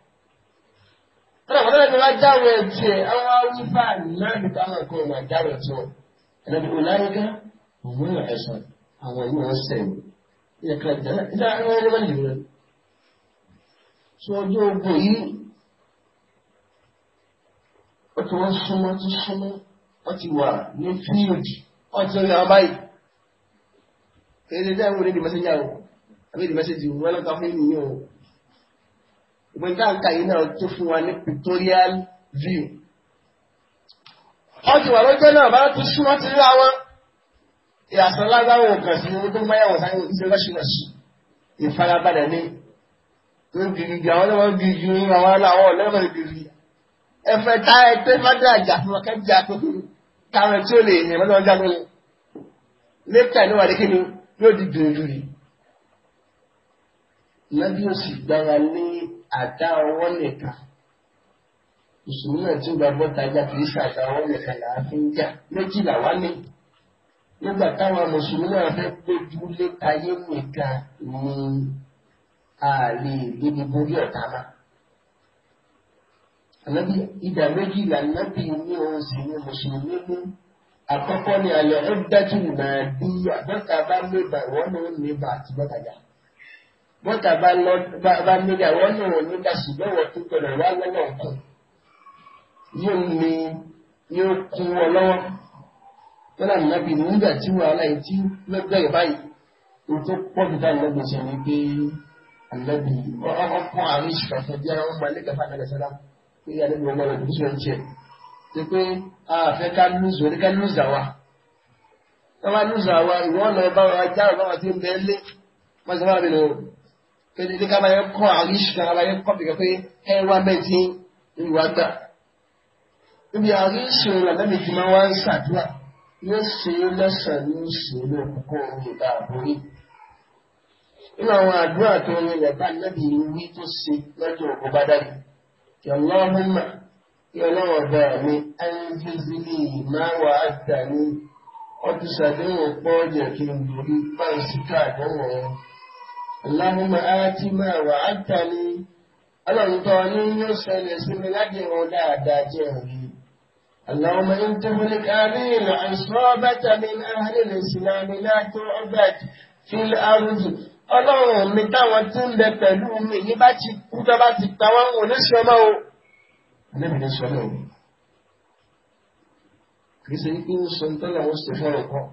Tọ́lá àwọn ọ̀dọ́ máa jáwé ẹtì ẹ̀ àwọn awúfà náà ní káwọn ẹ̀kọ́ ìmọ̀ jáwé ẹtì wọn. Ẹ̀nàbí ọ̀láyéká òun yóò ẹ̀sán àwọn ìlú wọn sẹ̀ ilẹ̀ kan jẹ́ ilé àwọn ẹni wọ́n lè rẹ̀. Sọ ọjọ́ ogun yìí ó ti wọ́n súnmọ́ tó súnmọ́ wọ́n ti wà ní fíìlì wọ́n ti rí àwọn báyìí. Èdè dáhùn ní ìdí mẹ́sẹ̀jì àwọn àbí ìdí mẹ́sẹ̀jì wọn lọ́ka fún ìnìyàn ìgbẹ́ntàǹkà yìí náà tó fún wa ní pictorial view wọ́n ti wà lọ́jọ́ náà bá tún súnmọ́ ti rí àwọn ìyàsán lágbára òkàn sí owó tó ń báyàwó sáyé iṣẹ́ lọ́ṣìlọ́ṣì ìfarabalẹ̀ ní tó ń gìrìgì àwọn ọlọ́wọ́ gìrìgì ní àwọn aláwọ̀ ọlọ́wọ́ gìrìgì ẹ̀fẹ̀ ta ẹ̀tẹ́ fádà àjà fún ọkẹ́ jà pẹ̀lú káwọn tí ó lè yẹn mọ́tò ọjà lónìí lẹ́tà ní wàdí kíni yóò di gbèrú yìí. ìyá ó sì gbára ní àdá ọwọ́ nìkan mùsùlùmí náà tún gbàgbọ́ tajà kì í ṣàdá ọwọ́ nìkan là á fi ń jà méjìlá wá ní. nígbà táwọn mùsùlùmí náà fẹ́ gbójú lé tayé nìkan ni a lè débi borí ọ̀tá náà. Ànábì ìdá méjìlá nábì ní òun sì ni mùsùlùmí mú. Àkọ́kọ́ ni àlẹ́ ẹ̀dájú ìmọ̀ ẹ̀dí àbẹ́ta bá mẹ́bà ìwọ́n ní ó àti bọ́tàjà bọ́tà bá lọ bá nílé àwọn náà nígbà ṣùgbọ́n wọ́n tó gbọdọ̀ wá lọ́nà kan yóò ní yóò kún wọn lọ́wọ́ tọ́lá nàbì nígbà tí wàhálà yìí tí lọ́gbẹ́ ìbáyìí o tó pọ̀ jù dáa lọ́gbẹ́ sọ ni pé ànábì ọkọ̀ àrùn ìṣìkàfẹ́ bí ara wọn máa lé kàfà nàgà sọ́lá pé ànábì wọn lọ́wọ́ ìbùsùn ẹ̀ ń tiẹ̀ tó pé a fẹ́ ká lùzù oníká lùzù àwa tọ́wá lùzù àwa ìwọ́n lọ bá wa já ọ̀gá wa ti ń bẹ́ẹ̀ lé wọ́n ti máa bẹ̀rẹ̀ o. pẹ̀lú ní ká máa ń kọ́ àríṣì ká máa ń kọ́ bìkan pé ẹ wá mẹ́tí ń wá gbà. níbi àríṣì òun àlẹ́bí ti máa wá ń yóò ṣe é ìgbà àbúrí. nínú àwọn àdúrà tó ń tó ṣe lọ́jọ́ òkú bá dàbí. ní اللهم آت ما وعدتني ọlọ́run tó ọ ní yóò ṣẹlẹ̀ sí mi láti wọn dáadáa اللهم إن تهلك آمين عصابة من أهل الإسلام لا تعبد في الأرض ọlọ́run mi táwọn ń bẹ mi ní bá ti kú tó bá ti ò ní sọ o. ẹlẹ́mi ní sọ náà kì í ṣe ń sọ ní tọ́lá kan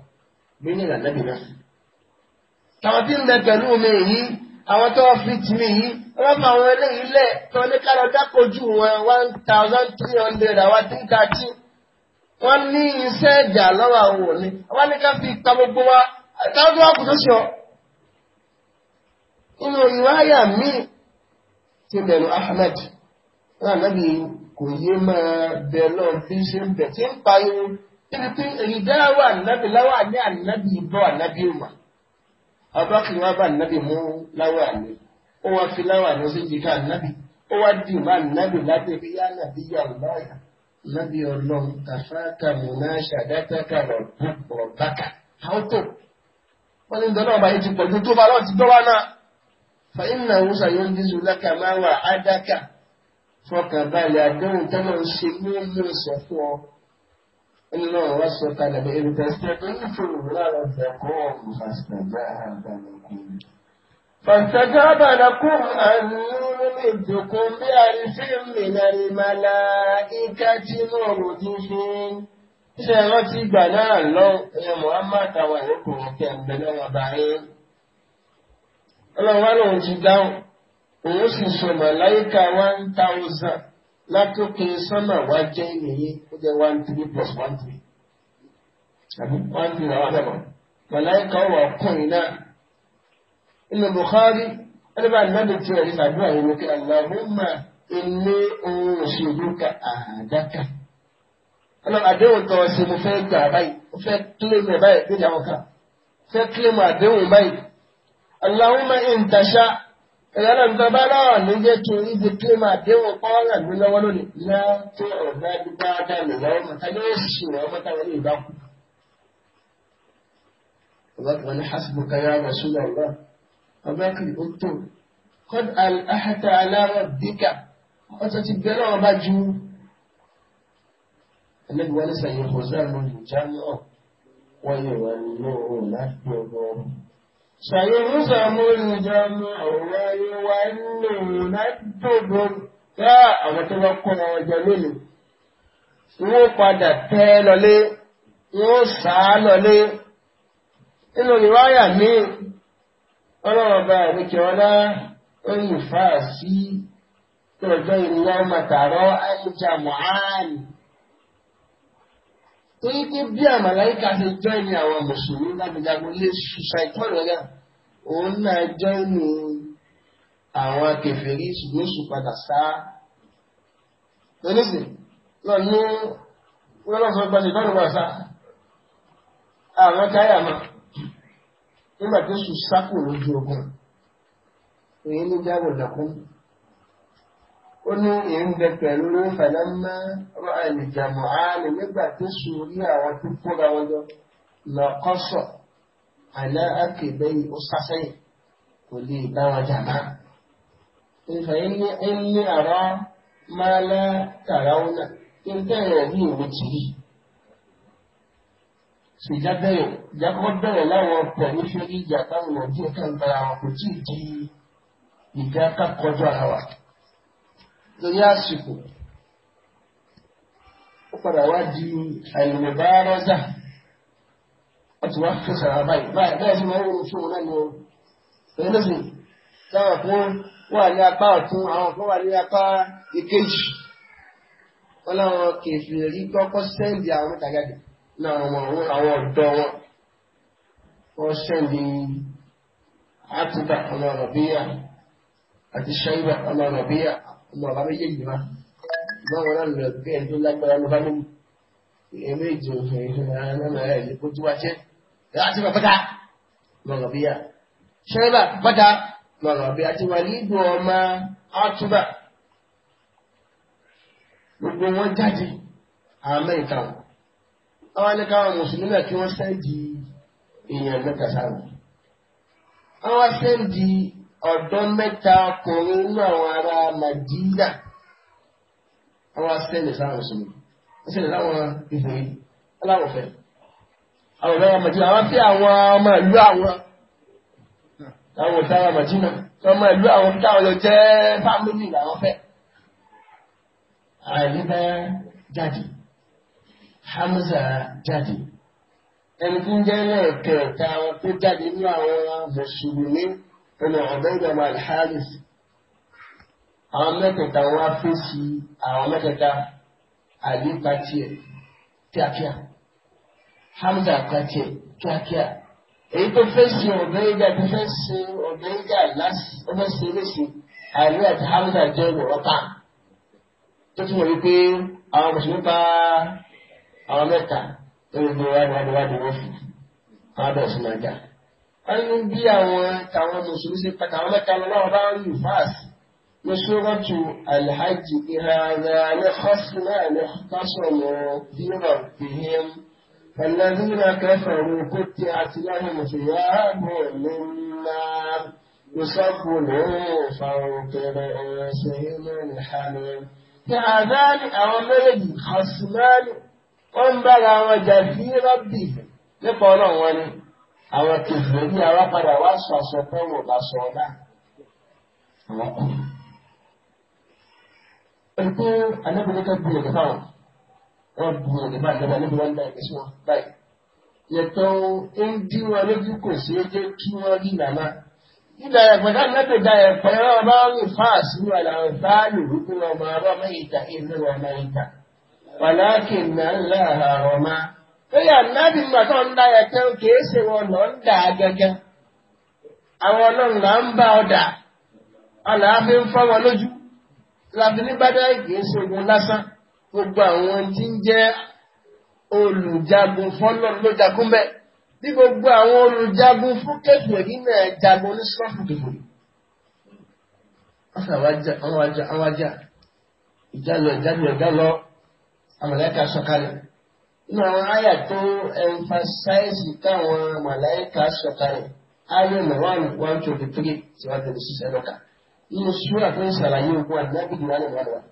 bí ní ìlànà bí tàwọn tí ń bẹ pẹ̀lú omi yìí àwọn tó fi tì mí yìí wọ́n fa àwọn eléyìí lẹ̀ tó ní ká lọ dákojú wọn one thousand three hundred àwọn tí ń ka jí wọ́n ní iṣẹ́ ìjà lọ́wọ́ àwọn òní wọ́n ní ká fi pa gbogbo wa táwọn tó wà kù tó ṣe ọ́ inú ìwáyà míì ti bẹ̀rù Ahmed náà nábì kò yé máa bẹ̀ lọ bí ṣe ń bẹ̀ tí ń pariwo níbi pé èyí dáwà nábì láwà ní ànábì ìbọn ànábì ìwà abubakar wá bá nàbì mú láwà ní ó wá fi láwà ní ó sì jìká nàbì ó wá dì má nàbì lábẹ́ bí yá nàbì yà láyà nàbì ọlọ́run tàfáàkà múná ṣàdátàkà rọ̀bákà àwòtò wọ́n ní dọ́lọ́ ọba yìí ti pọ̀jù tó bá lọ́ọ̀ ti dọ́wà náà fàyínà wùsà yóò ń dísù lákà máa wà ádákà fọkànbalẹ̀ àdéhùn tẹ́lẹ̀ ń ṣe ní ó mú إنه وسط لئن تستغيثوا لربكم فاستجاب لكم فاستجاب لكم أني ممدكم بألف من الملائكة مردفين ṣé ẹ rántí ìgbà náà lọ ẹ Muhammad àwọn ìrókò ọkẹ ẹgbẹ lọ́wọ́ báyìí Ọlọ́run wa lòun ti dáhùn òun sì sọ màláìka one thousand látòkè sọ́nà wá jẹ́ ìnìyí ó jẹ́ one three plus one three àbí one three àwọn àdàbọ̀ màláìka wà ọkùnrin náà inú Bukhari ẹlẹ́bàá nàbì tí ẹ̀rí sàdúrà yìí lókè Allahumma ilé ohun òṣèlú ka àdáka ọlọ́ àdéhùn tọ́ sí mo fẹ́ gbà báyìí mo fẹ́ kílèmù báyìí gbé ìyàwó kan fẹ́ kílèmù àdéhùn báyìí Allahumma in tasha ìlànà ìjọba náà ní jẹ́ kí n ríbi pé máa déwọ̀n pọ́nrà mi lọ́wọ́ lónìí. ìyá tó ọ̀gá dúpẹ́ ọ̀gá mi lọ́wọ́ mọ̀tá ní ó sì rẹ̀ ọmọ táwọn ní ìbá kú. ọ̀bákan ní hasbuka ya Rasulullah ọ̀bákan ó tó qad alhahta ala rabbika ọ̀tọ̀ ti bẹ̀rẹ̀ wọn bá ju ẹlẹ́bi wọn ní sàyẹ̀kọ̀ sáà lóyún jámọ́ wọ́n yẹ̀ wọ́n ní yóò سيهزم الجمع ويولون الدبر tá àwọn tó bá kó wọn jẹ lónìí wọn padà tẹ lọlé wọn sá nínú ìwáyà ní ọlọ́run torí pé bí àmàláyíká ṣe jọ́ ní àwọn mùsùlùmí lágbègbè lé ṣùṣàìtọ́rọ̀ náà òun náà jọ́ ní àwọn akẹfẹ̀rí ṣùgbọ́n ṣùpadà sá lọ́nìsìn náà ní lọ́lọ́sọ gba ṣètọ́rọ̀ wà sá àwọn káyà mọ́ nígbà tó ṣùṣàkùn lójú ogun èyí ní jágùn lọ́kùnrin ó ní ìrìnbẹ pẹ̀lú fàlámà àlìjàmọ̀ àlè nígbà tó sùn orí àwọn tó kóra wọn lọ lọ́kọ́sọ̀ àná àkèbẹ́ yìí ó sásẹ́yìn kò lè bá wọn jàmá. ìfẹ̀yìn ní ẹni àrọ́ máa lá tàràwọn náà kí n bẹ̀rẹ̀ ní ìwé tìrì. ṣèjà bẹ̀rẹ̀ ìjàkọ́ bẹ̀rẹ̀ láwọn pẹ̀lú fẹ́rí ìjà táwọn nàìjíríà kan gbára wọn kò tí ì di ìjà ká ara wa torí àsìkò ó padà wá di àìlèmọ̀bárọ́dà wọ́n ti wá fẹsàrà báyìí báyìí báyìí sí máa ń wọ́n fún wọn náà ni ó pẹ̀lú lẹ́sìn táwọn kan wà ní apá ọ̀tún àwọn kan wà ní apá ìkejì wọn láwọn kèfèrí kọ́kọ́ sẹ́ǹdì àwọn mẹ́ta jáde àwọn àwọn ọ̀dọ́ wọn wọ́n sẹ́ǹdì àtúbà ọmọ rọ̀bíyà àti ṣẹ́yìnbà ọmọ rọ̀bíyà ọmọ bàbá méjèèjì wa ìgbà wọn náà lọ bí ẹni tó lágbára ló bá níbi èmi ìjọ ìrìnàmọ́ ẹ̀ lè kó tó wá jẹ́ láti bàbá ká lọ́nà bíyà ṣẹ́rẹ́bà bàtà lọ́nà bíyà ti wà nígbò ọmọ àtúbà gbogbo wọn jáde àmọ́ ìtàwọn àwọn ní káwọn mùsùlùmí náà kí wọ́n sẹ́ndì èèyàn mẹ́ta sáwọn àwọn sẹ́ndì ọ̀dọ́ mẹ́ta ọkùnrin inú àwọn ará Màdínà àwọn asẹ́lẹ̀ sáwọn mùsùlùmí asẹ́lẹ̀ sáwọn ìbòmí aláwọ̀fẹ́ àwọn ọ̀dọ́ àwọn Màdínà àwọn tí àwọn ọmọ ìlú àwọn àwọn ọ̀dọ́ àwọn Màdínà ọmọ ìlú àwọn táwọn lọ jẹ́ fámìlì làwọn fẹ́ àyè bá jáde Hamza jáde ẹni tí ń jẹ́ lẹ́ẹ̀kẹ̀ẹ̀ta àwọn tó jáde nínú àwọn mùsùlùmí ẹnì àbẹ́yẹ wà lẹ́hàrì àwọn mẹ́tẹ̀ẹ̀ta wọn á fèsì àwọn mẹ́tẹ̀ẹ̀ta àlè pàtìẹ̀ kíákíá Hamza pàtìẹ̀ kíákíá èyí tó fèsì ọ̀bẹ́yẹ tó fèsì ọ̀bẹ́yẹ láti ọ̀fẹ́sì lẹ́sì àlè àti Hamza jẹ́ ìwọ̀ta tó túmọ̀ wípé àwọn mùsùlùmí bá àwọn mẹ́ta lórí ìgbéwájú wájú wájú wọ́n fún un. Àwọn bẹ̀rẹ̀ sí máa dáa ẹnu bí àwọn tàwọn mùsùlùmí ṣe pàtàkì àwọn mẹ́ta lọ́wọ́ bá ń lù fáàsì ní sọ́rọ́tù alhaji ìhàrá alẹ́kọ́sílẹ̀ alẹ́kọ́sọ̀mọ̀ dínà bìhìm فالذين كفروا قطعت لهم ثياب من نار يصب من فوق رؤوسهم الحميم كهذان أو ملك خصمان قم بلا وجه في ربهم لقولهم àwọn kejìlẹ̀ ní ara padà wá sọ aṣọ pẹ́wọ̀ lásọ ọ̀la àwọn kù. Ẹni pé anábìrin kan bu ẹ̀dẹ̀ fáwọn wọ́n bu ẹ̀dẹ̀ fáwọn ẹ̀dẹ̀ anábìrin wọn náà ẹ̀sìn wọn báyìí. Yẹ̀tọ̀ ń dín wọn lójú kò sí ẹjẹ́ kí wọ́n rí nàná. Nígbà ẹ̀pẹ̀ náà lẹ́pẹ̀ dá ẹ̀pẹ̀ náà bá ń rìn fáà sínú àlàrun bá lò wípé wọn máa rọ́ mẹ́yìíta ìlú wọn mẹ́yìíta. Wàlákì náà ń láàárọ̀ máa. lórí ànábì gbàtọ ń dá yẹn tán kìí ṣe wọn lọ ń awọn gẹ́gẹ́ na ọlọ́run là ń bá ọdà àlàáfíà ń fọ́ wọn lójú láti nígbàdá kìí ṣe gbogbo awọn ndị ń jẹ́ fọlọ ló jagun bẹ́ẹ̀ bí gbogbo àwọn olùjagun fún náà jagun ní sọfù ìjálọ ìjálọ ìjálọ inú àwọn àyà tó ẹnfàsáìsì káwọn màláìka sọ̀kalẹ̀ ayé mẹ́wàá one twenty three síwájú ní sísẹ́ lọ́ka inú súrà tó ń ṣàlàyé ogun àdínábì ìlú alẹ́ mẹ́wàá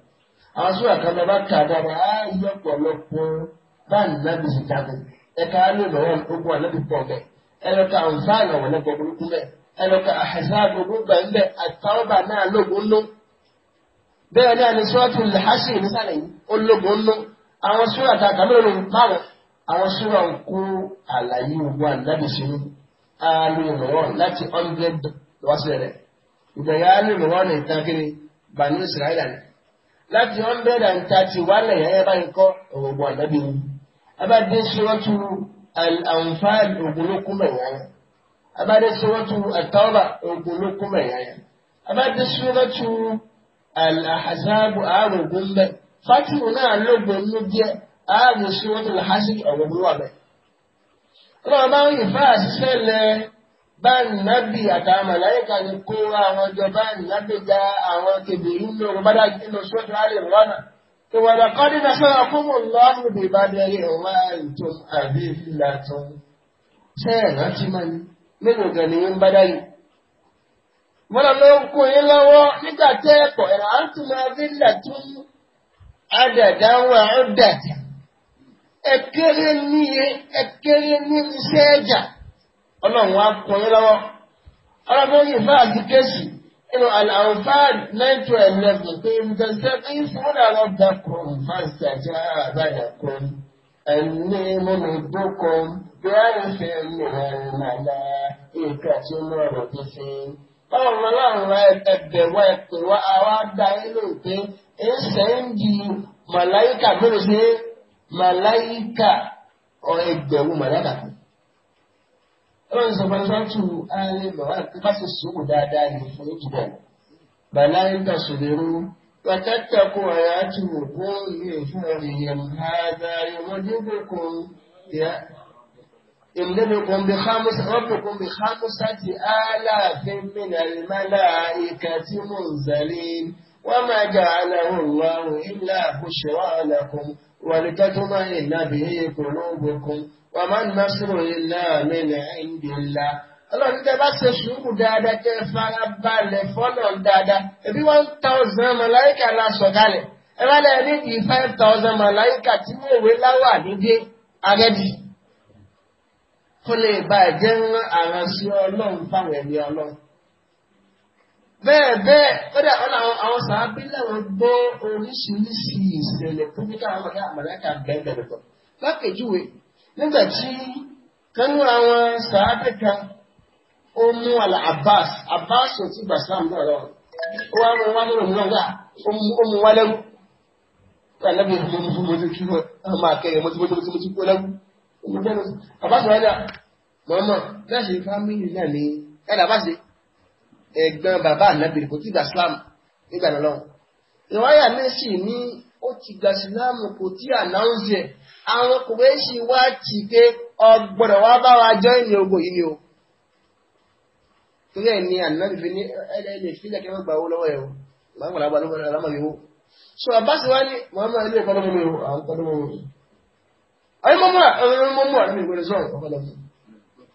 àwọn súrà kan lọ bá kà dáadáa á yọ pọ̀lọpọ̀ bá àdínábì sì jagun ẹ̀ka ayé mẹ́wàá ogun àdínábì pọ̀ bẹ́ẹ̀ ẹlọ́ka ànfààní àwọn ẹlẹ́gbẹ́ burúkú bẹ́ẹ̀ ẹlọ́ka àhẹ́sà gbogbo àwọn súrà tá a kà mélòó ní márùn àwọn súrà ń kó àlàyé gbogbo ànábì sínú áálù ìmọ̀ràn láti hundred lọ́sẹ̀ rẹ̀ ìgbẹ̀yà áálù ìmọ̀ràn ìtàn kiri bani israẹli àná láti hundred and thirty one ẹ̀yà ẹ̀ bá kọ́ gbogbo ànábì wọn abáde sọ́wọ́tú al-anfal ogunlókun abáde sọ́wọ́tú at-tawba ogunlókun abáde sọ́wọ́tú al-ahzab mẹ́yà. fatihu náà lóògbé ló jẹ́ ààbò sí wọ́n tó lè hásí ọ̀wọ̀ ló wà bẹ́ẹ̀. ọlọ́run bá ń yìn fún àṣìṣe lẹ báyìí nábì àtàwọn màláyíkà ni kó àwọn ọjọ́ báyìí nábì gba àwọn kébìrì ní ọgbọ́n bàdá nínú sọ́tò alẹ́ rọ́nà. ni ló ń adada wà ó dàjà ẹkẹrẹ níye ẹkẹrẹ ní iṣẹ́ ẹjà pọn yín lọ́wọ́ ọlọ́run yìí bá àdìkẹsì àlàáfáàdì nine to eleven pé ǹdẹ̀sẹ̀ bí fúnra lọ́dà kan fásitì àti àbáyà kan ẹni mímu dúkọ bí a ń fẹ́ nàdá ìkàtúmọ̀ rẹ̀ ọlọ́run ọlọ́run ẹ̀bẹ̀ wa ẹ̀pẹ̀ wa àwa dá yín lóò pé ẹsẹ̀ ń di màláìkà mélòó ṣe màláìkà ẹgbẹ̀rún màláìkà kan. ọlọ́run sọ fún ẹ̀sán tù ààrẹ màwá pé ká ṣe sùúrù dáadáa ní fún ìjì bẹ́ẹ̀. màláìkà sòdèrú wàtàkàkù àyájú òkú ìyẹn fún ẹ̀yẹ̀ ń ha dáa ìwọ́n dínkù kù yá. امددكم بخمس ربكم بخمسة آلاف من الملائكة منزلين وما جعله الله إلا بشرى لكم ولتطمئن به قلوبكم وما النصر إلا من عند الله ọlọ́run tẹ bá ṣe sùúrù dáadáa tẹ fara balẹ̀ fọ́nà dáadáa ẹbí one thousand màláìkà la sọ̀ kalẹ̀ ẹ bá lẹ́yìn ní five thousand màláìkà tí wọ́n wé láwà nídìí agẹ́dì kó lè ba ẹ̀jẹ̀ ń rán àrùn sí ọlọ́run fáwọn ẹ̀mí ọlọ́run. bẹ́ẹ̀ bẹ́ẹ̀ kódà àwọn sàábí làwọn gbọ́ oríṣiríṣi ìṣẹ̀lẹ̀ tó fi káwọn ọ̀gá àmàlẹ́kà bẹ́ẹ̀ lákèjúwe nígbà tí kánú àwọn sàábí kan ó mú àlà Abbas Abbas ò ti gbà sáà mú ọ̀rọ̀ ó wá mú wá mú òun náà ó mú wá lẹ́wù. pẹ̀lú ẹ̀mí mo ti kí wọn máa kẹ́yìn mo ti mo ti mo ti kú lẹ́wù ògbógbónú bàbá sọ̀rọ̀dà mọ́mọ́ bẹ́ẹ̀ sì fámìlì náà ní ẹ̀dà bá sì ẹ̀gbọ́n bàbá ànábìrì kò tí gba Islam nígbà náà lọ́wọ́ ìwáyà náà sì ní ó ti gba Islam kò tí ànáwùsì ẹ̀ àwọn kò wé sì wá tì pé ọgbọ́dọ̀ wá bá wa jọ ìní ogbò yìí ni o torí ẹ̀ ní ànábìrì ní ẹ̀ẹ́dẹ̀ ìfilẹ̀ kí wọ́n gbà owó lọ́wọ́ ẹ̀ o màá ń so àbá sì wá ní màmá ilé ìkọ́dọ́mọ́ mi ai mamuwa ɗan mamuwa ne gudu zuwa kwakwalwar mu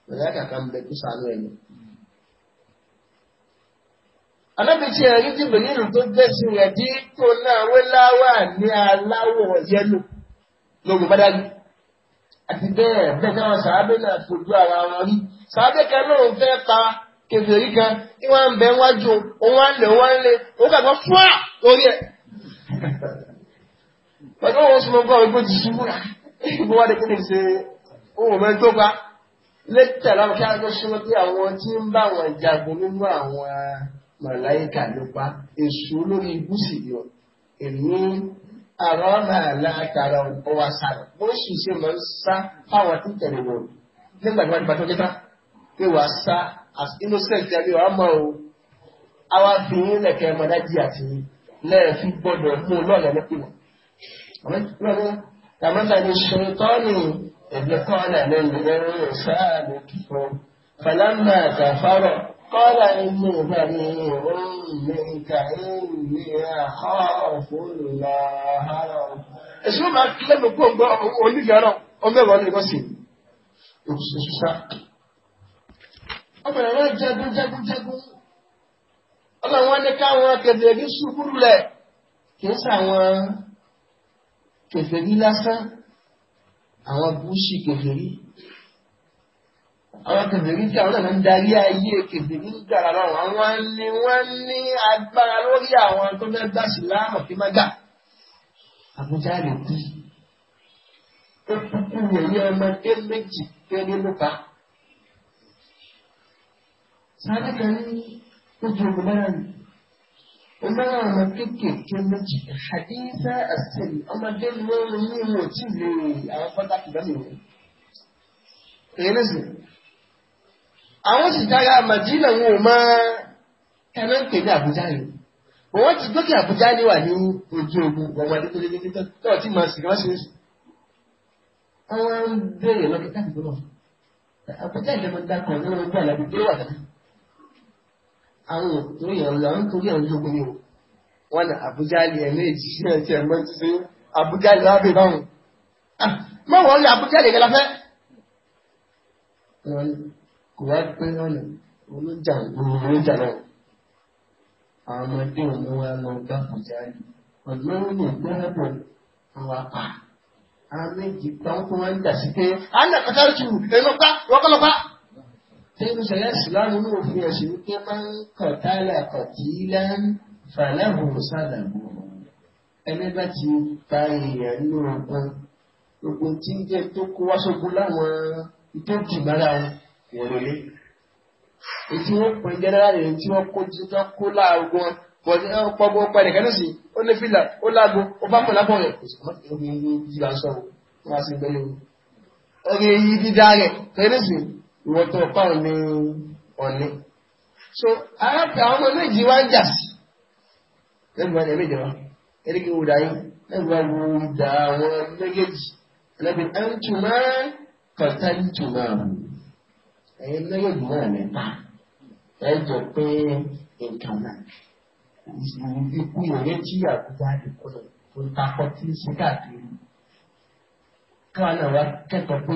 ba za ka kan bai kusa hannu yanzu anábì tí tó rẹ̀ dí tó náà wé láwà ní aláwọ̀ yẹ́lò bádájú àti bẹ́ẹ̀ bẹ́ẹ̀ sàábẹ́ náà fojú ara wọn rí sàábẹ́ kan náà ń fẹ́ kan kí wọ́n ń bẹ wájú òun òun kàgbọ́ fúà lórí ẹ̀ pẹ̀lú òun sọ bó wá ní kí ni ṣe ohun ọmọ ẹgbẹ́ pa lẹ́tà láwọn kí wọ́n súnmọ́ pé àwọn tí ń bá wọn jagun nínú àwọn eh, màláìkà ló pa èso lórí ibùsì yọ èmi àrọ́ náà látara ọwọ́ sáré wọ́n sì ṣe máa ń sá fáwọn tí tẹ̀lé wọn nígbà tí wọ́n ti bá tó jẹ́ tán pé wàá sá as innocent ẹbí wàá mọ̀ o àwa fi yín lẹ̀kẹ́ mọ̀dájì àti lẹ́ẹ̀fí gbọ́dọ̀ mú un lọ́ọ̀lẹ́ lẹ́kùnrin. كمثل الشيطان إذ قال للإنسان كفر فلما كفر قال إني بريء منك إني أخاف الله رب Èṣù máa kí lẹ́nu gbọ́ngbọ́ onígbàrán ọmọbẹ̀wọ̀ ní ìkọ́sí. Òṣìṣà. Ọmọ ẹ̀rọ jagun jagun jagun. Ọlọ́run wá ní káwọn kẹ̀dẹ̀ẹ́gí ṣubúrú lẹ̀ kì í sàwọn kèfèrí lásán àwọn gúúsì kèfèrí àwọn kèfèrí tí àwọn náà ń darí ayé kèfèrí ń gbàrà lọ́rùn àwọn ni wọ́n ní agbára lórí àwọn tó fẹ́ gbà sí láàmù tí má gà àbújá rẹ̀ kú ó kúkú yẹ̀yẹ́ ọmọdé méjì péré ló bá sáré kan ní ojú ogun náà nìyí ó fẹ́ràn ọmọ kéékèèké méjì àdínsẹ́ ẹ̀sìn ọmọdé lórí ní ìwò tí lè àwọn pàtàkì lọ́nà ìwé èyí sì àwọn sì dára màdínà wọn ò máa tẹnu ń pè ní àbújá yìí wọ́n ti dókè àbújá ní wà ní ojú ogun ọmọ adékòlé ní títọ́ náà tí màá sì kí wọ́n ṣe é sùn àwọn ń béèrè lọ́kẹ́tà ìgbọ́nà àbújá ìjọba dákọ̀ nínú ojú àlàbí tó àwọn òtún èèyàn lọ àwọn àwọn ológun ni wọn ní Àbújá lè ẹ̀mí náà ti ẹ̀mọ́ sí Àbújá lè lábẹ́ báwọn ah, mọ́ wọ́n lè Àbújá lè gẹ́lá fẹ́. kò wá pé lọ́nà olójà olójà náà àwọn ọmọdé òun wá lọ gbá Àbújá lè ọ̀dọ́ ní ìgbẹ́rẹ́bọ̀ àwọn apá àwọn méjì pàápàá wọn ń dà sí pé àwọn àkàtà ìṣù ẹ̀rọ pa ìwọ́kọ́lọ́pàá nínú sẹ̀yà ìsìláàmù ní òfin ẹ̀sìn wípé máa ń kọ̀tálà kọ̀tílá ń fàlàhù sàdàbò ẹni bá ti pa èèyàn ní ọgbọ́n gbogbo tí ń jẹ́ tó kó wá sógun láwọn tó bára wọn lélẹ̀ ètí pè jẹ́nẹ́rà rẹ̀ tí wọ́n kó tí kó láàgbọ́n bọ̀dé ọ̀pọ̀gbọ̀ ọ̀pá ẹ̀dẹ̀kẹ́ lọ́sì ó ní fìlà ó lágbo ó bá pọ̀ lápọ̀ rẹ̀ kò sì mọ́ ẹ̀yìn ìwọ́n tó pàwọn ní ọ̀ní. so arákùnrin àwọn ọmọ méjì wá ń jà sí lẹ́gbẹ̀ẹ́ ní ẹ̀mẹ́jẹ̀ wá eréke wò dáyé lẹ́gbẹ̀ẹ́ wò dá àwọn méjèèjì ẹlẹ́bi ẹ̀ńtùmá kọ̀tẹ́ńtùmá ẹ̀yẹ méjèèjì náà ní pa ẹ̀ jọ pé nǹkan náà ikú ìrẹ́ tí àbújá ìkọlẹ̀ tó ń takọ tí ń ṣe káàkiri káwọn náà wá kẹ́kọ̀ọ́ pé.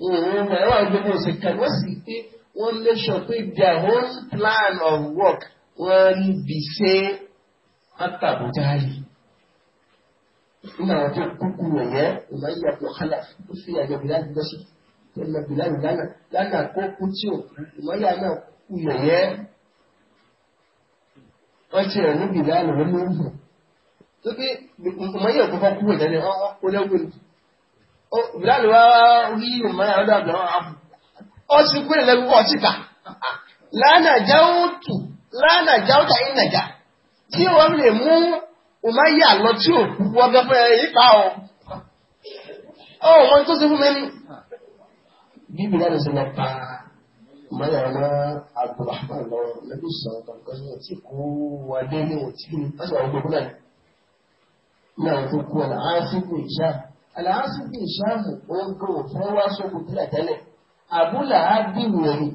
òun ẹ̀rọ ìgbẹ́mọ̀ ṣe kàn wọ́n sì pé wọ́n lè sọ pé their whole plan of work wọ́n bì ṣe pátábùtárì. Nínú àwọn tó kúkú rẹ̀ yẹ́ ìmọ̀ yíyá kò kálà ó fi àjọ Bìláàdì lọ́sọ̀ tó lọ Bìláàdì lánàá lánàá kó kú tí ò ìmọ̀ yíyá náà kú rẹ̀ yẹ́. Wọ́n ti rẹ̀ ní Bìláàdì lọ́nà òun. Tó bí ìmọ̀ yíyá kò kọ́ kú rẹ̀ yẹ́ ni wọ́n kó lẹ́wọ̀n ìbílẹ̀ wa rí ìmọ̀ ẹ̀ ọ̀dọ̀ àbúrò àbù ọ ti pín ìlẹ̀ púpọ̀ síta lánà jáwùtù lánà jáwùtà ìnàjà tí wọ́n lè mú òmáyà lọ tí ò kú wọ́n bẹ ọ. mi. bí ìbílẹ̀ na ṣe lọ pa òmáyà na àbúrò àbúrò na lẹ́gbẹ̀ẹ́ sọ̀rọ̀ kankan ní ọtí kó wà dé ní na ní ọ̀sán àlàásìkò ìṣàmù ogun òfin wá sókò tílẹ̀ tẹ́lẹ̀ àbúlà á bìrù ẹ̀yìn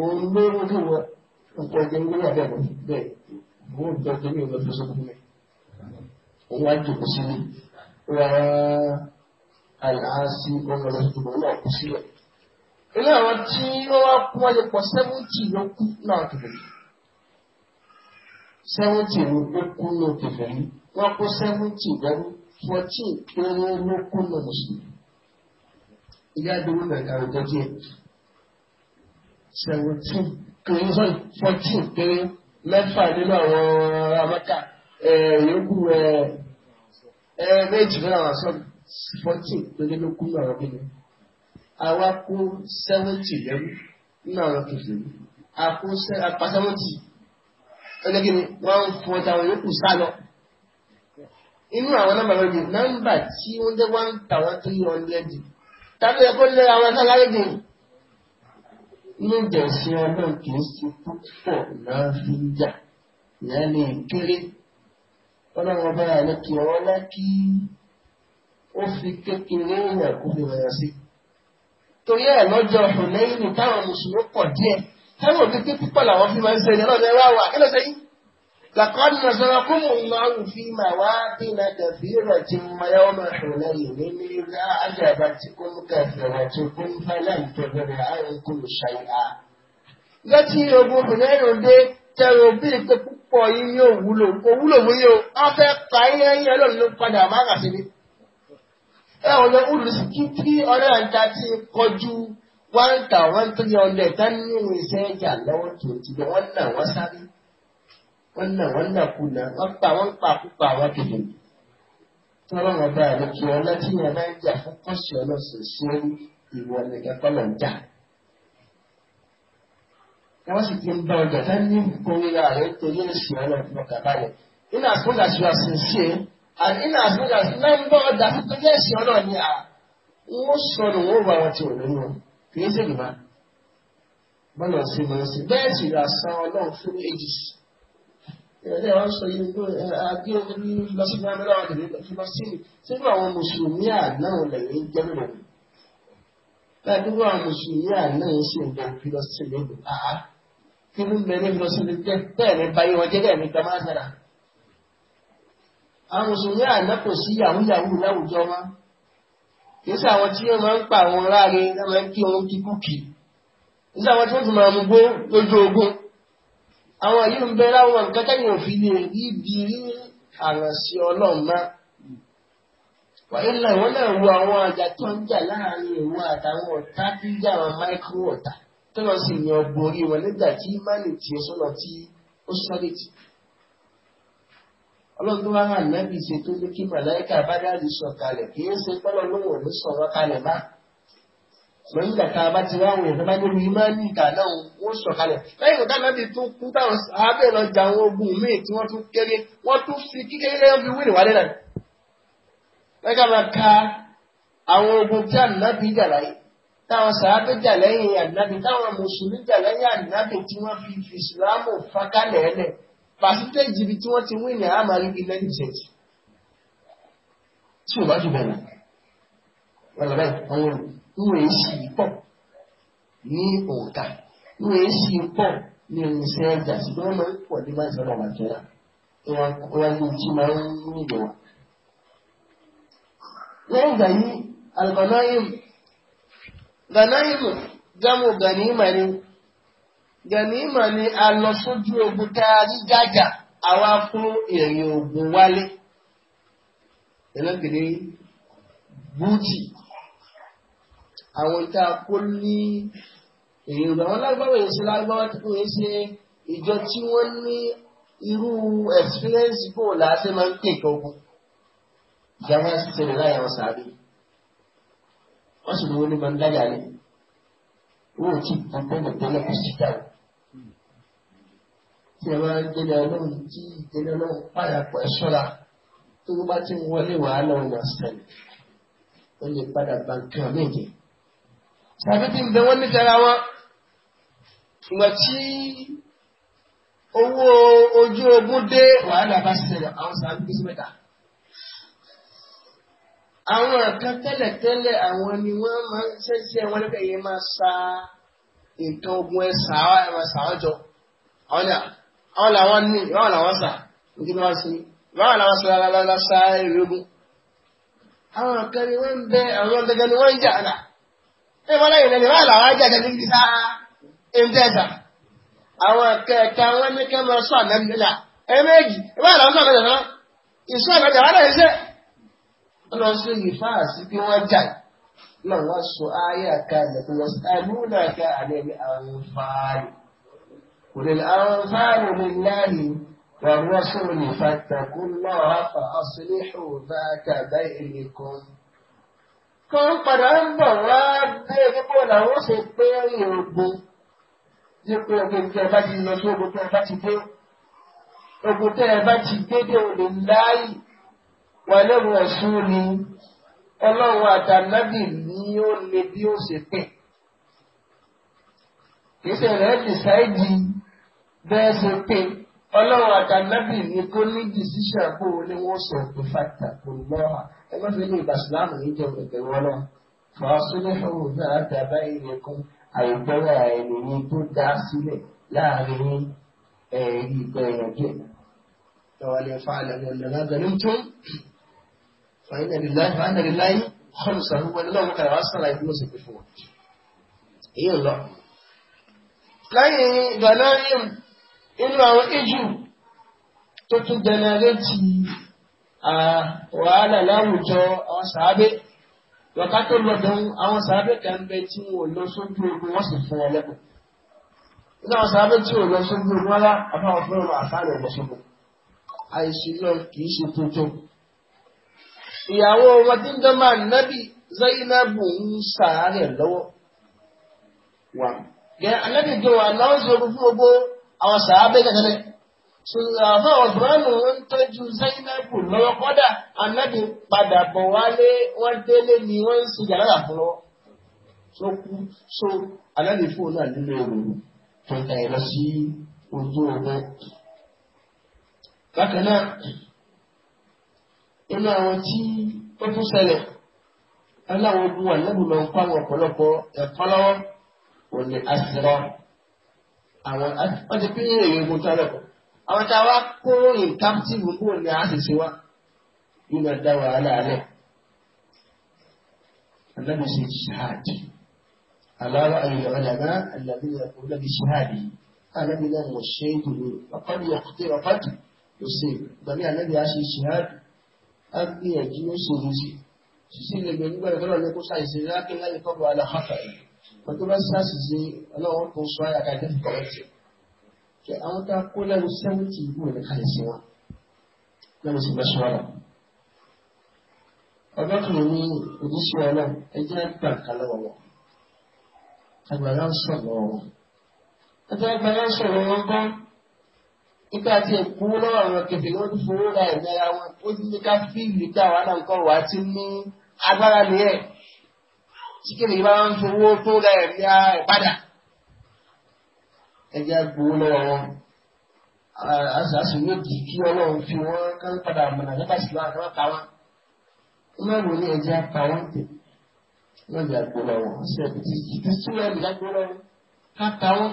òun lórí ojú wọn nǹkan ọjọ́ ń gbéra bẹ́ẹ̀ bẹ́ẹ̀ òun ò jẹ́ ní ọ̀dọ́ sókò fún mi òun á jòkó sílé rárá àlàásì ọmọ rẹ̀ tó wọn náà kú ilé àwọn tí ó wá kú wáyé pọ̀ sẹ́wọ́ntì ló kú náà kìlọ̀ sẹ́wọ́ntì ló kú náà kìlọ̀ wọ́n kó sẹ́wọ́ntì lẹ́rú fourteen péré ló kú ní mùsùlùmí. ìyá ìdúró nàìjíríà ló jẹ́ seventeen kìí sọ fourteen péré mẹ́fà nínú àwọn amáka yòókù méjì nínú àwọn asọ́nù fourteen péré ló kú ní àwọn kíni. àwa kú seventy lẹ́rú nínú àwọn kìfìrí àkó apá seventy ẹlẹ́gìnì wọ́n ń fọ́ta wọn yòókù sálọ inú àwọn nọ́mbà lóde nọ́mbà tí ó ń jẹ́ one thousand three hundred tàbí ẹ̀kọ́ lé àwọn ẹ̀ka lárédè níbi ẹ̀sìn ọdún kì í ṣe púpọ̀ náà fi jà lẹ́nu ìkéré ọlọ́run ọba rẹ̀ kì ọ́ lákì ó fi kékeré èèyàn kó fi rẹ̀ sí. torí ẹ̀ lọ́jọ́ ọ̀hún lẹ́yìn táwọn mùsùlùmí pọ̀ díẹ̀ táwọn òbí pé làwọn fi máa ń ṣe ìdánilọ́dẹ wá wà kí ló ṣe yìí. لقد نزلكم الله في مواطن كثيرة يوم حنين إذا أعجبتكم كثرتكم فلم تغن عنكم شيئا. Lọ́tí ogun obìnrin ẹ̀rùn dé tẹ̀rù bí ìpè púpọ̀ yín ní òwúlò òwúlò mú yóò á fẹ́ pa iye yín ẹlọ́run ló padà má kà sí ni. Ẹ ò lọ wúlò sí kí kí ọ̀rẹ́ àǹtá ti kọjú one thousand three hundred tán nínú iṣẹ́ ìjà lọ́wọ́ tó ti lọ wọ́n nà wọ́n sáré wọ́n nà wọ́n nà kú nà wọ́n pa wọ́n pa kú pa àwọn kejì tọ́lọ́ wọn bá yẹn kí ọ láti yẹn máa ń jà fún kọ́sì ọlọ́sẹ̀ sí ìwọ nìkan kọ́ lọ́n jà. wọ́n sì ti ń bá ọjà tá ní ìkórira rẹ̀ torí èsì ọlọ́run ọkà balẹ̀. in as long as you are sincere and in as long as number ọjà torí èsì ọlọ́run ni à wọ́n sọnù wọ́n wọ àwọn tí ò lórí wọn kì í ṣèlú bá. bọ́lá ọ̀sìn mọ̀ ọ̀sìn bẹ́ẹ̀ sì rà san ọlọ́run fún ages ẹ̀rẹ́ wọn sọ yìí pé adé orí lọ́sígbà mẹ́rọ àdèrè lọ sí mi sígbà àwọn mùsùlùmí àná lẹ́yìn jẹ́rìmọ̀ mi ládùúgbò àwọn mùsùlùmí àná ń ṣe nǹkan fi lọ sí mi lò áá kí ló ń bẹ ní lọ sí mi jẹ bẹ́ẹ̀ ni báyìí wọn jẹ́ bẹ́ẹ̀ ni gbàmá dára. àwọn mùsùlùmí àná kò sí yahoo yahoo láwùjọ wọn kì í sọ àwọn tí wọn máa ń pa àwọn láre wọn máa àwọn yìí ń bẹ láwọn nǹkan tẹ́yìn òfin lè rí bí rí àrànṣe ọlọ́run má. wàyí ńlá ìwọ náà wo àwọn àjà tó ń jà láàrin ìwọ àtàwọn ọ̀tá tí ń jà àwọn máìkúrò ọ̀tá tó lọ sí ìyẹn ọgbọ̀n orí nígbà tí ìmánì tí ó sọ̀rọ̀ tí ó sọ̀rọ̀ tì. ọlọ́run tó hàn náà bí ṣe ṣùgbọ́n nígbà tá a bá ti wáwọn èèyàn bá nínú ìmáàní ìgbà náà wọ́n sọ̀kalẹ̀ lẹ́yìn ìgbà náà ti tún kú táwọn abẹ́ lọ ja àwọn ogun míì tí wọ́n tún kéré wọ́n tún fi kíkéré lẹ́yìn fi wíìnì wálé náà. lẹ́ka máa ka àwọn ogun tí ànábì jà láyé táwọn sàábẹ́ jà lẹ́yìn ànábì táwọn mùsùlùmí jà lẹ́yìn ànábì tí wọ́n fi fi ìsìlámù fakalẹ̀ ẹ̀lẹ̀ pàṣípẹ́jì ibi tí wọ́n ti wíìnì àmàlí ilẹ̀ wọn èsì pọ̀ ní òòtà wọn èsì pọ̀ ní irinṣẹ́ ẹja ṣùgbọ́n wọn máa ń pọ̀ ní máṣe ọ̀nà nàìjíríà wọn ní ojú máa ń nílò wọn. lẹ́yìn ìgbà yìí alùpànáyìm gànáyìm jámù gàníìmà ni gàníìmà ni a lọ sójú ogun tá a rí gàjà àwa fún ìrìn ogun wálé. ẹlẹ́gbẹ̀ẹ́ búùtì àwọn tá a kó ní èrò àwọn lágbára èyí ṣe lágbára tó ń ṣe ìjọ tí wọ́n ní irú ẹ̀sìfírẹ́ǹsì bò láti máa ń pè kọ́kọ́ ìjàmbá sì ṣẹlẹ̀ láyà wọn sàbí wọ́n sì lówó ní máa ń dájà ní owó tí kò tẹ́lẹ̀ tẹ́lẹ̀ kò sí dáa tí ẹ máa ń délé ọlọ́run tí ìdílé ọlọ́run padà pọ̀ ẹ́ ṣọ́ra tó bá ti ń wọlé wàhálà ọ̀nà sẹ́lẹ̀ ó lè padà bá nǹkan méje. tàbí tí wọ́n nífẹ̀ẹ́ra wọn ìgbà tí owó ojú ogun dé wàhálà bá ṣẹlẹ̀ àwọn sàbí mẹ́ta. àwọn àwọn ni wọ́n máa ń ṣẹ́ṣẹ́ wọn lẹ́kẹ̀ẹ́ yẹn máa sa nǹkan ogun ẹ̀ sà ẹ̀ máa sà jọ àwọn làwọn ní ìwọ́n làwọn sà nígbà wọn sí ìwọ́n làwọn sà lálálá èrè ogun. àwọn kan ni wọ́n ń bẹ àwọn ẹ mọ́ lẹ́yìn lẹ́yìn báyìí làwọn ajá jẹ́ni bí sá ẹ̀ńtẹ́ta àwọn kẹta wọn ní kẹ́ máa sọ àná nílà ẹ méjì ẹ báyìí làwọn sọ àná nílà ìsọ àná nílà wọn lẹ́yìn sẹ́ lọ sí ìfáàsì bí wọ́n jà náà wọ́n sọ ayé àká ẹ̀dẹ̀kùn wọ́n sọ àlùmọ́ àká àlẹ́bí àǹfààní kò lè àǹfààní níláàní wàlúwàsó ní fàtàkùn náà tó ń padà ń bọ̀ wá dé nípò làwọn ṣe pé ìrògbò dípò ogun tí ẹ bá ti lọ sí ogun tí ẹ bá ti dé ogun tí ẹ bá ti dé dé òde láàyè wà lẹ́nu ẹ̀sùn ni ọlọ́run àtànábì ni ó lè bí ó ṣe pè kìí ṣe rẹ̀ ẹ́ dìsáìdì bẹ́ẹ̀ ṣe pè ọlọ́run àtànábì ni kó ní dìsíṣà kó o ní wọ́n sọ pé fàtà kò lọ́ha ẹ má fi ní ìgbà sùlámù níjọ ìbẹ̀rù ọlọ́run fàásùlẹ̀ ọ̀hún náà dàbá ìrẹ̀kùn àìgbọ́ra ènìyàn tó dá sílẹ̀ láàrin ẹ̀rí ìgbẹ̀yànjẹ́ ìwàlẹ̀ fàálẹ̀ ọ̀nà gẹ̀rẹ́ tó fàyínà líláyé kọ́lùsà wọn. èyí ń lọ. láyé ìgbà inú àwọn ejù tó tún a wàhálà láwùjọ àwọn sàábé lọ́ka tó lọ́dọ̀ àwọn sàábé kan bẹ tí wọn lọ sójú ogun wọ́n sì fún wọn lẹ́kọ̀ọ́ àwọn sàábé tí wọn lọ sójú ogun wọn lá àbáwọn fún wọn àfáàlì ọ̀gbọ̀sọ̀gbọ̀ àìsí lọ kì ṣe tuntun. ìyàwó wọn tí ń dán máa nábì Zainabu ń sàárẹ̀ lọ́wọ́ wa. wa àwọn sàábẹ́ kẹtẹlẹ sùnàfà ọ̀sùnmánù ń tọ́jú zainabu lọ́wọ́ kọ́dà anábì padà bọ̀ wálé wọ́n délé ni wọ́n ń sùn jàlára fún lọ́wọ́ tó kú so anábì fún náà nílé òru tó ta ẹ̀rọ sí ojú ogun. bákan náà inú àwọn tí ó tún ṣẹlẹ̀ aláwọ̀ ogun anábì máa ń kó àwọn ọ̀pọ̀lọpọ̀ ẹ̀kọ́ lọ́wọ́ òní àṣírọ́ àwọn eh, wọ́n ti pín èrè ogun tó lọ́kọ̀. àwọn tá a wá kó in captive kúrò ní àṣìṣe wa yóò máa dá wàhálà alẹ́. Ànábì ṣe ṣáàdì. Aláwọ̀ ayọ̀ ọ̀dàgbà àlàbí ni ọkùnrin náà fi ṣáàdì. Ànábì náà wọ̀ ṣe é dùn ní ọ̀pọ̀ ní ọ̀kùnrin ọ̀pọ̀ tó ṣe gbàmí Ànábì á ṣe ṣáàdì. Á gbìyànjú ó ṣòro sí. Ṣíṣe ilẹ̀ gbẹ̀rún tó lọ pẹ̀lú rẹ́sílẹ̀sì tí ọlọ́run tó sọ ayé àkàdé fi kọ́lẹ́tì kí àwọn tá a kó lẹ́nu sẹ́wọ́ntì ìlú rẹ̀ kalẹ̀ sí wọn lẹ́nu sì bẹ́ sọ́ọ́rọ̀. ọjọ́ kan ní oníṣẹ́ ọlọ́run ẹjẹ́ gbà kalẹ̀ wọ̀wọ̀ àgbàlá ń sọ̀rọ̀ wọn. ẹjẹ́ àgbàlá ń sọ̀rọ̀ wọn kọ́ nígbà tí èkó lọ́wọ́ àwọn kẹfì wọn ti fowó ra ẹ̀mí ara wọn ó ti ní ká fíìlì dá wàhálà nǹkan wàá ti ní agbára nìyẹn tí kìnìún bá ń fowó tó lẹ́ẹ̀rí àìpadà ẹjẹ́ gbowó lọ́wọ́ wọn àṣàṣìlódì kí ọlọ́run fi wọ́n kán padà mọ̀nà nípa ìṣúná àwọn ká wọn ọlọ́run ní ẹjẹ́ apá wọn tè wọ́n jà gbowó lọ́wọ́ ṣẹ́ẹ̀bù tí ìtú sílẹ̀ ìjà gbowó lọ́wọ́ ká ká wọn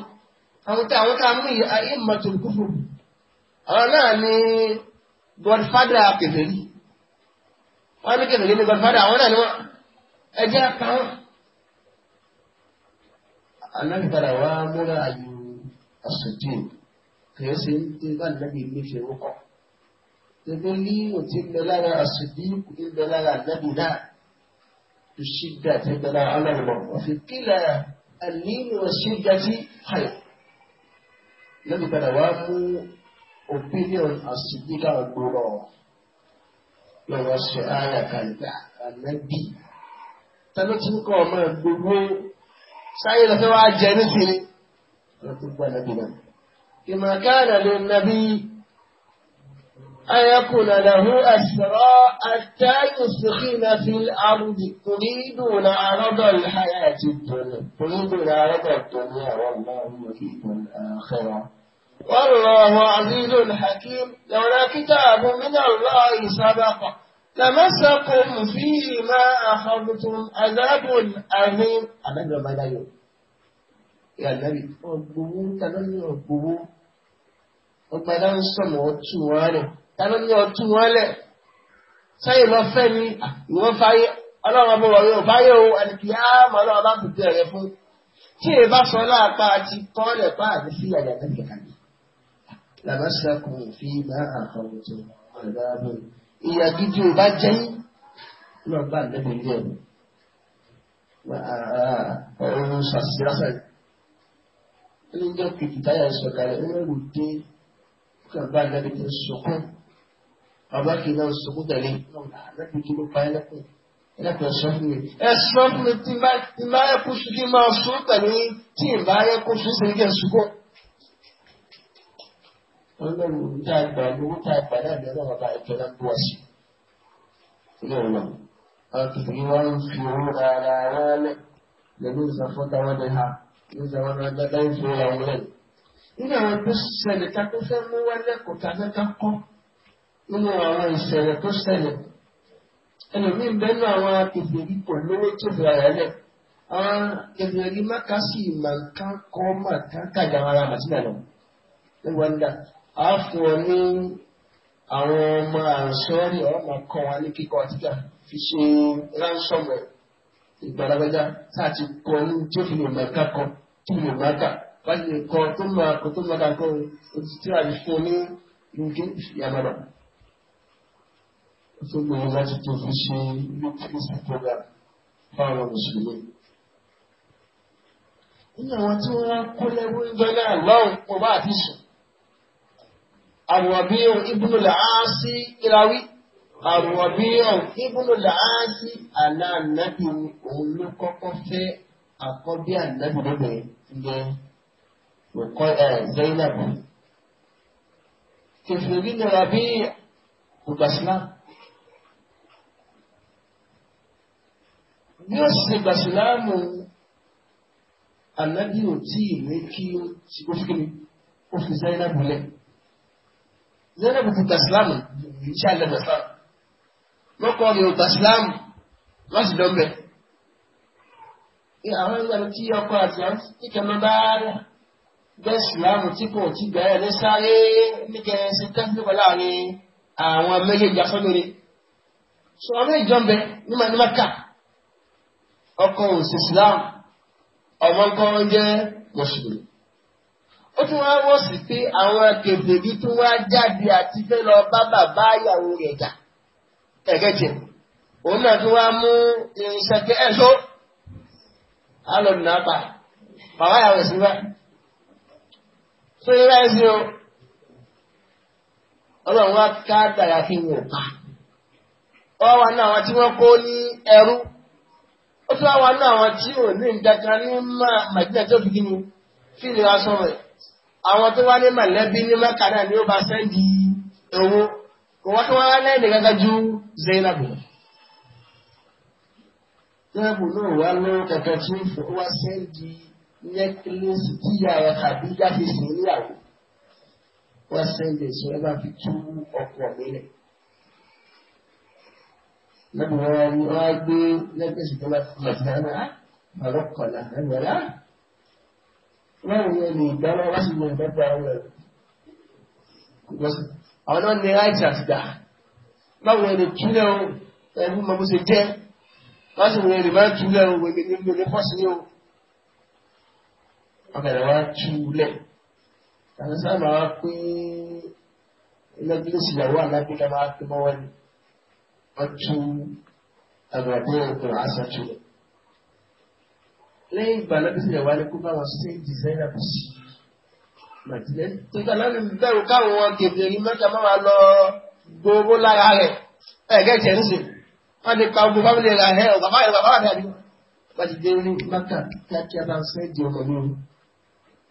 àwọn tí àwọn tá a mú yìí ayé mọ̀tò kúfù àwọn náà ní godfather kẹfẹ́rí wọ́n ní kẹfẹ́rí ní godfather àwọn náà ni wọ́n ẹjẹ́ apá wọn anábì padà wá múra àyù àṣòdì kìí ṣe ń tẹ bá nàbì nífẹ̀ẹ́ wọ́kọ̀ tẹ̀lé ní òtí ń bẹ lára àṣòdì kù ń bẹ lára ànábì náà tó ṣì dà tẹ́ bẹ lára ọlọ́run ọ̀fìn kílà àníyàn ṣì dà sí àyè lẹ́nu padà wá opinion àṣòdì káwọn gbòòrò lọ́wọ́ ṣe àyà kàlùkà ànábì tẹ́lẹ̀ tí ń kọ́ ọmọ ẹgbẹ́ سعيد لفوا جنسه كما كان للنبي أن يكون له أسراء حتى يسخن في الأرض تريدون عرض الحياة الدنيا تريدون عرض الدنيا والله يريد الآخرة والله عزيز حكيم لولا كتاب من الله سبق tamasakum fihi ma akhadtum azabun ahim àbẹ́bẹ̀ ọba dáyọ̀ ìyàgbẹ́bí ọgbowó tàbí ọgbowó ọgbà dá ń sọ̀mọ̀ ọtún wọn rẹ̀ tàbí ní ọtún wọn lẹ̀ sẹ́yìn lọ fẹ́ ni ìwọ́n fáyé ọlọ́run ọmọ wọ̀nyí ò báyé o àdìgbìyà mọ́ ọlọ́run bá bùbí ẹ̀rẹ́ fún tí èèbá sọ láàpá àti kọ́ọ̀lẹ̀ pa àti sí àyàgbẹ́ kẹkàlì làbẹ́sẹ̀kùn fi máa àkọ́wé tó ọ̀dọ́ ìyà gidi ò bá jẹ́ yín lọ́ọ́ bá àgbẹ̀bọ̀ ilé ẹ̀mí ọ̀run sàṣìṣẹ́lásà ẹni jẹ́ kejì táyà ìṣọ̀kalẹ̀ ẹni ẹ̀rù dé kàn bá àgbẹ̀bẹ̀ tó sọkún bàbá kì í náà sọkún tẹ̀lé àgbẹ̀bẹ̀ tó ló pa ẹlẹ́kùn ẹlẹ́kùn ẹ̀sọ́ fún mi ẹ̀sọ́ fún mi tí máa ẹ̀kú sùn kí máa sùn tẹ̀lé tí ì ọlọ́run tá a gbà lówó tá a gbà náà ni ọlọ́run bá ẹjọ́ náà ń bọ̀ sí ilé ọ̀nà àtùtù wọn ń fi owó ara wọn lẹ lẹ́nu ìsàfọ́tà wọn ni ha ní ìsàwọn adájọ́ ń fi owó àwọn lẹ́nu. nínú àwọn tó ṣẹlẹ̀ ká tó fẹ́ mú wá lẹ́kọ̀ọ́ ká fẹ́ ká kọ́ nínú àwọn ìṣẹ̀lẹ̀ tó ṣẹlẹ̀ ẹlòmíín bẹ́nu àwọn kèfèrí kò lówó tó fi ara lẹ̀ àwọn kèfèrí á fún ọ ní àwọn ọmọ àǹsọ́rì ọmọ kan wa ní kíkọ àtìkà fi ṣe ránṣọ́mọ̀ ìgbàlagbẹ́já tá a ti kọ ní tí ó fi lè máa ká kọ tí lè máa kà láti lè kọ tó máa kọ tó máa kà kọ ojú fún ọ ní ìgbé ìyàmọ̀lá. ó tó gbìyànjú láti tó fi ṣe lókèsì program fáwọn mùsùlùmí. nínú tí wọ́n kó lẹ́wọ́ ń náà lọ́rùn pọ̀ bá àti الربيع ابن العاص كلاوي الربيع ابن العاص أنا النبي أولوكو كفي أقضي النبي نبي زينب كفرين ربيع وبسلام bí ó sì gbà síláàmù anábì ò tí ìwé kí ó fi kí ni ó fi Zainab lẹ̀. Zainab kò gba Ìsìlámù ìṣe àlẹ́mọ̀ Ìsìlámù. Wọ́n kọ́ mi ò gba Ìsìlámù wọ́n sì dọ́mbẹ̀. Àwọn ìgbà tí ọkọ àti àǹtí kíkẹ́ lọ bá bẹ́ Ìsìlámù tí kò tí bẹ̀rẹ̀ ní sáré níkẹ́ ṣe tẹ́sílẹ̀ láàrin àwọn méjèèjì asọ́lórí. Sọ àwọn ìjọ ń bẹ ní Màdìmákà. Ọkọ òsì Ìsìlámù ọmọ nǹkan jẹ́ Mùsùlùmí. ó tún wá wọ́n sí pé àwọn kèfèrí tó wá jáde àti fẹ́ lọ bá bàbá ìyàwó rẹ̀ jà òun náà tún wá mú irinṣẹ́ pé ẹ̀ tó á lọ nà bàbá rẹ̀ sí wá fún ilé o ọlọ́run wá ká fi pa wá àwọn ní wá wá ní àwọn tó wá ní mọ̀lẹ́bí ní mẹ́ka náà ni ó bá sẹ́ndì owó kò wá kí wọ́n lẹ́yìn gẹ́gẹ́ ju Zainabu Zainabu náà wá lọ́wọ́ kẹ̀kẹ́ tí ó fò wá sẹ́ndì nẹ́kílẹ́sì tí ìyá rẹ̀ tàbí jáfe sí níyàwó wá sẹ́ndì sọ ẹ bá fi tú ọkọ̀ nílẹ̀ lẹ́nu wọn wá gbé lẹ́gbẹ̀ẹ́sì tó bá fi mọ̀ sí náà lọ́kọ̀ọ́lá ẹ̀ mẹ́rin yẹn ni ìdáná wá sí ìwọ̀n ìdọ́gba ọ̀rọ̀ ẹ̀ àwọn náà ní ráìtì àtìgbà báwo ẹni túlẹ̀ o ẹ̀rú mọ̀ bó ṣe jẹ́ láti wọ ẹni máa túlẹ̀ o wẹ̀gẹ̀ ní ìlú ẹ̀kọ́ sí o ọ̀gẹ̀rẹ̀ wá túlẹ̀ àwọn sábà wá pé ẹlẹ́gbẹ̀rẹ̀ ìyàwó alágbèéká máa pé mọ́wọ́ ni wọ́n tú àgbàdo ẹ̀kọ́ àṣà túlẹ̀ lẹ́yìn ìgbà náà bí sèyàn wá ní kó bá wọn ṣe dìsáínà kù sí màtílẹ́ tó gbà náà lè bẹ̀rù káwọn wọn gèdè yìí mẹ́ta máa wà lọ gbogbo lára rẹ̀ ẹ̀gẹ́ jẹ́ ń sè wọ́n ti pa gbogbo fámìlì rẹ̀ ẹ̀ ọ̀gá báyìí bàbá rẹ̀ àdúgbò wọ́n ti dé ní mẹ́ta kíákíá bá ń sẹ́ di ọmọ mi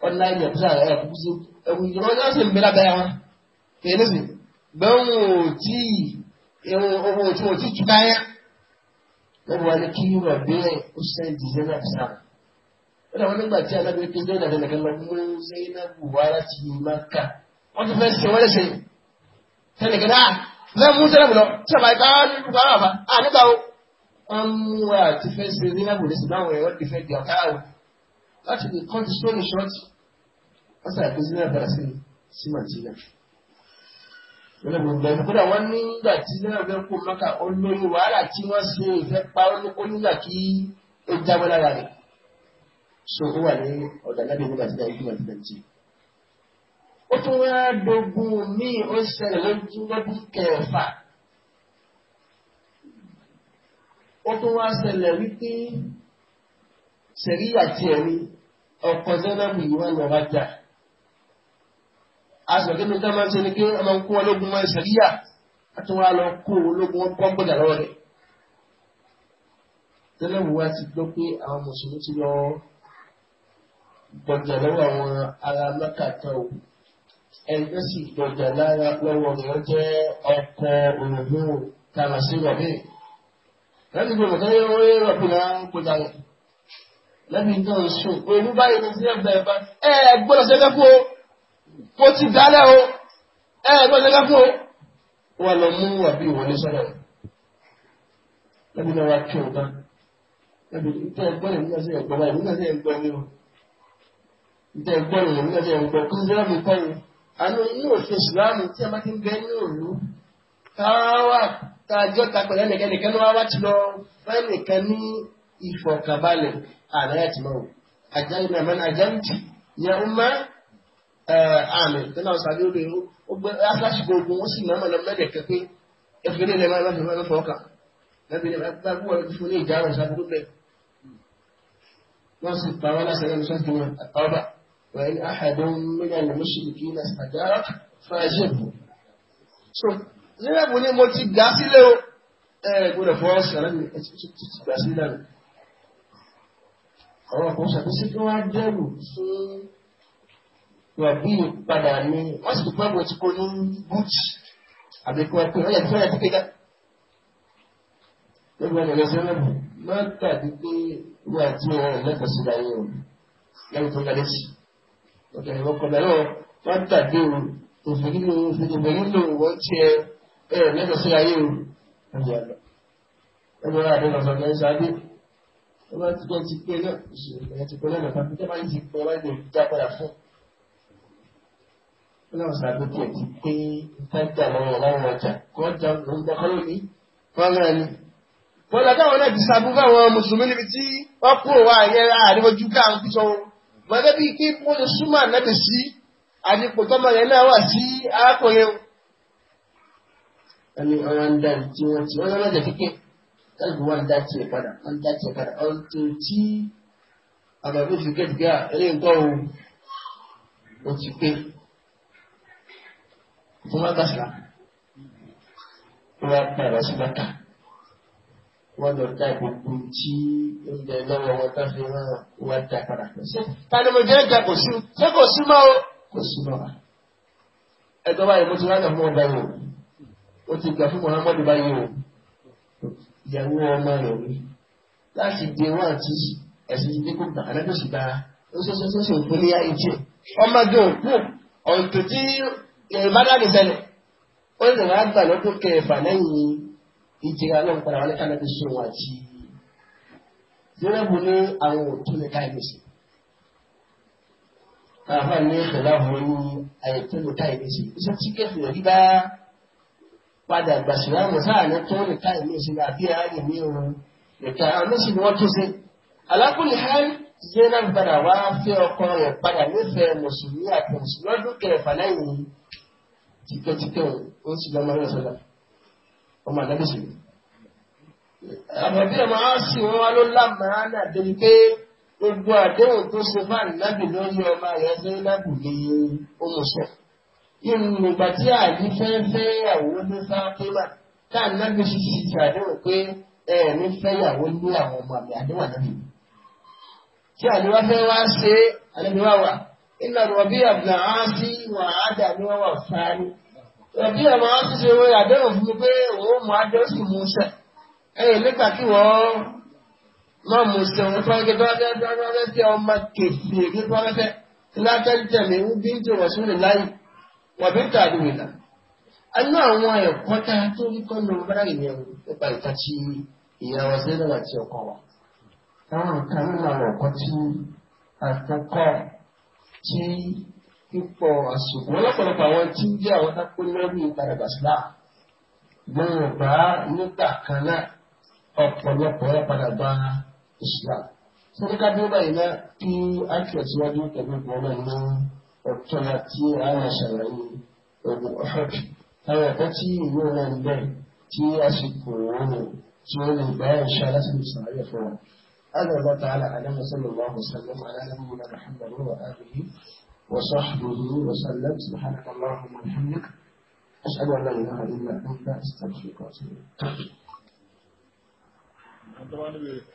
wọn náà yẹ fúnra rẹ̀ kú sí ẹ̀kú ìjọba wọn sì ń bẹ lábẹ́ wọn kìí lọ́dọ̀ wọn nígbà tí alábẹ́ pé jọ́nà àti nàkàlà mú Zainabu wá láti Maka wọ́n ti fẹ́ ṣe wọ́n lẹ́sẹ̀ sẹ́nìkan náà lẹ́yìn ah, mú Zainabu lọ tí àbá ìgbà wọn nígbà wọn àbá à ah, nígbà wo wọn mú wa àti fẹ́ ṣe Zainabu lẹ́sẹ̀ báwọn ẹ̀wọ́n ti fẹ́ di ọ̀tá wọn láti lè kọ́ ti sọ́ọ̀nù ṣọ́ọ̀tì wọ́n sàgbé Zainabu bẹ̀rẹ̀ sí sí Màtíyà lọ́dọ̀ gbogbo kódà wọ́n nígbà tí náà fẹ́ kó Maka olóyún wàhálà tí wọ́n ṣe ìfẹ́ pa ó ní kó nígbà kí ó jábọ́ lára rẹ̀ so ó wà ní ọ̀dà lábẹ́ ìlú bàtìdá ìlú bàtìdá jì. ó tún wá dogun míì ó ṣẹlẹ̀ lójú lọ́dún kẹfà. ó tún wá ṣẹlẹ̀ wípé ṣẹ̀ríyà tiẹ̀ ni ọkọ̀ zẹ́nàbù yìí wọ́n lọ́ba jà. a sọ̀rọ̀ kí ló dá máa ń ṣe ni pé ọmọ ń kó wọn máa ń ṣẹ̀ríyà a tún wá lọ kó wọn wọn bọ́ gbọ́dọ̀ lọ́wọ́ rẹ̀. tẹ́lẹ̀ wo wá ti gbọ́ pé àwọn mùsùlùmí ti lọ́ọ́ gbọ̀jà lọ́wọ́ àwọn ará mẹ́kàtà o ẹni tó sì gbọ̀jà lára lọ́wọ́ rẹ̀ jẹ́ ọkọ̀ òyìnbó kàrà sí rọ̀bì láti gbọ̀jà tó yẹ wọ́n rọ̀bì náà ń gbọ̀jà rẹ̀ lẹ́bi tó ń sùn òru báyìí ní sí ẹ̀bẹ̀ ẹ̀bá ẹ̀ gbọ́dọ̀ ṣẹ́fẹ́ kú kó ti dálẹ̀ o ẹ̀ gbọ́dọ̀ ṣẹ́fẹ́ kú o wà lọ mú àbí ìwọlé sọ́dọ̀ rẹ̀ lẹ́bi náà wá kí o bá lẹ́bi tó ẹgbọ́n ìmúlẹ̀ sí ẹ̀gbọ́n báyìí ìmúlẹ̀ sí ẹ̀gbọ́n ni ǹjẹ́ gbọ́ nìyẹn nígbà tí ẹ̀ ń gbọ́ kí ṣe láti kọ́ yẹn àánú inú òfin ìsìláàmù tí a máa ti ń bẹ nínú òru káwá tájọ́ ta pẹ̀lú ẹnìkan nìkan ní wá ti lọ fẹ́ nìkan ní ìfọ̀kàbalẹ̀ àlàyé àti mọ́wò àjáyé náà mọ́ni àjáǹtì yẹn ń mọ́ àmì tó náà sàbí olè ó gbé aṣáṣì gbogbo ó sì mọ́ ọmọ lọ́mọ lẹ́dẹ̀ kẹ́kẹ́ ẹ̀fẹ́ lè máa lọ́fẹ̀ẹ́ bá وإن أحد من المشركين استجارك فأجره so Zainabu ni mo ti gbà sílẹ̀ o ẹ gbọ́dọ̀ fọwọ́ sí ọ̀rẹ́ mi ẹ ti gbà sílẹ̀ o àwọn ọkọ ṣàkóso kí wọn á dẹrù fún rọbì padà ní wọn sì gbọ́ bó ti kó ní búùtì àbí kí wọn pè wọn yẹ kí wọn yẹ kí kéka lórí wọn lọ Zainabu má tàbí pé wọn àti ọ̀rẹ́ mẹ́ta sí ìdáyé o lẹ́yìn tó ń gbà lẹ́sìn ọ̀dọ̀ o ìfẹ̀lílò ìfẹ̀lílò wọ́n ti o ẹ̀jẹ̀ àlọ́ ẹgbẹ́ rà nínú ọ̀sán lẹ́yìn sáadé ẹ bá ti gbọ́ ti pé náà ìṣẹ̀lẹ̀ ti pé náà nípa pé bá ti pé ọlá ìdè já padà fún ó náà sàgbé tiẹ̀ ti pé ìtajà lọ́wọ́ láwọn ọjà kọ́ ọjà lóńgbà kọ́ lónìí wọ́n náà ni wọ́n lọ táwọn náà ti sàbú fáwọn mùsùlùmí níbi tí wọ́n kúrò wá àyẹ́ gbọ́dọ̀ bíi kí wọ́n lè súnmọ́ ànábì sí àdìpọ̀ tọ́mọ yẹn náà wà sí arákùnrin o. ẹni ọ̀rọ̀ ń dá tí wọ́n ti wọ́n lọ́jọ́ kékeré kálukú wọn dá tiẹ̀ padà wọ́n dá tiẹ̀ padà ọ̀rọ̀ tó tí àbàbí fi gẹ́gẹ́ gẹ́gẹ́ eléyìí nǹkan bá sàlá wọn bá padà wọ́n está dá gbogbo tí ó ń bẹ lọ́wọ́ wọn tó fi rán wá dá padà pẹ̀ sí. tanimọ̀jẹ́ ń ga kò sí ṣé kò sí mọ́ o kò sí mọ́ wa. ẹ̀tọ́ báyìí mo ti rán ìyàwó ọ̀dà yìí o ó ti gbà fún Muhammad báyìí o ìyàwó ọmọ rẹ̀ rí láti di wọn àti ẹ̀sìn ìdí kò gbà àdájọ́ sì gbà ó ṣe ṣe ṣe òfin ní àìjẹ́ ọmọdé òkú ọ̀ǹtò tí ìbádàdì eh, sẹ́nu ó lè wá gbà lọ́dún kẹfà ìjìyà náà padà wálé ká nàbí sùn wá jí zainabu ní àwọn òtún ní káyọ̀ sí káfà ní ìṣẹ̀lá wọn ní àyẹ̀tún ní káyọ̀ sí iṣẹ́ tí kẹfì rẹ̀ bá padà gbàsílámù sáà ní tó ní káyọ̀ sí àbí àárín ní òun nìkan àwọn méjì ni wọ́n tó ṣe alákùnrin hàn zainab padà wá fẹ́ ọkọ rẹ̀ padà nífẹ̀ẹ́ mùsùlùmí àti mùsùlùmí ọdún kẹfà lẹ́yìn tíkẹ́tíkẹ́ òun sì lọ́mọ rẹ̀ sọ́dọ̀ ọmọ àdábì sí. àbẹ̀bí ọmọ á sì wọn wá ló lámàá náà débi pé gbogbo àdéhùn tó ṣe fún ànábì lórí ọmọ rẹ̀ zainabu ni ó mú sọ. ìrùnùgbà tí àyí fẹ́ fẹ́ àwọn ní fáfímà tá ànábì sì sì ti àdéhùn pé ẹ̀ẹ̀mí fẹ́yàwó ní àwọn ọmọ àmì àdéhùn ànábì. tí àdéhùn wá wá ṣe àdéhùn wá wà. ìlànà ọ̀bí àbùnà á sí wàhálà ni wọ́n wà fáánù. ẹbí ẹ̀ máa ti ṣe àdéhùn fún mi pé òun mú adé sì mú sẹ̀ ẹ̀yìn nígbà kí máa mú òun fún tí ń bí ń tó bí ń tà náà. àwọn tá a tó rí kọ́nù nípa ìtàkì ìyàwó àti ọkọ wa. táwọn ipò àsùnkùn ọlọ́pọ̀lọpọ̀ àwọn tí ń jẹ́ àwọn tápólẹ́rì ìpadàgbà sílá gbọ̀ngbà nígbà kan náà ọ̀pọ̀lọpọ̀ ọlọ́padàgbà ìsìlá. sọ́dọ́ kábíyé báyìí náà kí àkíyèsíwájú tẹ̀lé ìgbọ̀ngbà ní ọ̀tọ́lá tí àwọn ṣàlàyé ogun ọ̀hẹ́d àwọn ẹ̀kọ́ tí ìwé náà ń bẹ̀ tí àsìkò òun tí ó lè bá ìṣe aláṣẹ ìsàlẹ̀ fún wa. هذا الله تعالى أعلم وصلى الله وسلم على نبينا محمد وآله وصحبه وسلم سبحانك اللهم وبحمدك أشهد أن لا إله إلا أنت أستغفرك وأتوب إليك